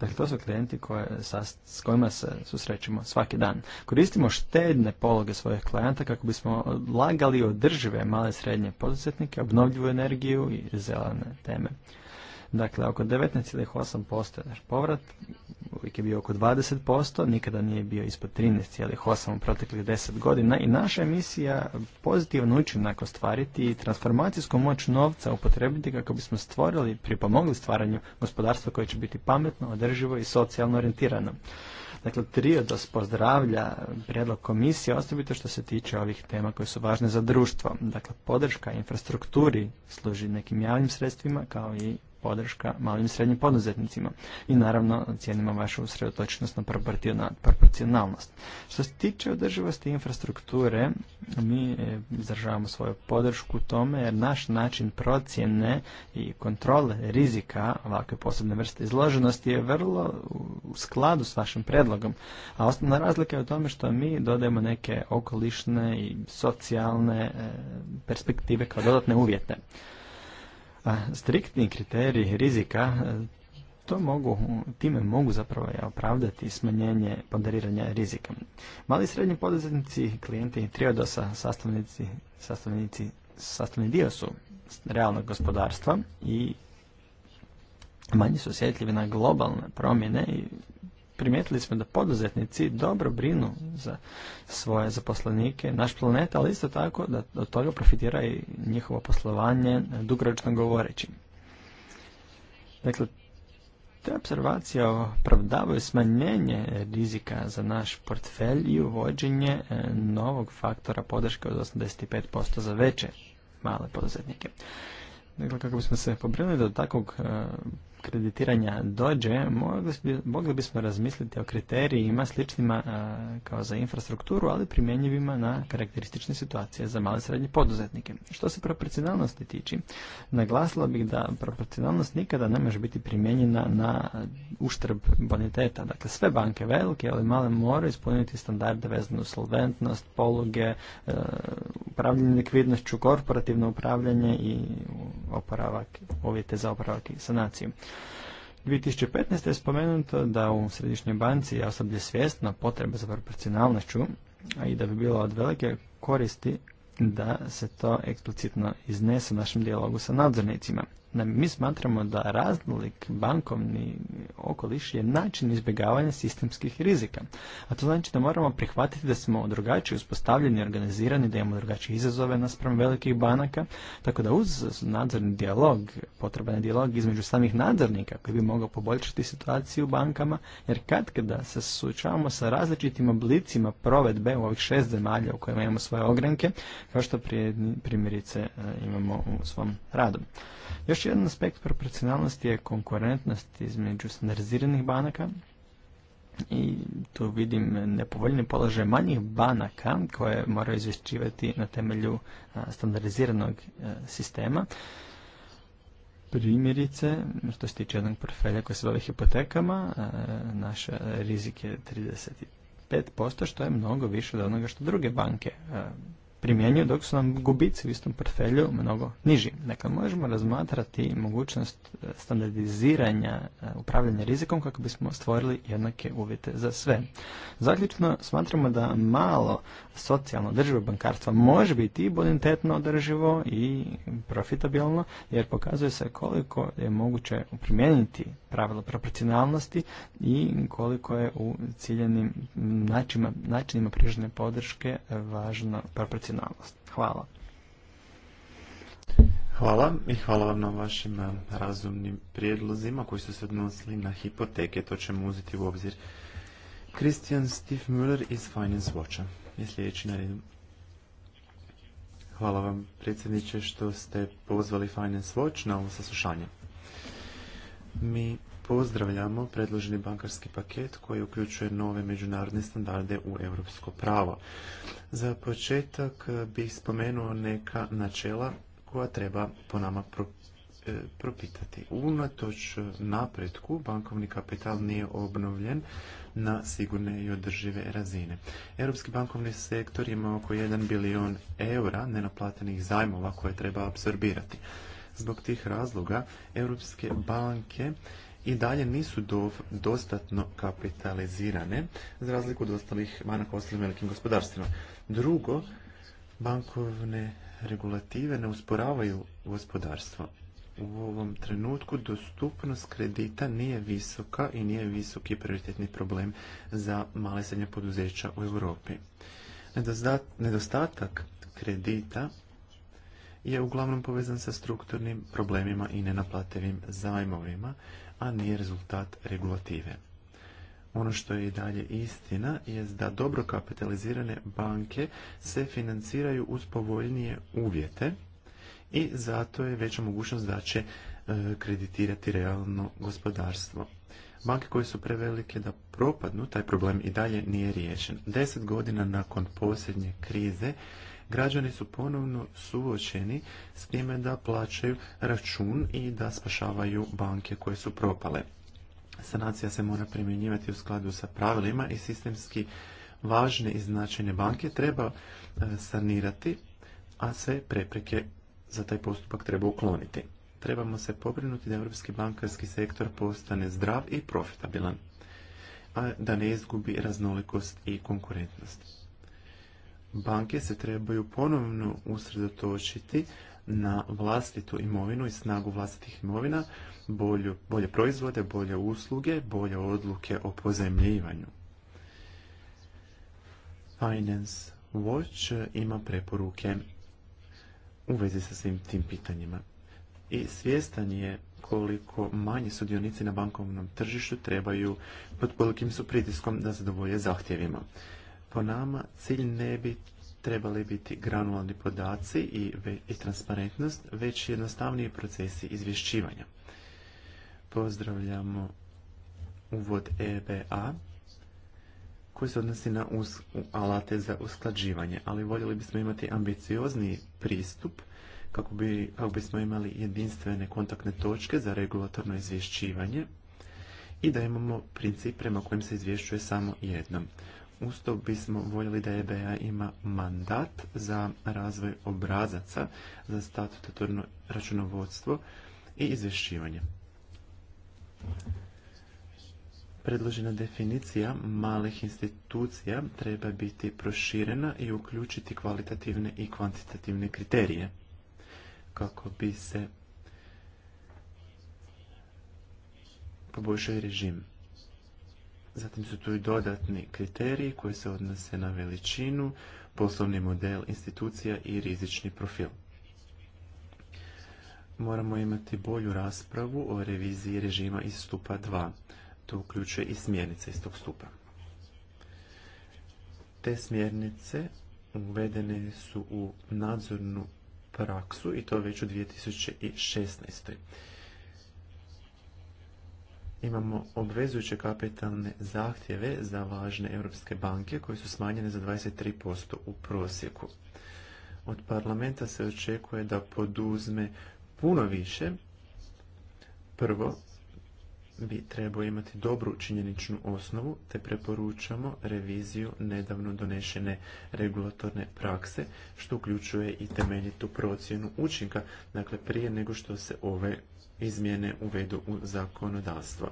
[SPEAKER 3] Dakle, to su klijenti koje, sa, s kojima se susrećemo svaki dan. Koristimo štedne pologe svojih klijenata kako bismo lagali održive male i srednje poduzetnike, obnovljivu energiju i zelene teme. Dakle, oko 19,8% je naš povrat, uvijek je bio oko 20%, nikada nije bio ispod 13,8% u proteklih 10 godina i naša emisija pozitivno učinak ostvariti i transformacijsku moć novca upotrebiti kako bismo stvorili, pripomogli stvaranju gospodarstva koje će biti pametno, održivo i socijalno orijentirano. Dakle, Triodos pozdravlja prijedlog komisije, osobito što se tiče ovih tema koje su važne za društvo. Dakle, podrška infrastrukturi služi nekim javnim sredstvima kao i podrška malim i srednjim poduzetnicima. I naravno cijenimo vašu usredotočenost na proporcionalnost. Što se tiče održivosti infrastrukture, mi e, izražavamo svoju podršku tome jer naš način procjene i kontrole rizika ovakve posebne vrste izloženosti je vrlo u skladu s vašim predlogom. A osnovna razlika je u tome što mi dodajemo neke okolišne i socijalne e, perspektive kao dodatne uvjete. Pa, striktni kriteriji rizika e, to mogu, time mogu zapravo opravdati smanjenje ponderiranja rizika. Mali i srednji poduzetnici, klijenti Triodosa, sastavnici, sastavnici, sastavni dio su realnog gospodarstva i manje su osjetljivi na globalne promjene i primijetili smo da poduzetnici dobro brinu za svoje zaposlenike, naš planet, ali isto tako da od toga profitira i njihovo poslovanje, dugoročno govoreći. Dakle, te observacije opravdavaju smanjenje rizika za naš portfelj i uvođenje e, novog faktora podrške od 85% za veće male poduzetnike. Dakle, kako bismo se pobrinuli da takvog e, kreditiranja dođe, mogli bismo razmisliti o kriterijima sličnima kao za infrastrukturu, ali primjenjivima na karakteristične situacije za male i srednje poduzetnike. Što se proporcionalnosti tiče, naglasila bih da proporcionalnost nikada ne može biti primijenjena na uštrb boniteta. Dakle, sve banke velike, ali male moraju ispuniti standarde vezane uz solventnost, poluge, e, upravljanje likvidnošću, korporativno upravljanje i oporavak, uvjete za oporavak i sanaciju. 2015. je spomenuto da u Središnjoj banci je osoblje svjesna potreba za proporcionalnošću i da bi bilo od velike koristi da se to eksplicitno iznese u našem dijalogu sa nadzornicima. Mi smatramo da raznolik bankovni okoliš je način izbjegavanja sistemskih rizika. A to znači da moramo prihvatiti da smo drugačije uspostavljeni organizirani, da imamo drugačije izazove naspram velikih banaka, tako da uz nadzorni dijalog, potreban je dijalog između samih nadzornika koji bi mogao poboljšati situaciju u bankama, jer kad kada se suočavamo sa različitim oblicima provedbe u ovih šest zemalja u kojima imamo svoje ogranke, kao što primjerice e, imamo u svom radu. Još jedan aspekt proporcionalnosti je konkurentnost između standardiziranih banaka i tu vidim nepovoljni položaj manjih banaka koje moraju izvješćivati na temelju standardiziranog sistema. Primjerice, što se tiče jednog portfelja koji se bave hipotekama, naš rizik je 35%, što je mnogo više od onoga što druge banke primjenjuju dok su nam gubici u istom portfelju mnogo niži. Dakle, možemo razmatrati mogućnost e, standardiziranja e, upravljanja rizikom kako bismo stvorili jednake uvjete za sve. Zaključno, smatramo da malo socijalno drživo bankarstva može biti i bonitetno održivo i profitabilno, jer pokazuje se koliko je moguće primijeniti pravilo proporcionalnosti i koliko je u ciljenim načinima, načinima podrške važno proporcionalno originalnost. Hvala.
[SPEAKER 1] Hvala i hvala vam na vašim eh, razumnim prijedlozima koji su se odnosili na hipoteke. To ćemo uzeti u obzir. Christian Steve Müller iz Finance Watcha je sljedeći na Hvala vam predsjedniče što ste pozvali Finance Watch na ovo saslušanje. Mi Pozdravljamo predloženi bankarski paket koji uključuje nove međunarodne standarde u europsko pravo. Za početak bih spomenuo neka načela koja treba po nama e, propitati. Unatoč napretku bankovni kapital nije obnovljen na sigurne i održive razine. Europski bankovni sektor ima oko 1 bilion eura nenaplatenih zajmova koje treba apsorbirati. Zbog tih razloga europske banke i dalje nisu dostatno kapitalizirane, za razliku od ostalih banaka ostalim velikim gospodarstvima. Drugo, bankovne regulative ne usporavaju gospodarstvo. U ovom trenutku dostupnost kredita nije visoka i nije visoki prioritetni problem za male i srednje poduzeća u Europi. Nedostatak kredita je uglavnom povezan sa strukturnim problemima i nenaplativim zajmovima a nije rezultat regulative. Ono što je i dalje istina je da dobro kapitalizirane banke se financiraju uz povoljnije uvjete i zato je veća mogućnost da će e, kreditirati realno gospodarstvo. Banke koje su prevelike da propadnu, taj problem i dalje nije riješen. Deset godina nakon posljednje krize Građani su ponovno suočeni s time da plaćaju račun i da spašavaju banke koje su propale. Sanacija se mora primjenjivati u skladu sa pravilima i sistemski važne i značajne banke treba e, sanirati, a sve prepreke za taj postupak treba ukloniti. Trebamo se pobrinuti da europski bankarski sektor postane zdrav i profitabilan, a da ne izgubi raznolikost i konkurentnost banke se trebaju ponovno usredotočiti na vlastitu imovinu i snagu vlastitih imovina, bolje proizvode, bolje usluge, bolje odluke o pozemljivanju. Finance Watch ima preporuke u vezi sa svim tim pitanjima. I svjestan je koliko manji sudionici na bankovnom tržištu trebaju pod kolikim su pritiskom da zadovolje zahtjevima. Po nama cilj ne bi trebali biti granularni podaci i, transparentnost, već jednostavniji procesi izvješćivanja. Pozdravljamo uvod EBA koji se odnosi na alate za usklađivanje, ali voljeli bismo imati ambiciozni pristup kako, bi, kako bismo imali jedinstvene kontaktne točke za regulatorno izvješćivanje i da imamo princip prema kojem se izvješćuje samo jednom. Usto bismo voljeli da EBA ima mandat za razvoj obrazaca za statutorno računovodstvo i izvješćivanje. Predložena definicija malih institucija treba biti proširena i uključiti kvalitativne i kvantitativne kriterije kako bi se poboljšao režim. Zatim su tu i dodatni kriteriji koji se odnose na veličinu, poslovni model institucija i rizični profil. Moramo imati bolju raspravu o reviziji režima iz stupa 2. To uključuje i smjernice iz tog stupa. Te smjernice uvedene su u nadzornu praksu i to već u 2016 imamo obvezujuće kapitalne zahtjeve za važne europske banke koje su smanjene za 23% u prosjeku. Od parlamenta se očekuje da poduzme puno više. Prvo, bi trebao imati dobru činjeničnu osnovu te preporučamo reviziju nedavno donešene regulatorne prakse što uključuje i temeljitu procjenu učinka, dakle prije nego što se ove izmjene uvedu u zakonodavstvo.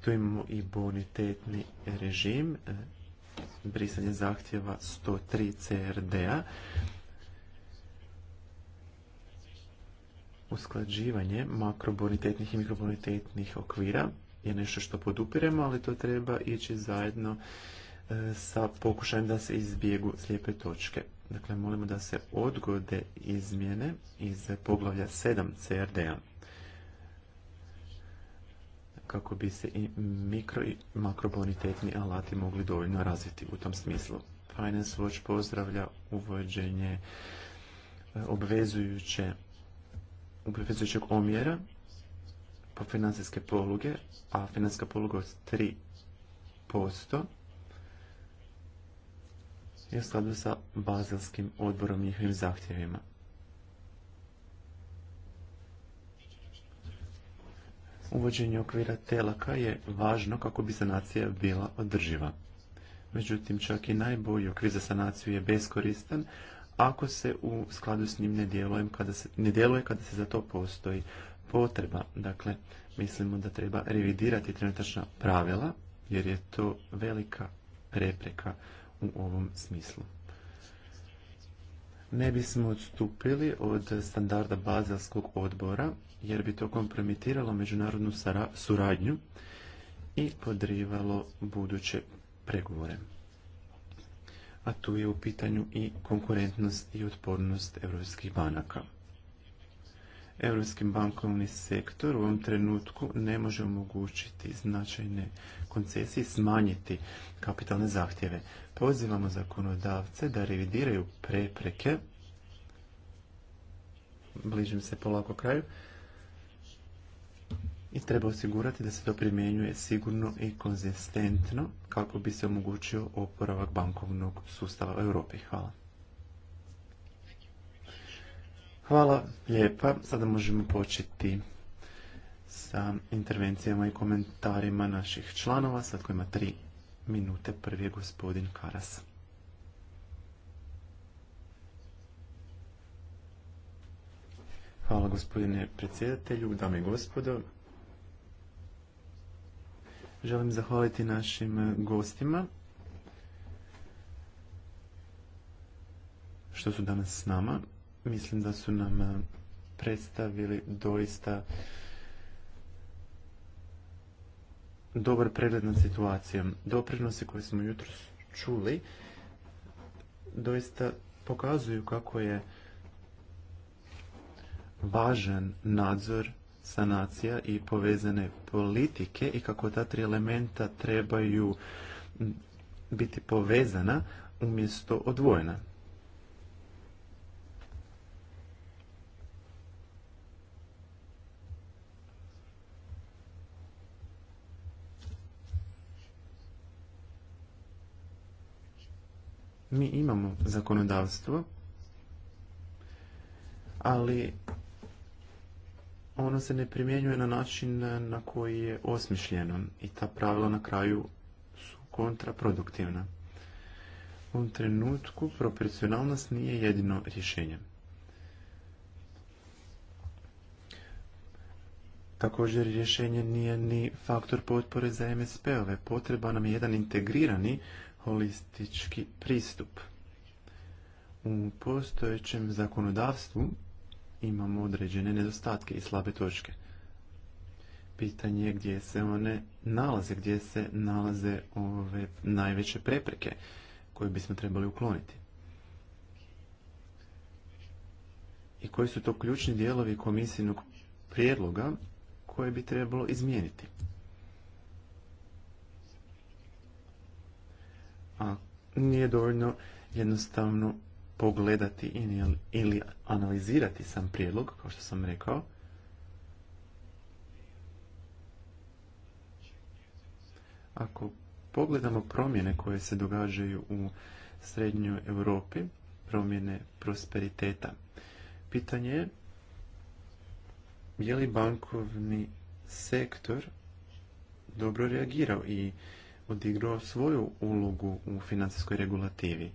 [SPEAKER 1] Tu imamo i bonitetni režim, e, brisanje zahtjeva 103 CRD-a, usklađivanje makrobonitetnih i mikrobonitetnih okvira je nešto što podupiremo, ali to treba ići zajedno e, sa pokušajem da se izbjegu slijepe točke. Dakle, molimo da se odgode izmjene iz poglavlja 7 CRD-a kako bi se i mikro i makrobonitetni alati mogli dovoljno razviti u tom smislu. Finance Watch pozdravlja uvođenje e, obvezujuće obvezujućeg omjera po financijske poluge, a financijska poluga od 3% je u skladu sa bazelskim odborom njihovim zahtjevima. Uvođenje okvira telaka je važno kako bi sanacija bila održiva. Međutim, čak i najbolji okvir za sanaciju je beskoristan ako se u skladu s njim ne djeluje kada se, ne kada se za to postoji potreba. Dakle, mislimo da treba revidirati trenutačna pravila jer je to velika prepreka u ovom smislu. Ne bismo odstupili od standarda bazelskog odbora jer bi to kompromitiralo međunarodnu suradnju i podrivalo buduće pregovore. A tu je u pitanju i konkurentnost i otpornost europskih banaka. Europskim bankovni sektor u ovom trenutku ne može omogućiti značajne koncesije i smanjiti kapitalne zahtjeve. Pozivamo zakonodavce da revidiraju prepreke bližim se polako kraju, i treba osigurati da se to primjenjuje sigurno i konzistentno kako bi se omogućio oporavak bankovnog sustava u Europi. Hvala. Hvala lijepa. Sada možemo početi sa intervencijama i komentarima naših članova. Sad ima tri minute. Prvi je gospodin Karas. Hvala gospodine predsjedatelju, dame i gospodo. Želim zahvaliti našim eh, gostima što su danas s nama. Mislim da su nam eh, predstavili doista dobar pregled nad situacijom. Doprinose koje smo jutro čuli doista pokazuju kako je važan nadzor sanacija i povezane politike i kako ta tri elementa trebaju biti povezana umjesto odvojena. Mi imamo zakonodavstvo, ali ono se ne primjenjuje na način na koji je osmišljeno i ta pravila na kraju su kontraproduktivna. U ovom trenutku proporcionalnost nije jedino rješenje. Također rješenje nije ni faktor potpore za MSP-ove. Potreba nam je jedan integrirani holistički pristup. U postojećem zakonodavstvu imamo određene nedostatke i slabe točke. Pitanje je gdje se one nalaze, gdje se nalaze ove najveće prepreke koje bismo trebali ukloniti. I koji su to ključni dijelovi komisijnog prijedloga koje bi trebalo izmijeniti. A nije dovoljno jednostavno pogledati ili analizirati sam prijedlog, kao što sam rekao. Ako pogledamo promjene koje se događaju u srednjoj Europi, promjene prosperiteta, pitanje je je li bankovni sektor dobro reagirao i odigrao svoju ulogu u financijskoj regulativi.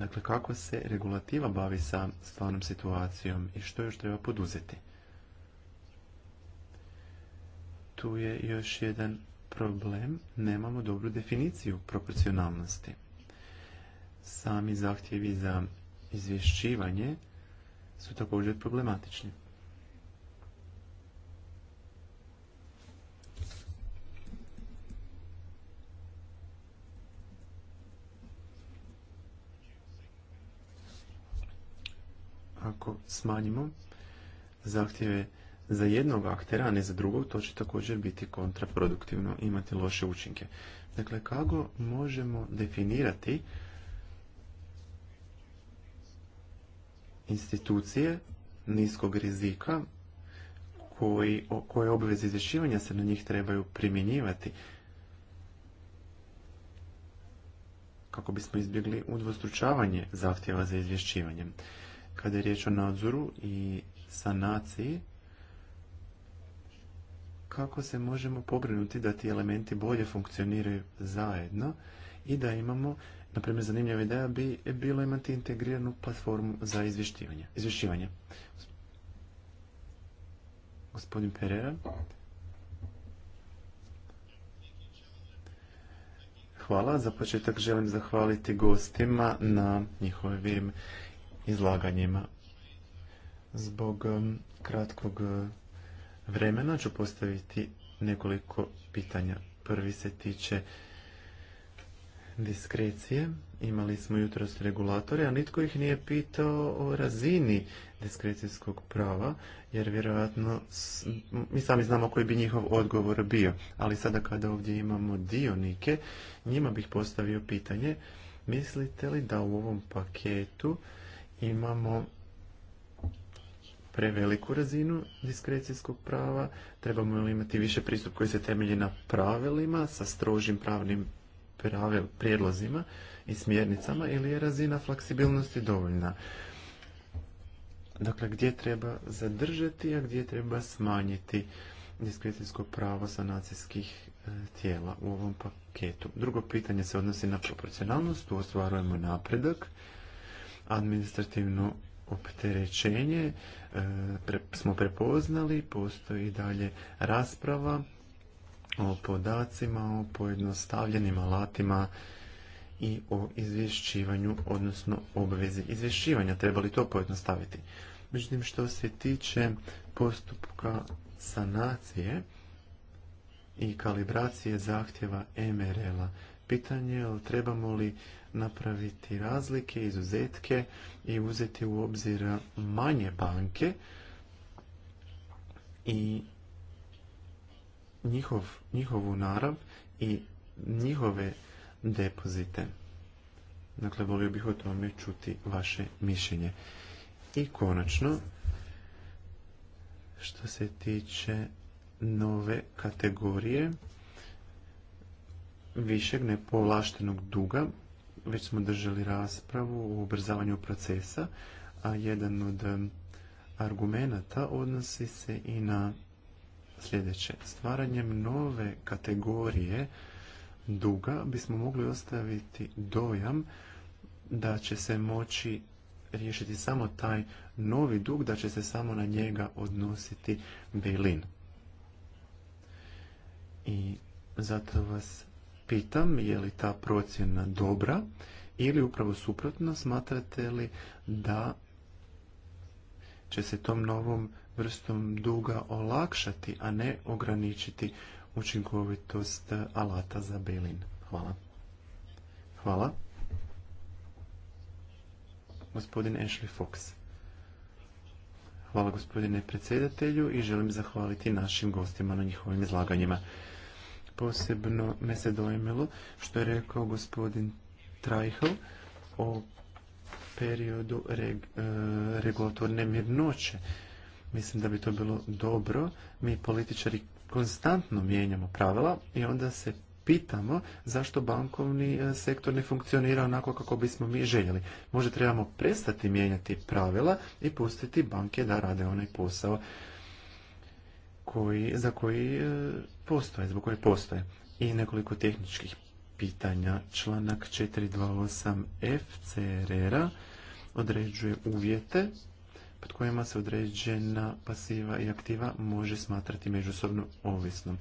[SPEAKER 1] Dakle, kako se regulativa bavi sa stvarnom situacijom i što još treba poduzeti? Tu je još jedan problem, nemamo dobru definiciju proporcionalnosti. Sami zahtjevi za izvješćivanje su također problematični. ako smanjimo zahtjeve za jednog aktera, a ne za drugog, to će također biti kontraproduktivno, imati loše učinke. Dakle, kako možemo definirati institucije niskog rizika koji, koje obveze izvješćivanja se na njih trebaju primjenjivati kako bismo izbjegli udvostručavanje zahtjeva za izvješćivanjem. Kada je riječ o nadzoru i sanaciji, kako se možemo pobrinuti da ti elementi bolje funkcioniraju zajedno i da imamo, na primjer, zanimljiva ideja bi bilo imati integriranu platformu za izvješćivanje. Gospodin Pereira. Hvala. Za početak želim zahvaliti gostima na njihovim izlaganjima. Zbog um, kratkog uh, vremena ću postaviti nekoliko pitanja. Prvi se tiče diskrecije. Imali smo jutros regulatore, a nitko ih nije pitao o razini diskrecijskog prava, jer vjerojatno mi sami znamo koji bi njihov odgovor bio. Ali sada kada ovdje imamo dionike, njima bih postavio pitanje, mislite li da u ovom paketu imamo preveliku razinu diskrecijskog prava, trebamo li imati više pristup koji se temelji na pravilima sa strožim pravnim prijedlozima i smjernicama ili je razina fleksibilnosti dovoljna. Dakle, gdje treba zadržati, a gdje treba smanjiti diskrecijsko pravo sanacijskih e, tijela u ovom paketu. Drugo pitanje se odnosi na proporcionalnost, tu ostvarujemo napredak administrativno opterećenje e, smo prepoznali, postoji dalje rasprava o podacima, o pojednostavljenim alatima i o izvješćivanju, odnosno obvezi izvješćivanja. Treba li to pojednostaviti? Međutim, što se tiče postupka sanacije i kalibracije zahtjeva MRL-a, pitanje je trebamo li napraviti razlike, izuzetke i uzeti u obzir manje banke i njihov, njihovu narav i njihove depozite. Dakle, volio bih o tome čuti vaše mišljenje. I konačno, što se tiče nove kategorije višeg nepovlaštenog duga, već smo držali raspravu o ubrzavanju procesa, a jedan od argumenata odnosi se i na sljedeće. Stvaranjem nove kategorije duga bismo mogli ostaviti dojam da će se moći riješiti samo taj novi dug, da će se samo na njega odnositi bilin. I zato vas pitam je li ta procjena dobra ili upravo suprotno smatrate li da će se tom novom vrstom duga olakšati, a ne ograničiti učinkovitost alata za belin. Hvala. Hvala. Gospodin Ashley Fox. Hvala gospodine predsjedatelju i želim zahvaliti našim gostima na njihovim izlaganjima. Posebno me se dojmilo što je rekao gospodin Trajhel o periodu e, regulatorne mirnoće. Mislim da bi to bilo dobro. Mi političari konstantno mijenjamo pravila i onda se pitamo zašto bankovni e, sektor ne funkcionira onako kako bismo mi željeli. Možda trebamo prestati mijenjati pravila i pustiti banke da rade onaj posao koji, za koji e, postoje, zbog koje postoje. I nekoliko tehničkih pitanja. Članak 428F CRR-a određuje uvjete pod kojima se određena pasiva i aktiva može smatrati međusobno ovisnom.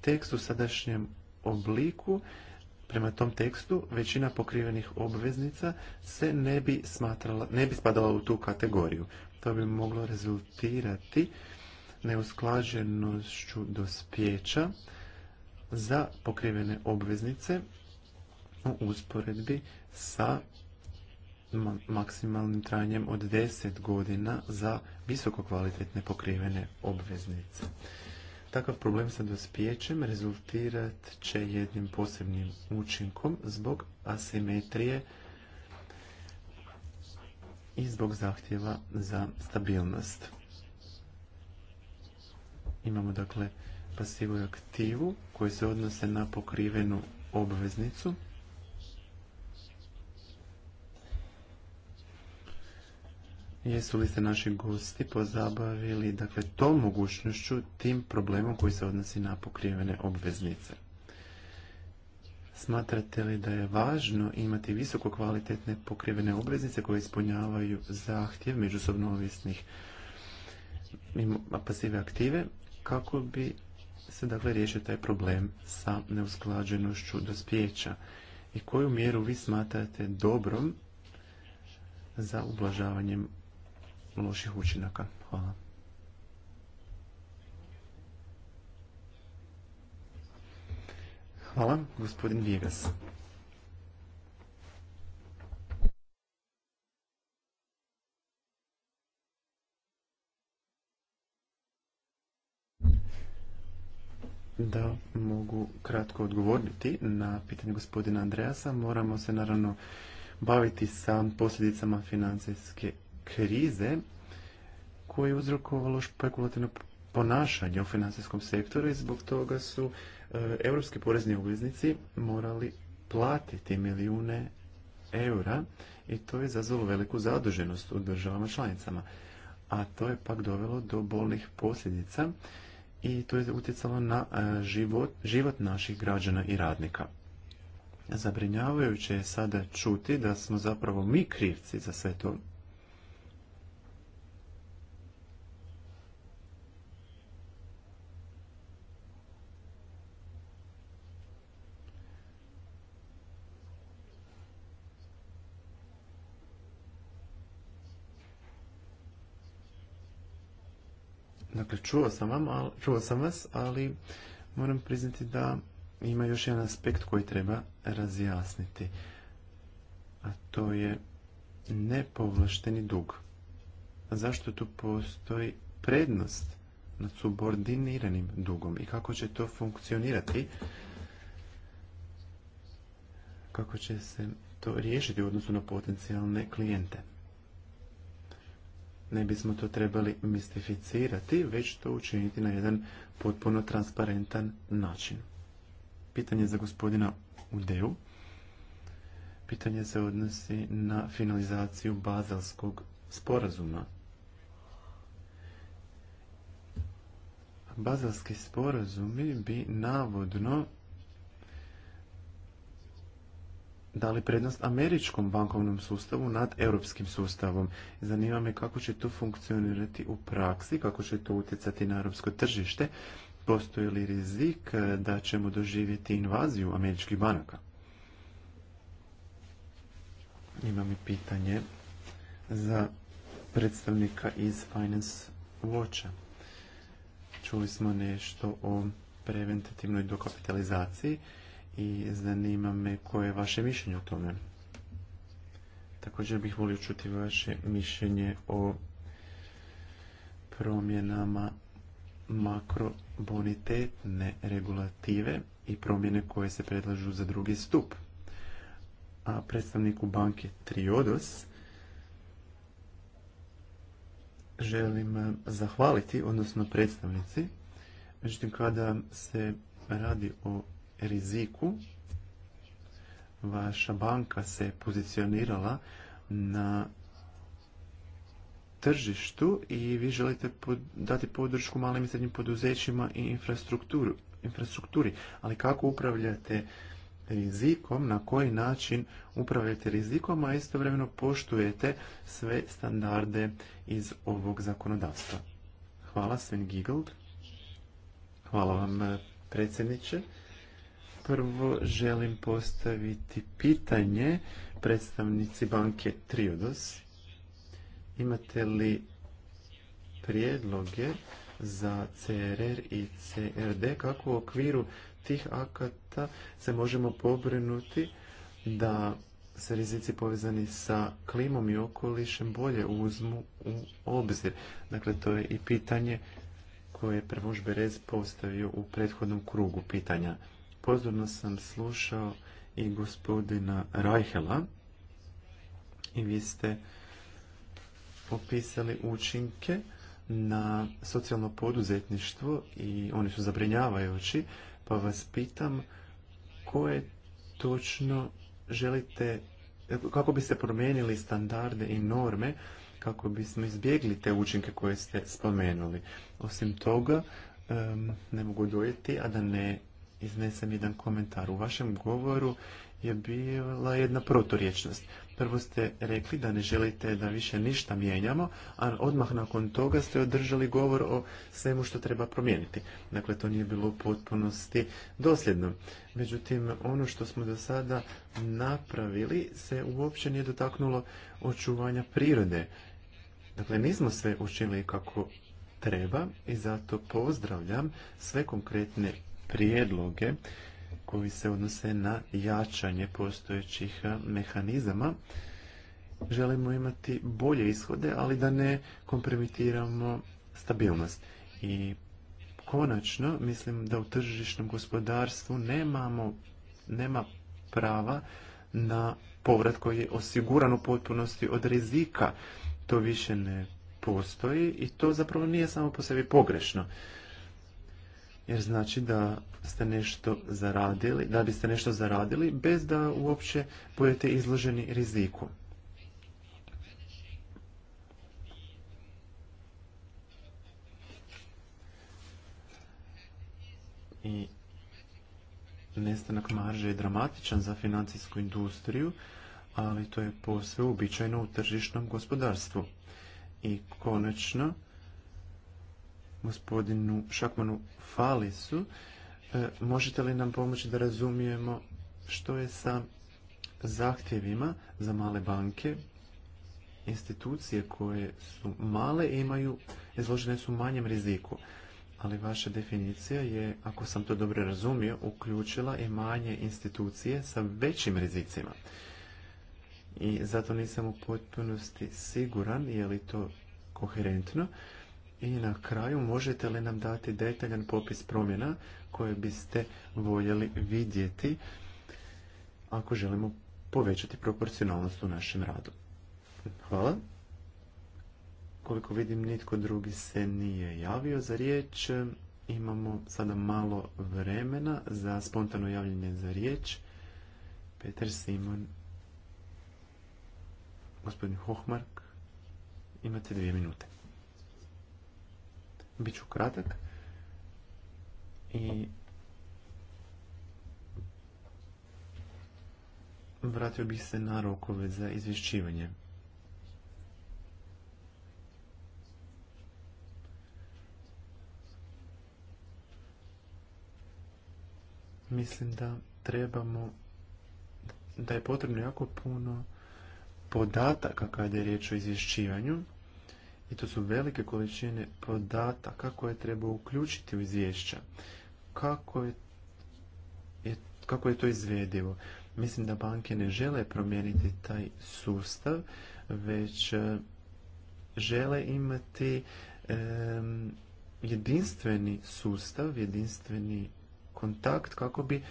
[SPEAKER 1] Tekst u sadašnjem obliku prema tom tekstu većina pokrivenih obveznica se ne bi smatrala, ne bi spadala u tu kategoriju. To bi moglo rezultirati neusklađenošću dospjeća za pokrivene obveznice u usporedbi sa maksimalnim trajanjem od 10 godina za visoko kvalitetne pokrivene obveznice. Takav problem sa dospijećem rezultirat će jednim posebnim učinkom zbog asimetrije i zbog zahtjeva za stabilnost. Imamo dakle pasivu i aktivu koji se odnose na pokrivenu obveznicu. Jesu li se naši gosti pozabavili dakle tom mogućnošću, tim problemom koji se odnosi na pokrivene obveznice? Smatrate li da je važno imati visoko kvalitetne pokrivene obveznice koje ispunjavaju zahtjev međusobno ovisnih pasive aktive, kako bi se dakle riješio taj problem sa neusklađenošću dospijeća i koju mjeru vi smatrate dobrom za ublažavanjem loših učinaka. Hvala. Hvala, gospodin Vigas. da mogu kratko odgovoriti na pitanje gospodina Andreasa. Moramo se naravno baviti sa posljedicama financijske krize koje je uzrokovalo špekulativno ponašanje u financijskom sektoru i zbog toga su e, europski porezni obveznici morali platiti milijune eura i to je izazvalo veliku zaduženost u državama članicama. A to je pak dovelo do bolnih posljedica i to je utjecalo na e, život, život naših građana i radnika. Zabrinjavajuće je sada čuti da smo zapravo mi krivci za sve to Čuo sam, ali, čuo sam vas, ali moram priznati da ima još jedan aspekt koji treba razjasniti. A to je nepovlašteni dug. A zašto tu postoji prednost nad subordiniranim dugom i kako će to funkcionirati? Kako će se to riješiti u odnosu na potencijalne klijente? ne bismo to trebali mistificirati, već to učiniti na jedan potpuno transparentan način. Pitanje za gospodina Udeu. Pitanje se odnosi na finalizaciju bazalskog sporazuma. Bazelski sporazumi bi navodno dali prednost američkom bankovnom sustavu nad europskim sustavom. Zanima me kako će to funkcionirati u praksi, kako će to utjecati na europsko tržište, postoji li rizik e, da ćemo doživjeti invaziju američkih banaka? Imam i pitanje za predstavnika iz Finance Watcha. Čuli smo nešto o preventativnoj dokapitalizaciji i zanima me koje je vaše mišljenje o tome. Također bih volio čuti vaše mišljenje o promjenama makrobonitetne regulative i promjene koje se predlažu za drugi stup. A predstavniku banke Triodos želim zahvaliti, odnosno predstavnici. Međutim, kada se radi o riziku. Vaša banka se pozicionirala na tržištu i vi želite dati podršku malim i srednjim poduzećima i infrastrukturi. Ali kako upravljate rizikom, na koji način upravljate rizikom, a istovremeno poštujete sve standarde iz ovog zakonodavstva. Hvala, Sven Giegold. Hvala vam, predsjedniče. Prvo želim postaviti pitanje predstavnici banke Triodos. Imate li prijedloge za CRR i CRD kako u okviru tih akata se možemo pobrinuti da se rizici povezani sa klimom i okolišem bolje uzmu u obzir. Dakle, to je i pitanje koje je prvožbe Rez postavio u prethodnom krugu pitanja. Pozorno sam slušao i gospodina Rajhela i vi ste opisali učinke na socijalno poduzetništvo i oni su zabrinjavajući, pa vas pitam koje točno želite, kako biste promijenili standarde i norme kako bismo izbjegli te učinke koje ste spomenuli. Osim toga, ne mogu dojeti, a da ne iznesem jedan komentar. U vašem govoru je bila jedna protoriječnost. Prvo ste rekli da ne želite da više ništa mijenjamo, a odmah nakon toga ste održali govor o svemu što treba promijeniti. Dakle, to nije bilo u potpunosti dosljedno. Međutim, ono što smo do sada napravili se uopće nije dotaknulo očuvanja prirode. Dakle, nismo sve učinili kako treba i zato pozdravljam sve konkretne prijedloge koji se odnose na jačanje postojećih mehanizama. Želimo imati bolje ishode, ali da ne kompromitiramo stabilnost. I konačno, mislim da u tržišnom gospodarstvu nemamo, nema prava na povrat koji je osiguran u potpunosti od rizika. To više ne postoji i to zapravo nije samo po sebi pogrešno jer znači da ste nešto zaradili, da biste nešto zaradili bez da uopće budete izloženi riziku. I nestanak marže je dramatičan za financijsku industriju, ali to je posve uobičajeno u tržišnom gospodarstvu. I konačno, gospodinu Šakmanu Falisu. E, možete li nam pomoći da razumijemo što je sa zahtjevima za male banke, institucije koje su male i imaju, izložene su manjem riziku. Ali vaša definicija je, ako sam to dobro razumio, uključila i manje institucije sa većim rizicima. I zato nisam u potpunosti siguran je li to koherentno. I na kraju, možete li nam dati detaljan popis promjena koje biste voljeli vidjeti ako želimo povećati proporcionalnost u našem radu? Hvala. Koliko vidim, nitko drugi se nije javio za riječ. Imamo sada malo vremena za spontano javljanje za riječ. Peter Simon, gospodin Hohmark, imate dvije minute ću kratak. I vratio bih se na rokove za izvješćivanje. Mislim da trebamo, da je potrebno jako puno podataka kada je riječ o izvješćivanju i to su velike količine podataka koje treba uključiti u izvješća. Kako je, kako to izvedivo? Mislim da banke ne žele promijeniti taj sustav, već e, žele imati jedinstveni sustav, jedinstveni kontakt kako bi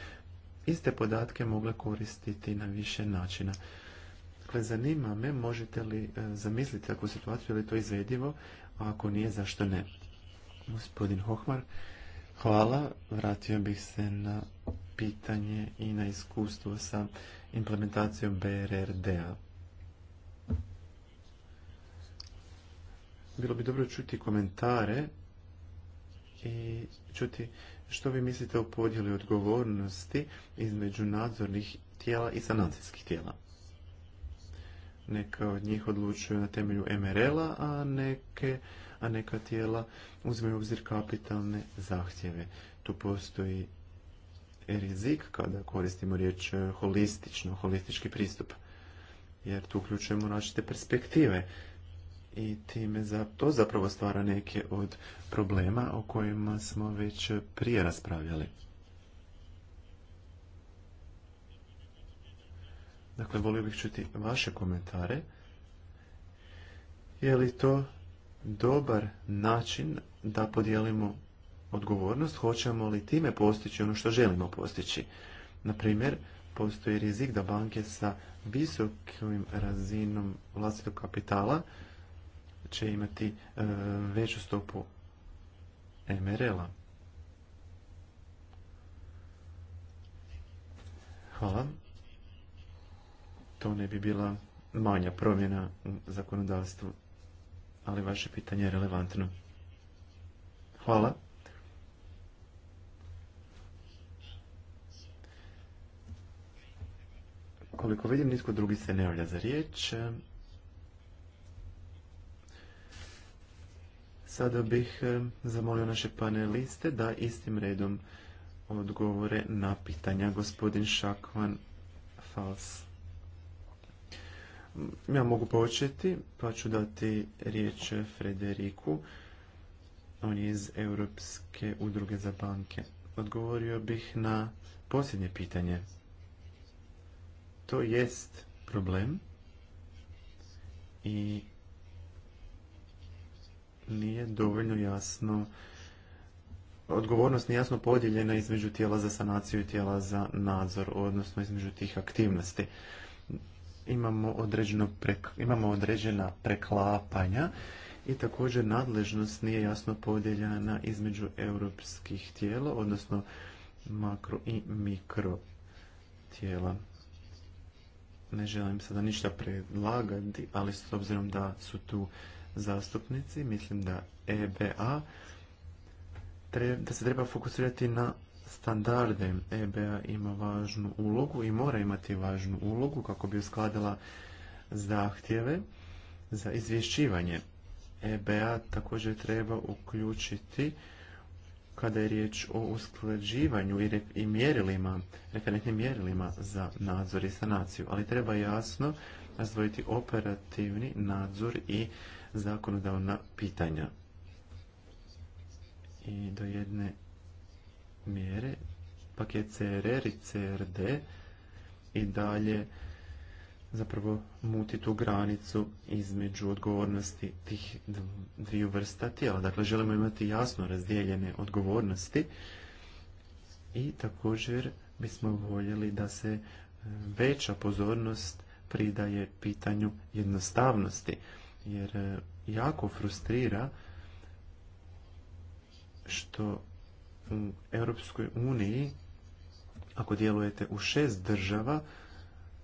[SPEAKER 1] iste podatke mogle koristiti na više načina. Dakle, zanima me, možete li e, zamisliti takvu situaciju, je to izvedivo, a ako nije, zašto ne? Gospodin Hohmar, hvala. Vratio bih se na pitanje i na iskustvo sa implementacijom BRRD-a. Bilo bi dobro čuti komentare i čuti što vi mislite o podjeli odgovornosti između nadzornih tijela i sanacijskih tijela neka od njih odlučuju na temelju MRL-a, a, neke, a neka tijela u obzir kapitalne zahtjeve. Tu postoji rizik kada koristimo riječ e, holistično, holistički pristup, jer tu uključujemo različite perspektive i time za, to zapravo stvara neke od problema o kojima smo već prije raspravljali. Dakle, volio bih čuti vaše komentare. Je li to dobar način da podijelimo odgovornost? Hoćemo li time postići ono što želimo postići? Na postoji rizik da banke sa visokim razinom vlastitog kapitala će imati e, veću stopu MRL-a. Hvala to ne bi bila manja promjena u zakonodavstvu, ali vaše pitanje je relevantno. Hvala. Koliko vidim, nitko drugi se ne javlja za riječ. Sada bih eh, zamolio naše paneliste da istim redom odgovore na pitanja. Gospodin Šakvan Fals ja mogu početi, pa ću dati riječ Frederiku. On je iz Europske udruge za banke. Odgovorio bih na posljednje pitanje. To jest problem i nije dovoljno jasno odgovornost nije jasno podijeljena između tijela za sanaciju i tijela za nadzor, odnosno između tih aktivnosti imamo, imamo određena preklapanja i također nadležnost nije jasno podijeljena između europskih tijela, odnosno makro i mikro tijela. Ne želim sada ništa predlagati, ali s obzirom da su tu zastupnici, mislim da EBA da se treba fokusirati na standarde EBA ima važnu ulogu i mora imati važnu ulogu kako bi uskladila zahtjeve za izvješćivanje. EBA također treba uključiti kada je riječ o usklađivanju i, mjerilima, referentnim mjerilima za nadzor i sanaciju, ali treba jasno razdvojiti operativni nadzor i zakonodavna pitanja. I do jedne mjere, paket CRR i CRD i dalje zapravo muti tu granicu između odgovornosti tih dviju vrsta tijela. Dakle, želimo imati jasno razdijeljene odgovornosti i također bismo voljeli da se e, veća pozornost pridaje pitanju jednostavnosti, jer e, jako frustrira što u Europskoj uniji, ako djelujete u šest država,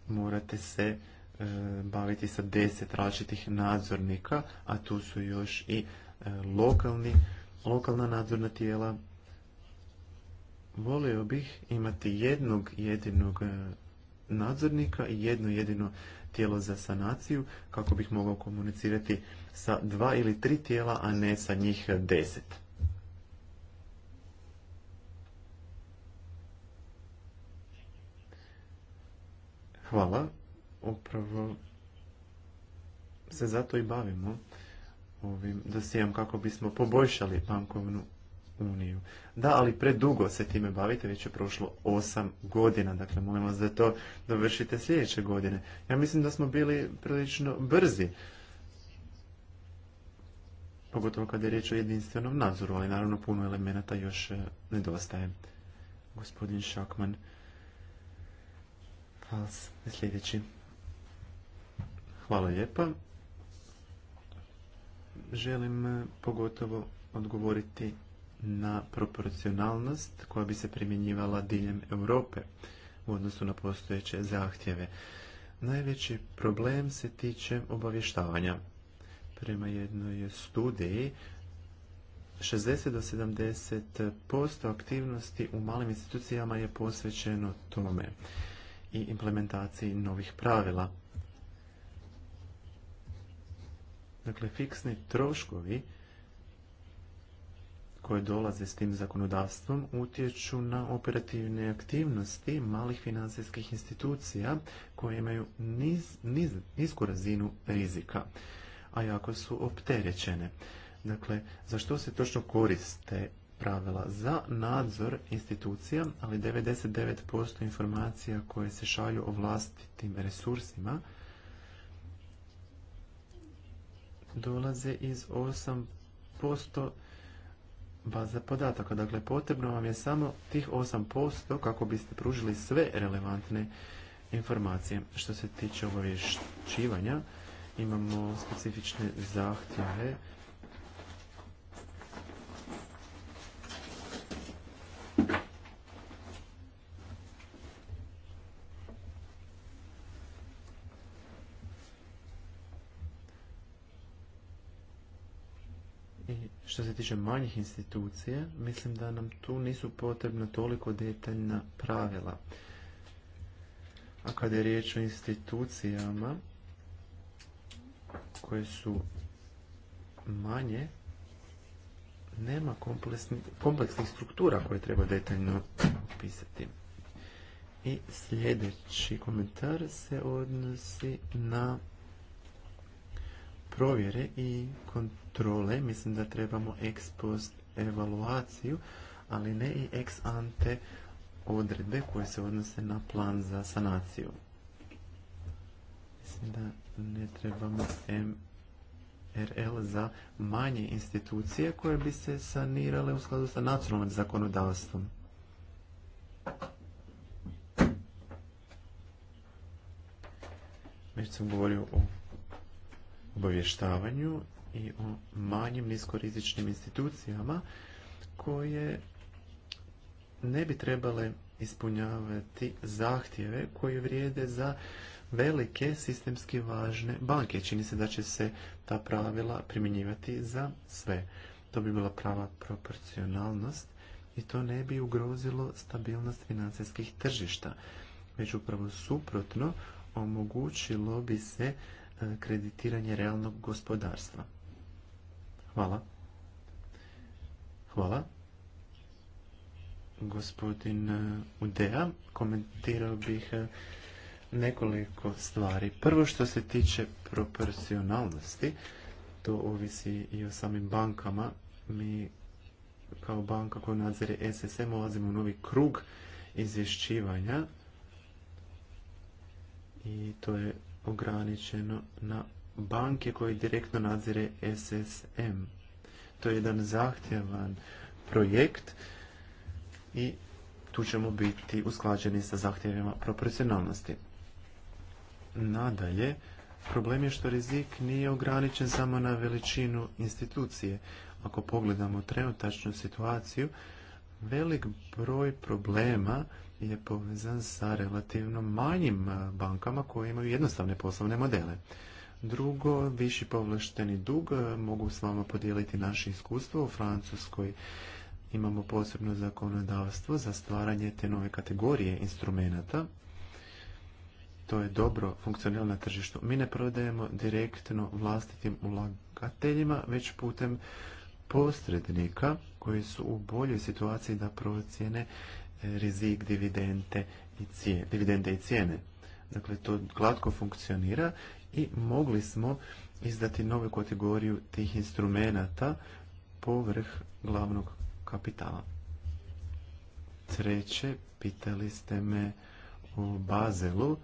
[SPEAKER 1] morate se e, baviti sa deset različitih nadzornika, a tu su još i e, lokalni, lokalna nadzorna tijela. Volio bih imati jednog jedinog e, nadzornika i jedno jedino tijelo za sanaciju kako bih mogao komunicirati sa dva ili tri tijela, a ne sa njih deset. Hvala. Upravo se zato i bavimo ovim dosijem kako bismo poboljšali bankovnu uniju. Da, ali predugo se time bavite, već je prošlo osam godina, dakle molim vas da to dovršite sljedeće godine. Ja mislim da smo bili prilično brzi, pogotovo kada je riječ o jedinstvenom nadzoru, ali naravno puno elemenata još eh, nedostaje. Gospodin Šakman sljedeći. Hvala lijepa. Želim e, pogotovo odgovoriti na proporcionalnost koja bi se primjenjivala diljem Europe u odnosu na postojeće zahtjeve. Najveći problem se tiče obavještavanja. Prema jednoj studiji 60 do 70% aktivnosti u malim institucijama je posvećeno tome i implementaciji novih pravila. Dakle, fiksni troškovi koje dolaze s tim zakonodavstvom utječu na operativne aktivnosti malih financijskih institucija koje imaju niz, niz, nisku razinu rizika, a jako su opterećene. Dakle, za što se točno koriste pravila za nadzor institucija, ali 99% informacija koje se šalju o vlastitim resursima dolaze iz 8% baza podataka. Dakle, potrebno vam je samo tih 8% kako biste pružili sve relevantne informacije. Što se tiče obavješćivanja, imamo specifične zahtjeve Što se tiče manjih institucija, mislim da nam tu nisu potrebna toliko detaljna pravila. A kada je riječ o institucijama koje su manje, nema kompleksnih struktura koje treba detaljno opisati. I sljedeći komentar se odnosi na provjere i kontakt kontrole, mislim da trebamo ex post evaluaciju, ali ne i ex ante odredbe koje se odnose na plan za sanaciju. Mislim da ne trebamo MRL za manje institucije koje bi se sanirale u skladu sa nacionalnim zakonodavstvom. Već sam govorio o obavještavanju i o manjim niskorizičnim institucijama koje ne bi trebale ispunjavati zahtjeve koje vrijede za velike sistemski važne banke. Čini se da će se ta pravila primjenjivati za sve. To bi bila prava proporcionalnost i to ne bi ugrozilo stabilnost financijskih tržišta. Već upravo suprotno omogućilo bi se e, kreditiranje realnog gospodarstva. Hvala. Hvala. Gospodin eh, Udea, komentirao bih eh, nekoliko stvari. Prvo što se tiče proporcionalnosti, to ovisi i o samim bankama. Mi kao banka koja nadzire SSM ulazimo u novi krug izvješćivanja i to je ograničeno na banke koje direktno nadzire SSM. To je jedan zahtjevan projekt i tu ćemo biti usklađeni sa zahtjevima proporcionalnosti. Nadalje, problem je što rizik nije ograničen samo na veličinu institucije. Ako pogledamo trenutačnu situaciju, velik broj problema je povezan sa relativno manjim bankama koje imaju jednostavne poslovne modele. Drugo, viši povlašteni dug, e, mogu s vama podijeliti naše iskustvo u Francuskoj. Imamo posebno zakonodavstvo za stvaranje te nove kategorije instrumenata. To je dobro funkcionalno na tržištu. Mi ne prodajemo direktno vlastitim ulagateljima, već putem posrednika koji su u boljoj situaciji da procijene e, rizik dividende i cijene. Dakle, to glatko funkcionira i mogli smo izdati novu kategoriju tih instrumenata povrh glavnog kapitala. Treće, pitali ste me o Bazelu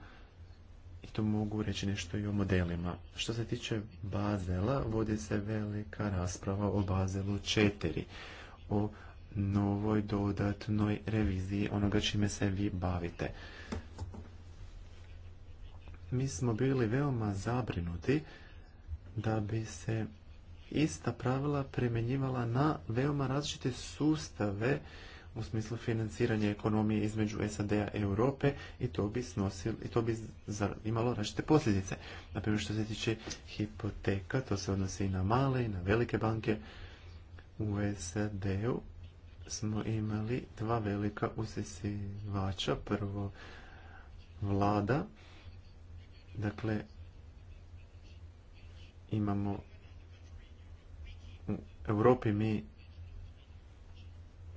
[SPEAKER 1] i to mogu reći nešto i o modelima. Što se tiče Bazela, vodi se velika rasprava o Bazelu 4, o novoj dodatnoj reviziji onoga čime se vi bavite mi smo bili veoma zabrinuti da bi se ista pravila primjenjivala na veoma različite sustave u smislu financiranja ekonomije između SAD-a i Europe i to bi, snosilo, i to bi imalo različite posljedice. Naprimjer što se tiče hipoteka, to se odnosi i na male i na velike banke. U SAD-u smo imali dva velika usisivača. Prvo vlada Dakle, imamo u Europi mi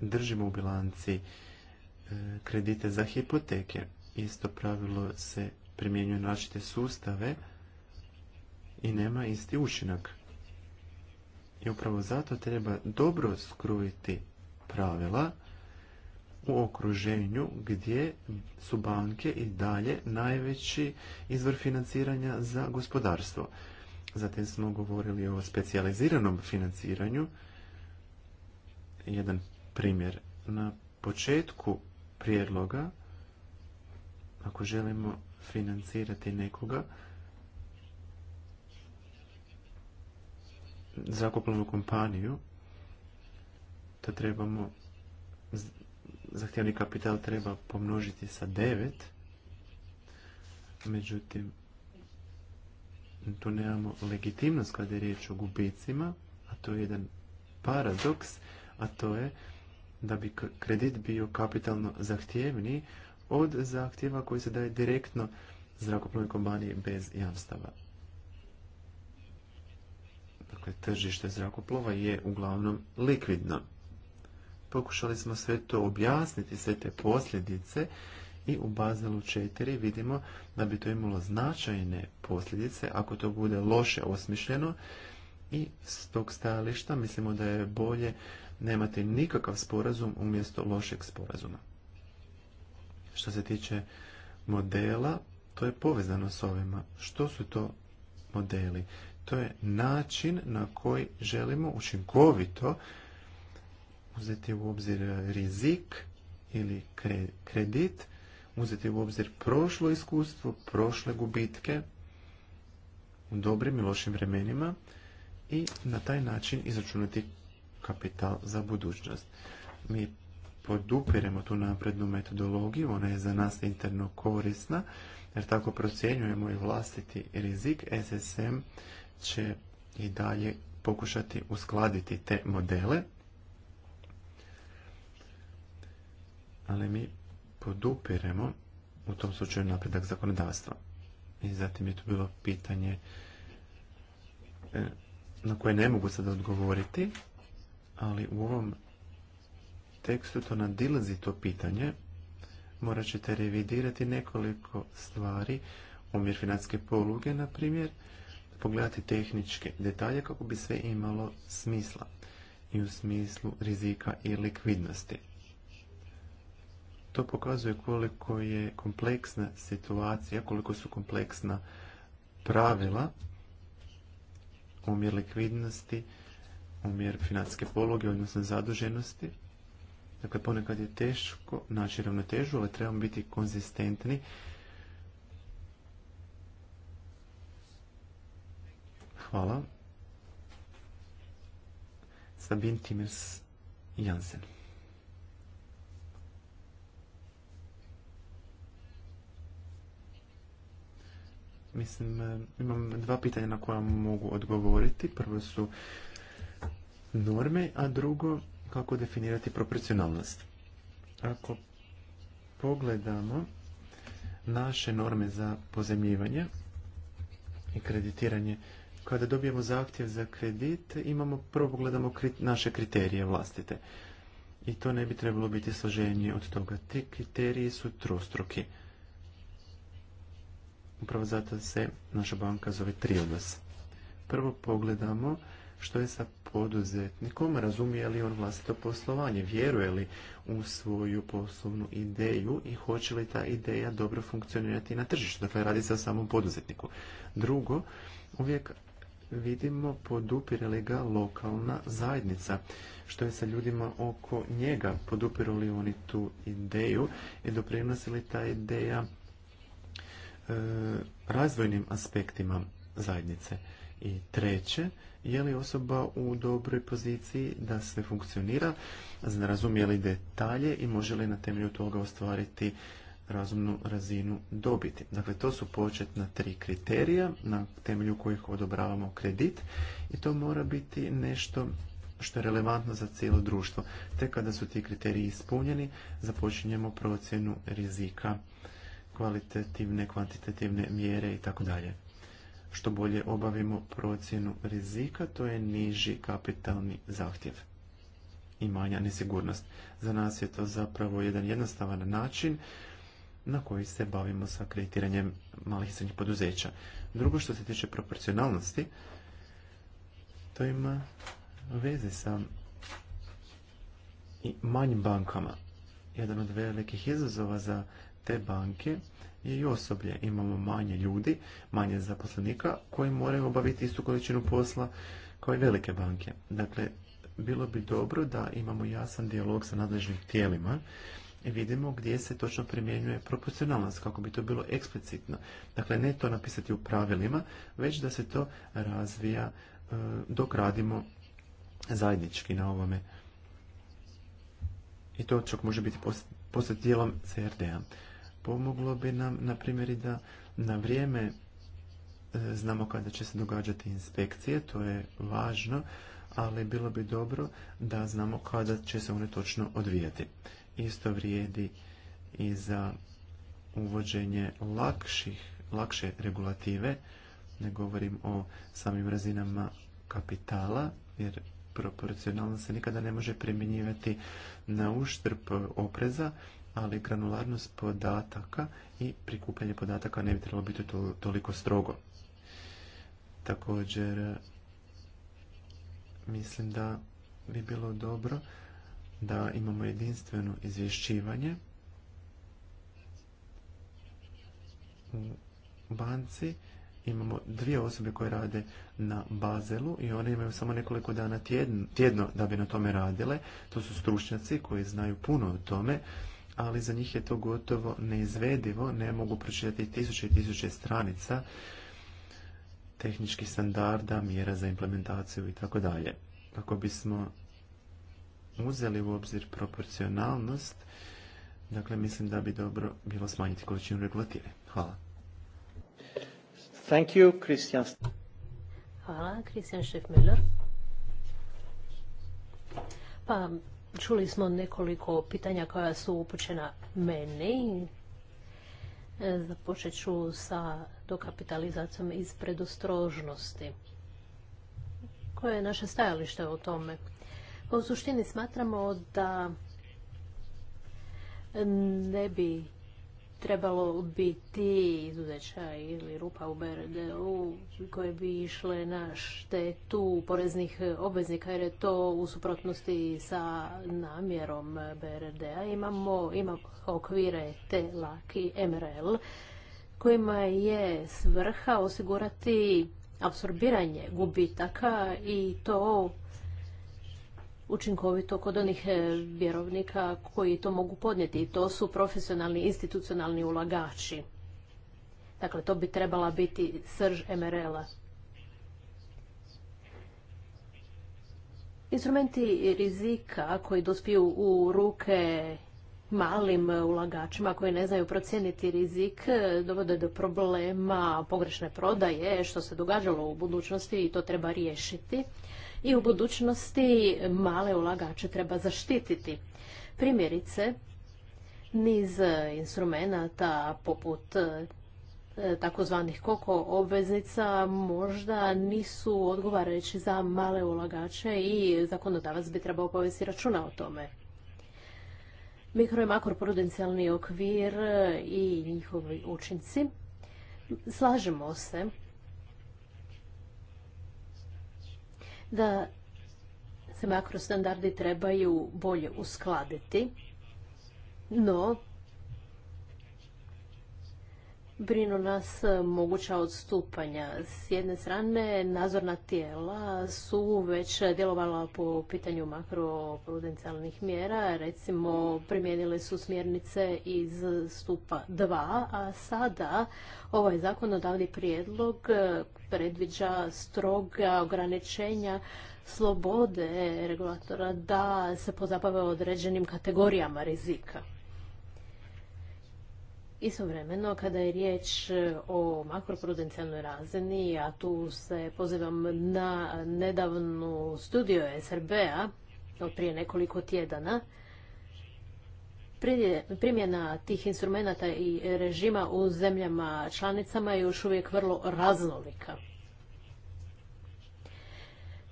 [SPEAKER 1] držimo u bilanci e, kredite za hipoteke. Isto pravilo se primjenjuje na različite sustave i nema isti učinak. I upravo zato treba dobro skrujiti pravila u okruženju gdje su banke i dalje najveći izvor financiranja za gospodarstvo. Zatim smo govorili o specijaliziranom financiranju. Jedan primjer. Na početku prijedloga, ako želimo financirati nekoga, zakupljenu kompaniju, to trebamo zahtjevni kapital treba pomnožiti sa 9, međutim, tu nemamo legitimnost kada je riječ o gubicima, a to je jedan paradoks, a to je da bi kredit bio kapitalno zahtjevni od zahtjeva koji se daje direktno zrakoplovnoj kompaniji bez jamstava. Dakle, tržište zrakoplova je uglavnom likvidno. Pokušali smo sve to objasniti, sve te posljedice i u Bazelu 4 vidimo da bi to imalo značajne posljedice ako to bude loše osmišljeno i s tog stajališta mislimo da je bolje nemati nikakav sporazum umjesto lošeg sporazuma. Što se tiče modela, to je povezano s ovima. Što su to modeli? To je način na koji želimo učinkovito uzeti u obzir e, rizik ili kredit, uzeti u obzir prošlo iskustvo, prošle gubitke u dobrim i lošim vremenima i na taj način izračunati kapital za budućnost. Mi podupiremo tu naprednu metodologiju, ona je za nas interno korisna, jer tako procjenjujemo i vlastiti rizik. SSM će i dalje pokušati uskladiti te modele ali mi podupiremo u tom slučaju napredak zakonodavstva. I zatim je to bilo pitanje e, na koje ne mogu sada odgovoriti, ali u ovom tekstu to nadilazi to pitanje. Morat ćete revidirati nekoliko stvari, omjer financijske poluge, na primjer, pogledati tehničke detalje kako bi sve imalo smisla i u smislu rizika i likvidnosti. To pokazuje koliko je kompleksna situacija, koliko su kompleksna pravila, omjer likvidnosti, omjer financijske pologe, odnosno zaduženosti. Dakle, ponekad je teško naći ravnotežu, ali trebamo biti konzistentni. Hvala. Sabin Timers Jansen. Mislim, e, imam dva pitanja na koja mogu odgovoriti. Prvo su norme, a drugo kako definirati proporcionalnost. Ako pogledamo naše norme za pozemljivanje i kreditiranje, kada dobijemo zahtjev za kredit, imamo, prvo pogledamo naše kriterije vlastite. I to ne bi trebalo biti složenije od toga. Ti kriteriji su trostruki. Upravo zato se naša banka zove Triodos. Prvo pogledamo što je sa poduzetnikom, razumije li on vlastito poslovanje, vjeruje li u svoju poslovnu ideju i hoće li ta ideja dobro funkcionirati na tržištu. Dakle, radi se o samom poduzetniku. Drugo, uvijek vidimo podupire li ga lokalna zajednica. Što je sa ljudima oko njega, podupiru li oni tu ideju i doprinosi li ta ideja E, razvojnim aspektima zajednice. I treće, je li osoba u dobroj poziciji da sve funkcionira, razumije li detalje i može li na temelju toga ostvariti razumnu razinu dobiti. Dakle, to su početna tri kriterija na temelju kojih odobravamo kredit i to mora biti nešto što je relevantno za cijelo društvo. Te kada su ti kriteriji ispunjeni, započinjemo procjenu rizika kvalitativne, kvantitativne mjere i tako dalje. Što bolje obavimo procjenu rizika, to je niži kapitalni zahtjev i manja nesigurnost. Za nas je to zapravo jedan jednostavan način na koji se bavimo sa kreditiranjem malih i srednjih poduzeća. Drugo što se tiče proporcionalnosti, to ima veze sa i manjim bankama. Jedan od velikih izazova za te banke i osoblje. Imamo manje ljudi, manje zaposlenika koji moraju obaviti istu količinu posla kao i velike banke. Dakle, bilo bi dobro da imamo jasan dijalog sa nadležnim tijelima i vidimo gdje se točno primjenjuje proporcionalnost, kako bi to bilo eksplicitno. Dakle, ne to napisati u pravilima, već da se to razvija e, dok radimo zajednički na ovome. I to čak može biti posljed dijelom CRD-a pomoglo bi nam, na primjer, da na vrijeme e, znamo kada će se događati inspekcije, to je važno, ali bilo bi dobro da znamo kada će se one točno odvijati. Isto vrijedi i za uvođenje lakših, lakše regulative, ne govorim o samim razinama kapitala, jer proporcionalno se nikada ne može primjenjivati na uštrb opreza, ali granularnost podataka i prikupljanje podataka ne bi trebalo biti toliko strogo. Također, mislim da bi bilo dobro da imamo jedinstveno izvješćivanje u banci imamo dvije osobe koje rade na Bazelu i one imaju samo nekoliko dana tjedno da bi na tome radile. To su stručnjaci koji znaju puno o tome ali za njih je to gotovo neizvedivo, ne mogu pročitati tisuće i tisuće stranica tehničkih standarda, mjera za implementaciju i tako dalje. Ako bismo uzeli u obzir proporcionalnost, dakle mislim da bi dobro bilo smanjiti količinu regulative. Hvala. Thank you, Christian.
[SPEAKER 2] Hvala, Christian Pa, Čuli smo nekoliko pitanja koja su upućena meni. E, započet ću sa dokapitalizacijom iz predostrožnosti. Koje je naše stajalište o tome? U suštini smatramo da ne bi trebalo biti izuzeća ili rupa u BRD-u koje bi išle na štetu poreznih obveznika jer je to u suprotnosti sa namjerom BRD-a. Imamo, okvire te laki MRL kojima je svrha osigurati apsorbiranje gubitaka i to učinkovito kod onih e, vjerovnika koji to mogu podnijeti. To su profesionalni institucionalni ulagači. Dakle, to bi trebala biti srž MRL-a. Instrumenti rizika koji dospiju u ruke malim ulagačima koji ne znaju procijeniti rizik e, dovode do problema pogrešne prodaje, što se događalo u budućnosti i to treba riješiti i u budućnosti male ulagače treba zaštititi. Primjerice, niz instrumenata poput e, takozvanih koko obveznica možda nisu odgovarajući za male ulagače i zakonodavac bi trebao povesti računa o tome. Mikro i makroprudencijalni okvir i njihovi učinci. Slažemo se da se makrostandardi trebaju bolje uskladiti, no brinu nas moguća odstupanja. S jedne strane, nadzorna tijela su već djelovala po pitanju makroprudencijalnih mjera. Recimo, primijenile su smjernice iz stupa 2, a sada ovaj zakonodavni prijedlog predviđa stroga ograničenja slobode regulatora da se pozabave određenim kategorijama rizika. Istovremeno, kada je riječ e, o makroprudencijalnoj razini, a tu se pozivam na nedavnu studiju SRB-a od prije nekoliko tjedana, primjena tih instrumenata i režima u zemljama članicama je još uvijek vrlo raznolika.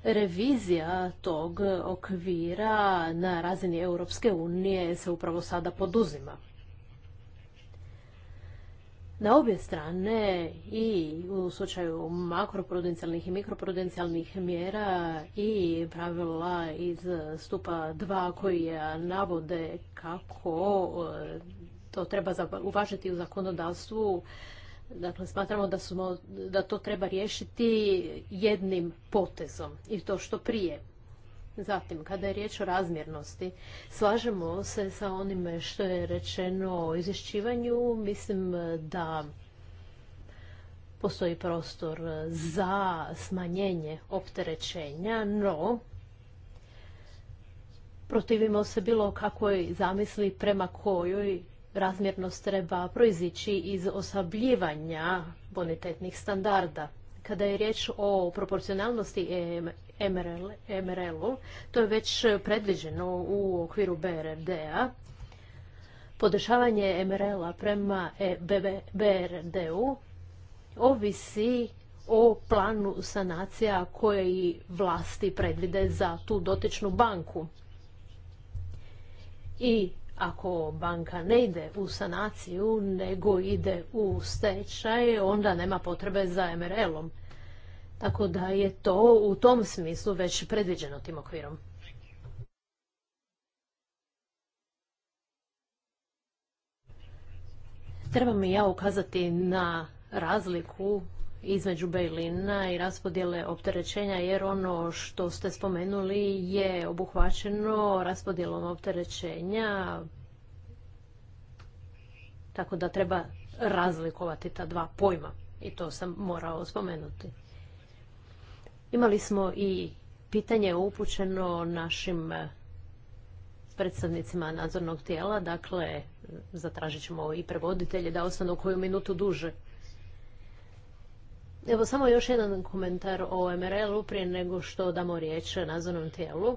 [SPEAKER 2] Revizija tog okvira na razini Europske unije se upravo sada poduzima na obje strane i u slučaju makroprudencijalnih i mikroprudencijalnih mjera i pravila iz stupa 2 koji navode kako e, to treba uvažiti u zakonodavstvu, dakle smatramo da, smo, da to treba riješiti jednim potezom i to što prije. Zatim, kada je riječ o razmjernosti, slažemo se sa onime što je rečeno o izvješćivanju. Mislim da postoji prostor za smanjenje opterećenja, no protivimo se bilo kakvoj zamisli prema kojoj razmjernost treba proizići iz osabljivanja bonitetnih standarda. Kada je riječ o proporcionalnosti MRL-u. To je već predviđeno u okviru BRD-a. Podešavanje MRL-a prema e, BRD-u ovisi o planu sanacija i vlasti predvide za tu dotičnu banku. I ako banka ne ide u sanaciju, nego ide u stečaj, onda nema potrebe za MRL-om. Tako da je to u tom smislu već predviđeno tim okvirom. Treba mi ja ukazati na razliku između Bejlina i raspodjele opterećenja, jer ono što ste spomenuli je obuhvaćeno raspodjelom opterećenja, tako da treba razlikovati ta dva pojma i to sam morao spomenuti. Imali smo i pitanje upućeno našim eh, predstavnicima nadzornog tijela, dakle zatražit ćemo i prevoditelje da ostanu koju minutu duže. Evo samo još jedan komentar o MRL-u prije nego što damo riječ nadzornom tijelu.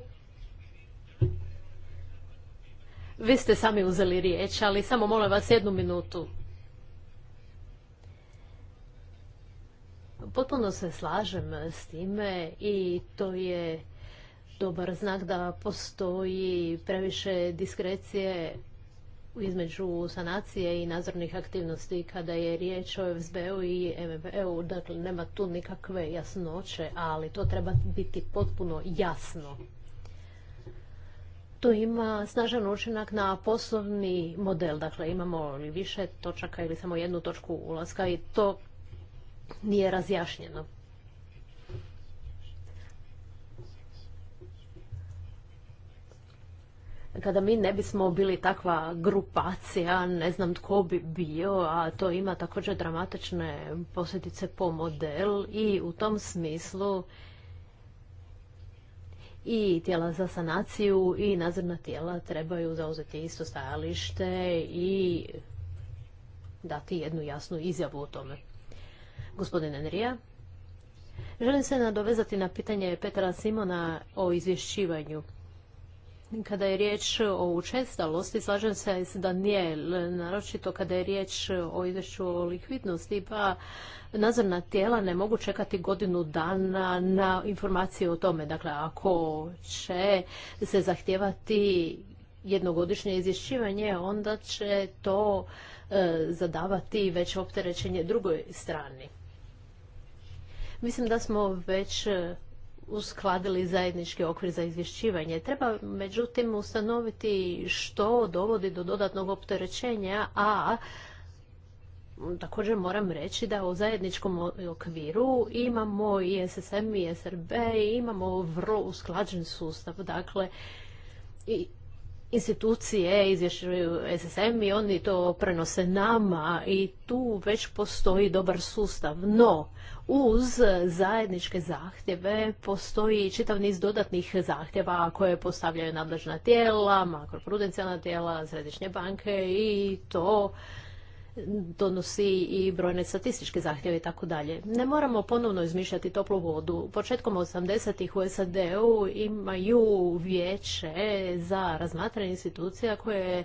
[SPEAKER 2] Vi ste sami uzeli riječ, ali samo molim vas jednu minutu. Potpuno se slažem s time i to je dobar znak da postoji previše diskrecije između sanacije i nadzornih aktivnosti kada je riječ o FSB-u i mbu u Dakle, nema tu nikakve jasnoće, ali to treba biti potpuno jasno. To ima snažan učinak na poslovni model. Dakle, imamo više točaka ili samo jednu točku ulaska i to nije razjašnjeno. Kada mi ne bismo bili takva grupacija, ne znam tko bi bio, a to ima također dramatične posljedice po model i u tom smislu i tijela za sanaciju i nadzorna tijela trebaju zauzeti isto stajalište i dati jednu jasnu izjavu o tome. Gospodine Enrija, želim se nadovezati na pitanje Petra Simona o izvješćivanju. Kada je riječ o učestalosti, slažem se s Daniel, naročito kada je riječ o izvješću o likvidnosti, pa nadzorna tijela ne mogu čekati godinu dana na informacije o tome. Dakle, ako će se zahtijevati jednogodišnje izvješćivanje, onda će to e, zadavati već opterećenje drugoj strani. Mislim da smo već e, uskladili zajednički okvir za izvješćivanje. Treba međutim ustanoviti što dovodi do dodatnog opterećenja, a također moram reći da u zajedničkom okviru imamo i SSM i SRB i imamo vrlo usklađen sustav. Dakle, i institucije izvješćuju SSM i oni to prenose nama i tu već postoji dobar sustav. No, uz zajedničke zahtjeve postoji čitav niz dodatnih zahtjeva koje postavljaju nadležna tijela, makroprudencijalna tijela, središnje banke i to donosi i brojne statističke zahtjeve i tako dalje. Ne moramo ponovno izmišljati toplu vodu. Početkom 80-ih u SAD-u imaju vijeće za razmatranje institucija koje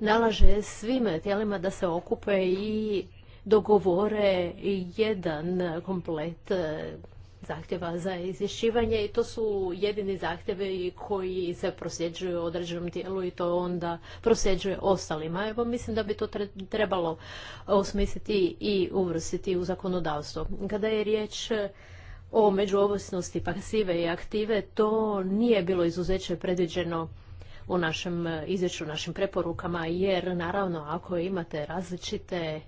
[SPEAKER 2] nalaže svim tijelima da se okupe i dogovore jedan komplet zahtjeva za izvješćivanje i to su jedini zahtjevi koji se prosjeđuju određenom tijelu i to onda prosjeđuje ostalima. Evo mislim da bi to trebalo osmisliti i uvrstiti u zakonodavstvo. Kada je riječ e, o međuovisnosti pasive i aktive, to nije bilo izuzeće predviđeno u našem e, izvješću, našim preporukama, jer naravno ako imate različite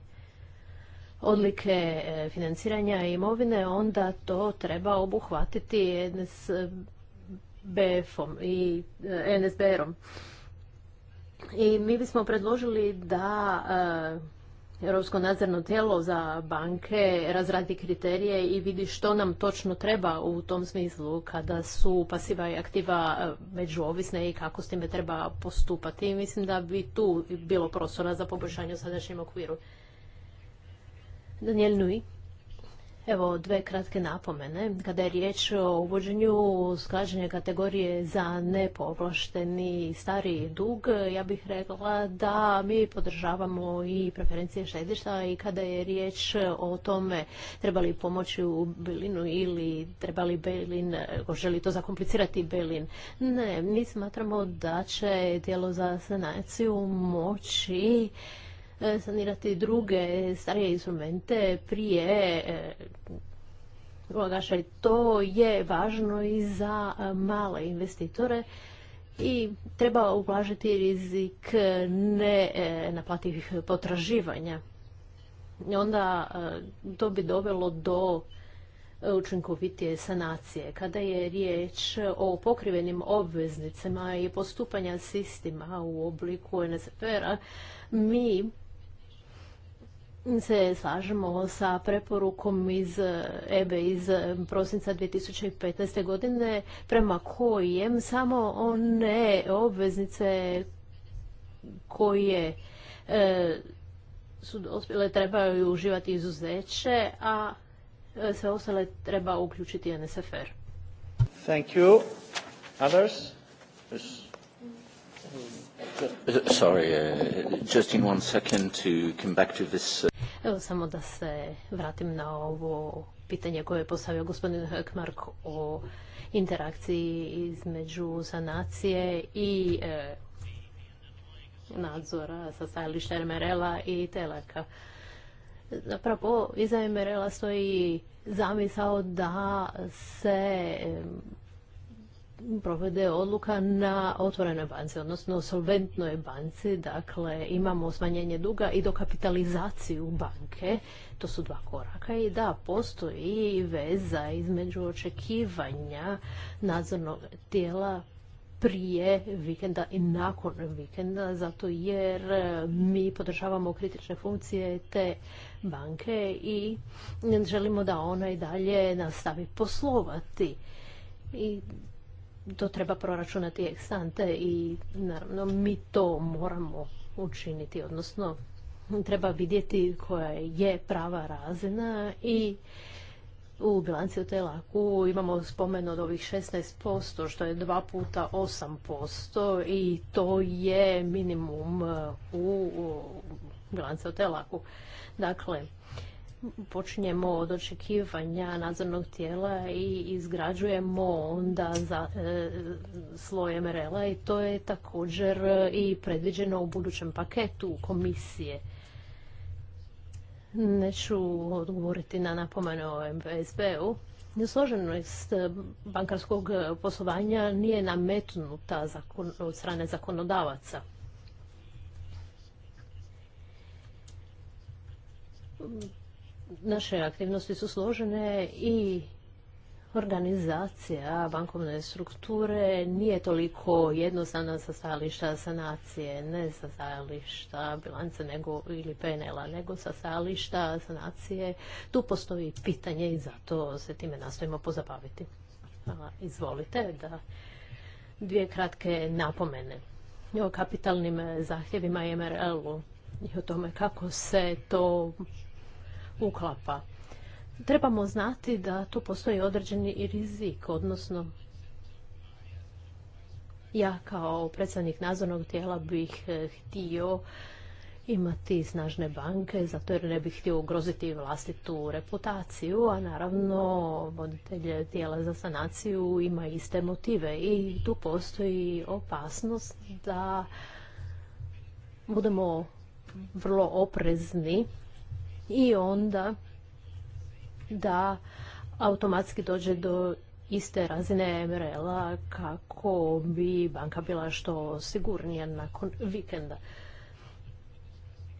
[SPEAKER 2] odlike e, financiranja imovine, onda to treba obuhvatiti NSBF-om i e, NSBR-om. I mi bismo predložili da e, Europsko nadzorno tijelo za banke razradi kriterije i vidi što nam točno treba u tom smislu kada su pasiva i aktiva međuovisne i kako s time treba postupati. Mislim da bi tu bilo prostora za poboljšanje u sadašnjem okviru. Daniel Nui. Evo dve kratke napomene. Kada je riječ o uvođenju usklađene kategorije za nepovlašteni stari dug, ja bih rekla da mi podržavamo i preferencije štedišta i kada je riječ o tome trebali pomoći u Belinu ili trebali Belin, ko želi to zakomplicirati Belin. Ne, mi smatramo da će tijelo za sanaciju moći E, sanirati druge starije instrumente prije ulagaša e, to je važno i za e, male investitore i treba ublažiti rizik ne naplativih potraživanja. Onda to bi dovelo do učinkovitije sanacije. Kada je riječ o pokrivenim obveznicama i postupanja sistema u obliku NSFR-a, mi se slažemo sa preporukom iz eh, EBE iz eh, prosinca 2015. godine prema kojem samo one obveznice koje eh, su dospjele trebaju uživati izuzeće, a sve ostale treba uključiti NSFR. Thank you. Others? Uh,
[SPEAKER 1] sorry, uh, just in one second to come back to this. Uh,
[SPEAKER 2] Evo samo da se vratim na ovo pitanje koje je postavio gospodin Hökmark o interakciji između sanacije i e, nadzora sa stajališta MRL-a i Telaka. Zapravo, iza Merela stoji zamisao da se provede odluka na otvorenoj banci, odnosno solventnoj banci. Dakle, imamo smanjenje duga i dokapitalizaciju banke. To su dva koraka i da, postoji veza između očekivanja nadzornog tijela prije vikenda i nakon vikenda, zato jer e, mi podržavamo kritične funkcije te banke i želimo da ona i dalje nastavi poslovati. I to treba proračunati eksante i naravno mi to moramo učiniti, odnosno treba vidjeti koja je prava razina i u bilanci u telaku imamo spomen od ovih 16%, što je dva puta 8% i to je minimum u bilanci u telaku. Dakle, počinjemo od očekivanja nadzornog tijela i izgrađujemo onda za, e, sloj MRL-a i to je također i predviđeno u budućem paketu komisije. Neću odgovoriti na napomenu o MPSB-u. Složenost e, bankarskog poslovanja nije nametnuta zakon, od strane zakonodavaca naše aktivnosti su složene i organizacija bankovne strukture nije toliko jednostavna sa stajališta sanacije, ne sa stajališta bilance nego, ili penela nego sa stajališta sanacije. Tu postoji pitanje i zato se time nastojimo pozabaviti. Izvolite da dvije kratke napomene o kapitalnim zahtjevima i MRL-u i o tome kako se to uklapa. Trebamo znati da tu postoji određeni rizik, odnosno ja kao predstavnik nadzornog tijela bih eh, htio imati snažne banke, zato jer ne bih htio ugroziti vlastitu reputaciju, a naravno voditelj tijela za sanaciju ima iste motive i tu postoji opasnost da budemo vrlo oprezni i onda da automatski dođe do iste razine MRL-a kako bi banka bila što sigurnija nakon vikenda.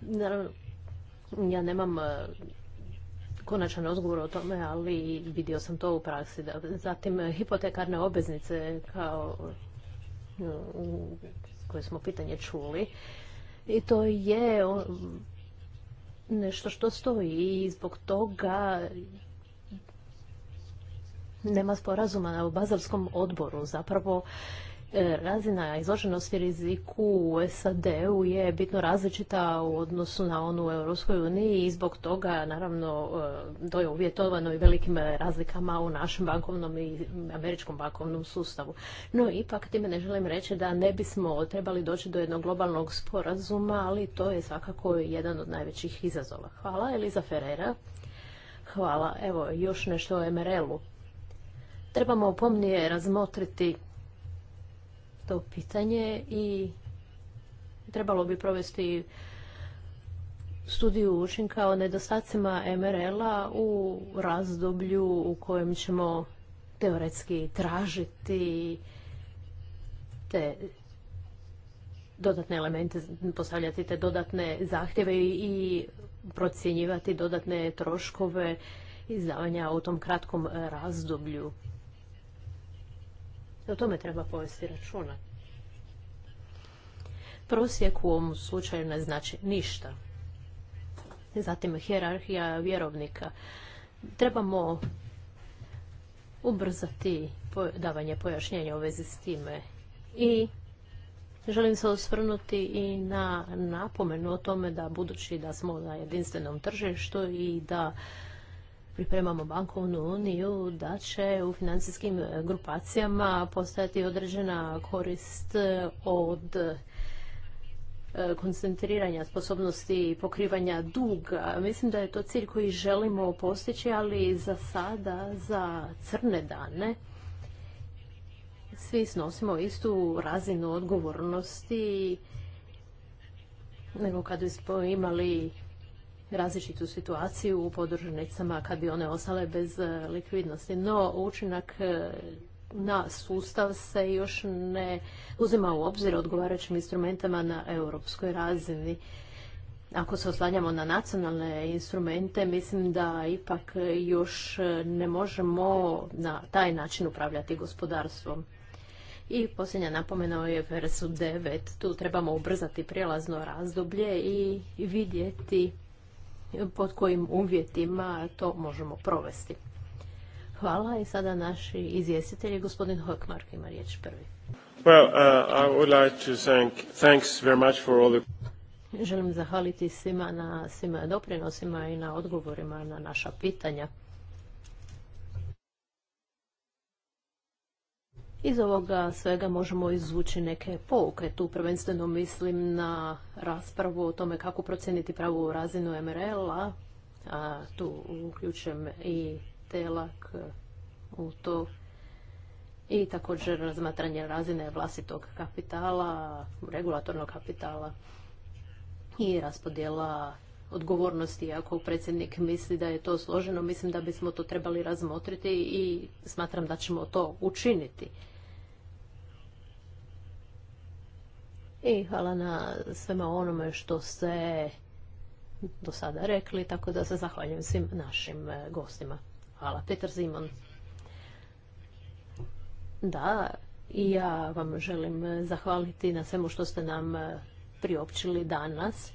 [SPEAKER 2] Naravno, ja nemam e, konačan odgovor o tome, ali vidio sam to u praksi. Zatim, e, hipotekarne obveznice kao e, koje smo pitanje čuli i to je nešto što stoji i zbog toga nema sporazuma na Bazarskom odboru. Zapravo E, razina izloženosti riziku u SAD-u je bitno različita u odnosu na onu u Europskoj uniji i zbog toga naravno e, to je uvjetovano i velikim razlikama u našem bankovnom i američkom bankovnom sustavu. No ipak time ne želim reći da ne bismo trebali doći do jednog globalnog sporazuma, ali to je svakako jedan od najvećih izazova. Hvala Eliza Ferreira. Hvala. Evo još nešto o MRL-u. Trebamo pomnije razmotriti to pitanje i trebalo bi provesti studiju učinka o nedostacima MRL-a u razdoblju u kojem ćemo teoretski tražiti te dodatne elemente, postavljati te dodatne zahtjeve i procjenjivati dodatne troškove izdavanja u tom kratkom razdoblju. O tome treba povesti računa. Prosjek u ovom slučaju ne znači ništa. Zatim hjerarhija vjerovnika. Trebamo ubrzati davanje pojašnjenja u vezi s time. I želim se osvrnuti i na napomenu o tome da budući da smo na jedinstvenom tržištu i da pripremamo bankovnu uniju, da će u financijskim grupacijama postojati određena korist e, od e, koncentriranja sposobnosti i pokrivanja duga. Mislim da je to cilj koji želimo postići, ali za sada, za crne dane, svi snosimo istu razinu odgovornosti nego kad bismo imali različitu situaciju u podružnicama kad bi one ostale bez e, likvidnosti. No, učinak e, na sustav se još ne uzima u obzir odgovarajućim instrumentama na europskoj razini. Ako se oslanjamo na nacionalne instrumente, mislim da ipak još ne možemo na taj način upravljati gospodarstvom. I posljednja napomena je versu 9. Tu trebamo ubrzati prijelazno razdoblje i vidjeti pod kojim uvjetima to možemo provesti. Hvala i sada naši izvjestitelji, gospodin Hojkmark ima riječ prvi. Želim zahvaliti svima na svim doprinosima i na odgovorima na naša pitanja. Iz ovoga svega možemo izvući neke pouke. Tu prvenstveno mislim na raspravu o tome kako procijeniti pravu razinu MRL-a. tu uključujem i telak u to i također razmatranje razine vlastitog kapitala, regulatornog kapitala i raspodjela odgovornosti. Ako predsjednik misli da je to složeno, mislim da bismo to trebali razmotriti i smatram da ćemo to učiniti. i hvala na svema onome što ste do sada rekli, tako da se zahvaljujem svim našim e, gostima. Hvala, Petar Zimon. Da, i ja vam želim e, zahvaliti na svemu što ste nam e, priopćili danas.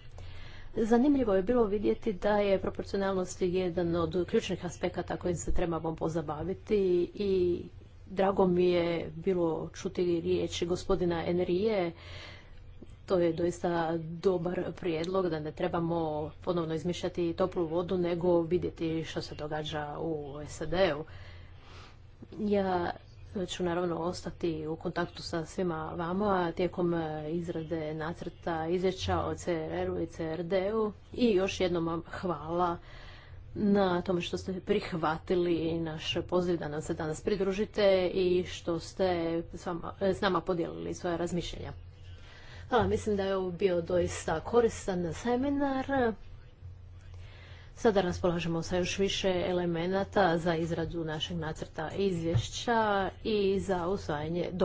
[SPEAKER 2] Zanimljivo je bilo vidjeti da je proporcionalnost jedan od ključnih aspekata kojim se trebamo pozabaviti i drago mi je bilo čuti riječi gospodina Enrije to je doista dobar prijedlog da ne trebamo ponovno izmišljati toplu vodu nego vidjeti što se događa u SAD-u. Ja ću naravno ostati u kontaktu sa svima vama tijekom izrade nacrta izvješća o CRR-u i CRD-u i još jednom vam hvala na tome što ste prihvatili naš poziv da nam se danas pridružite i što ste s, nama podijelili svoja razmišljenja. Hvala, mislim da je ovo bio doista koristan seminar. Sada raspolažemo sa još više elemenata za izradu našeg nacrta izvješća i za usvajanje do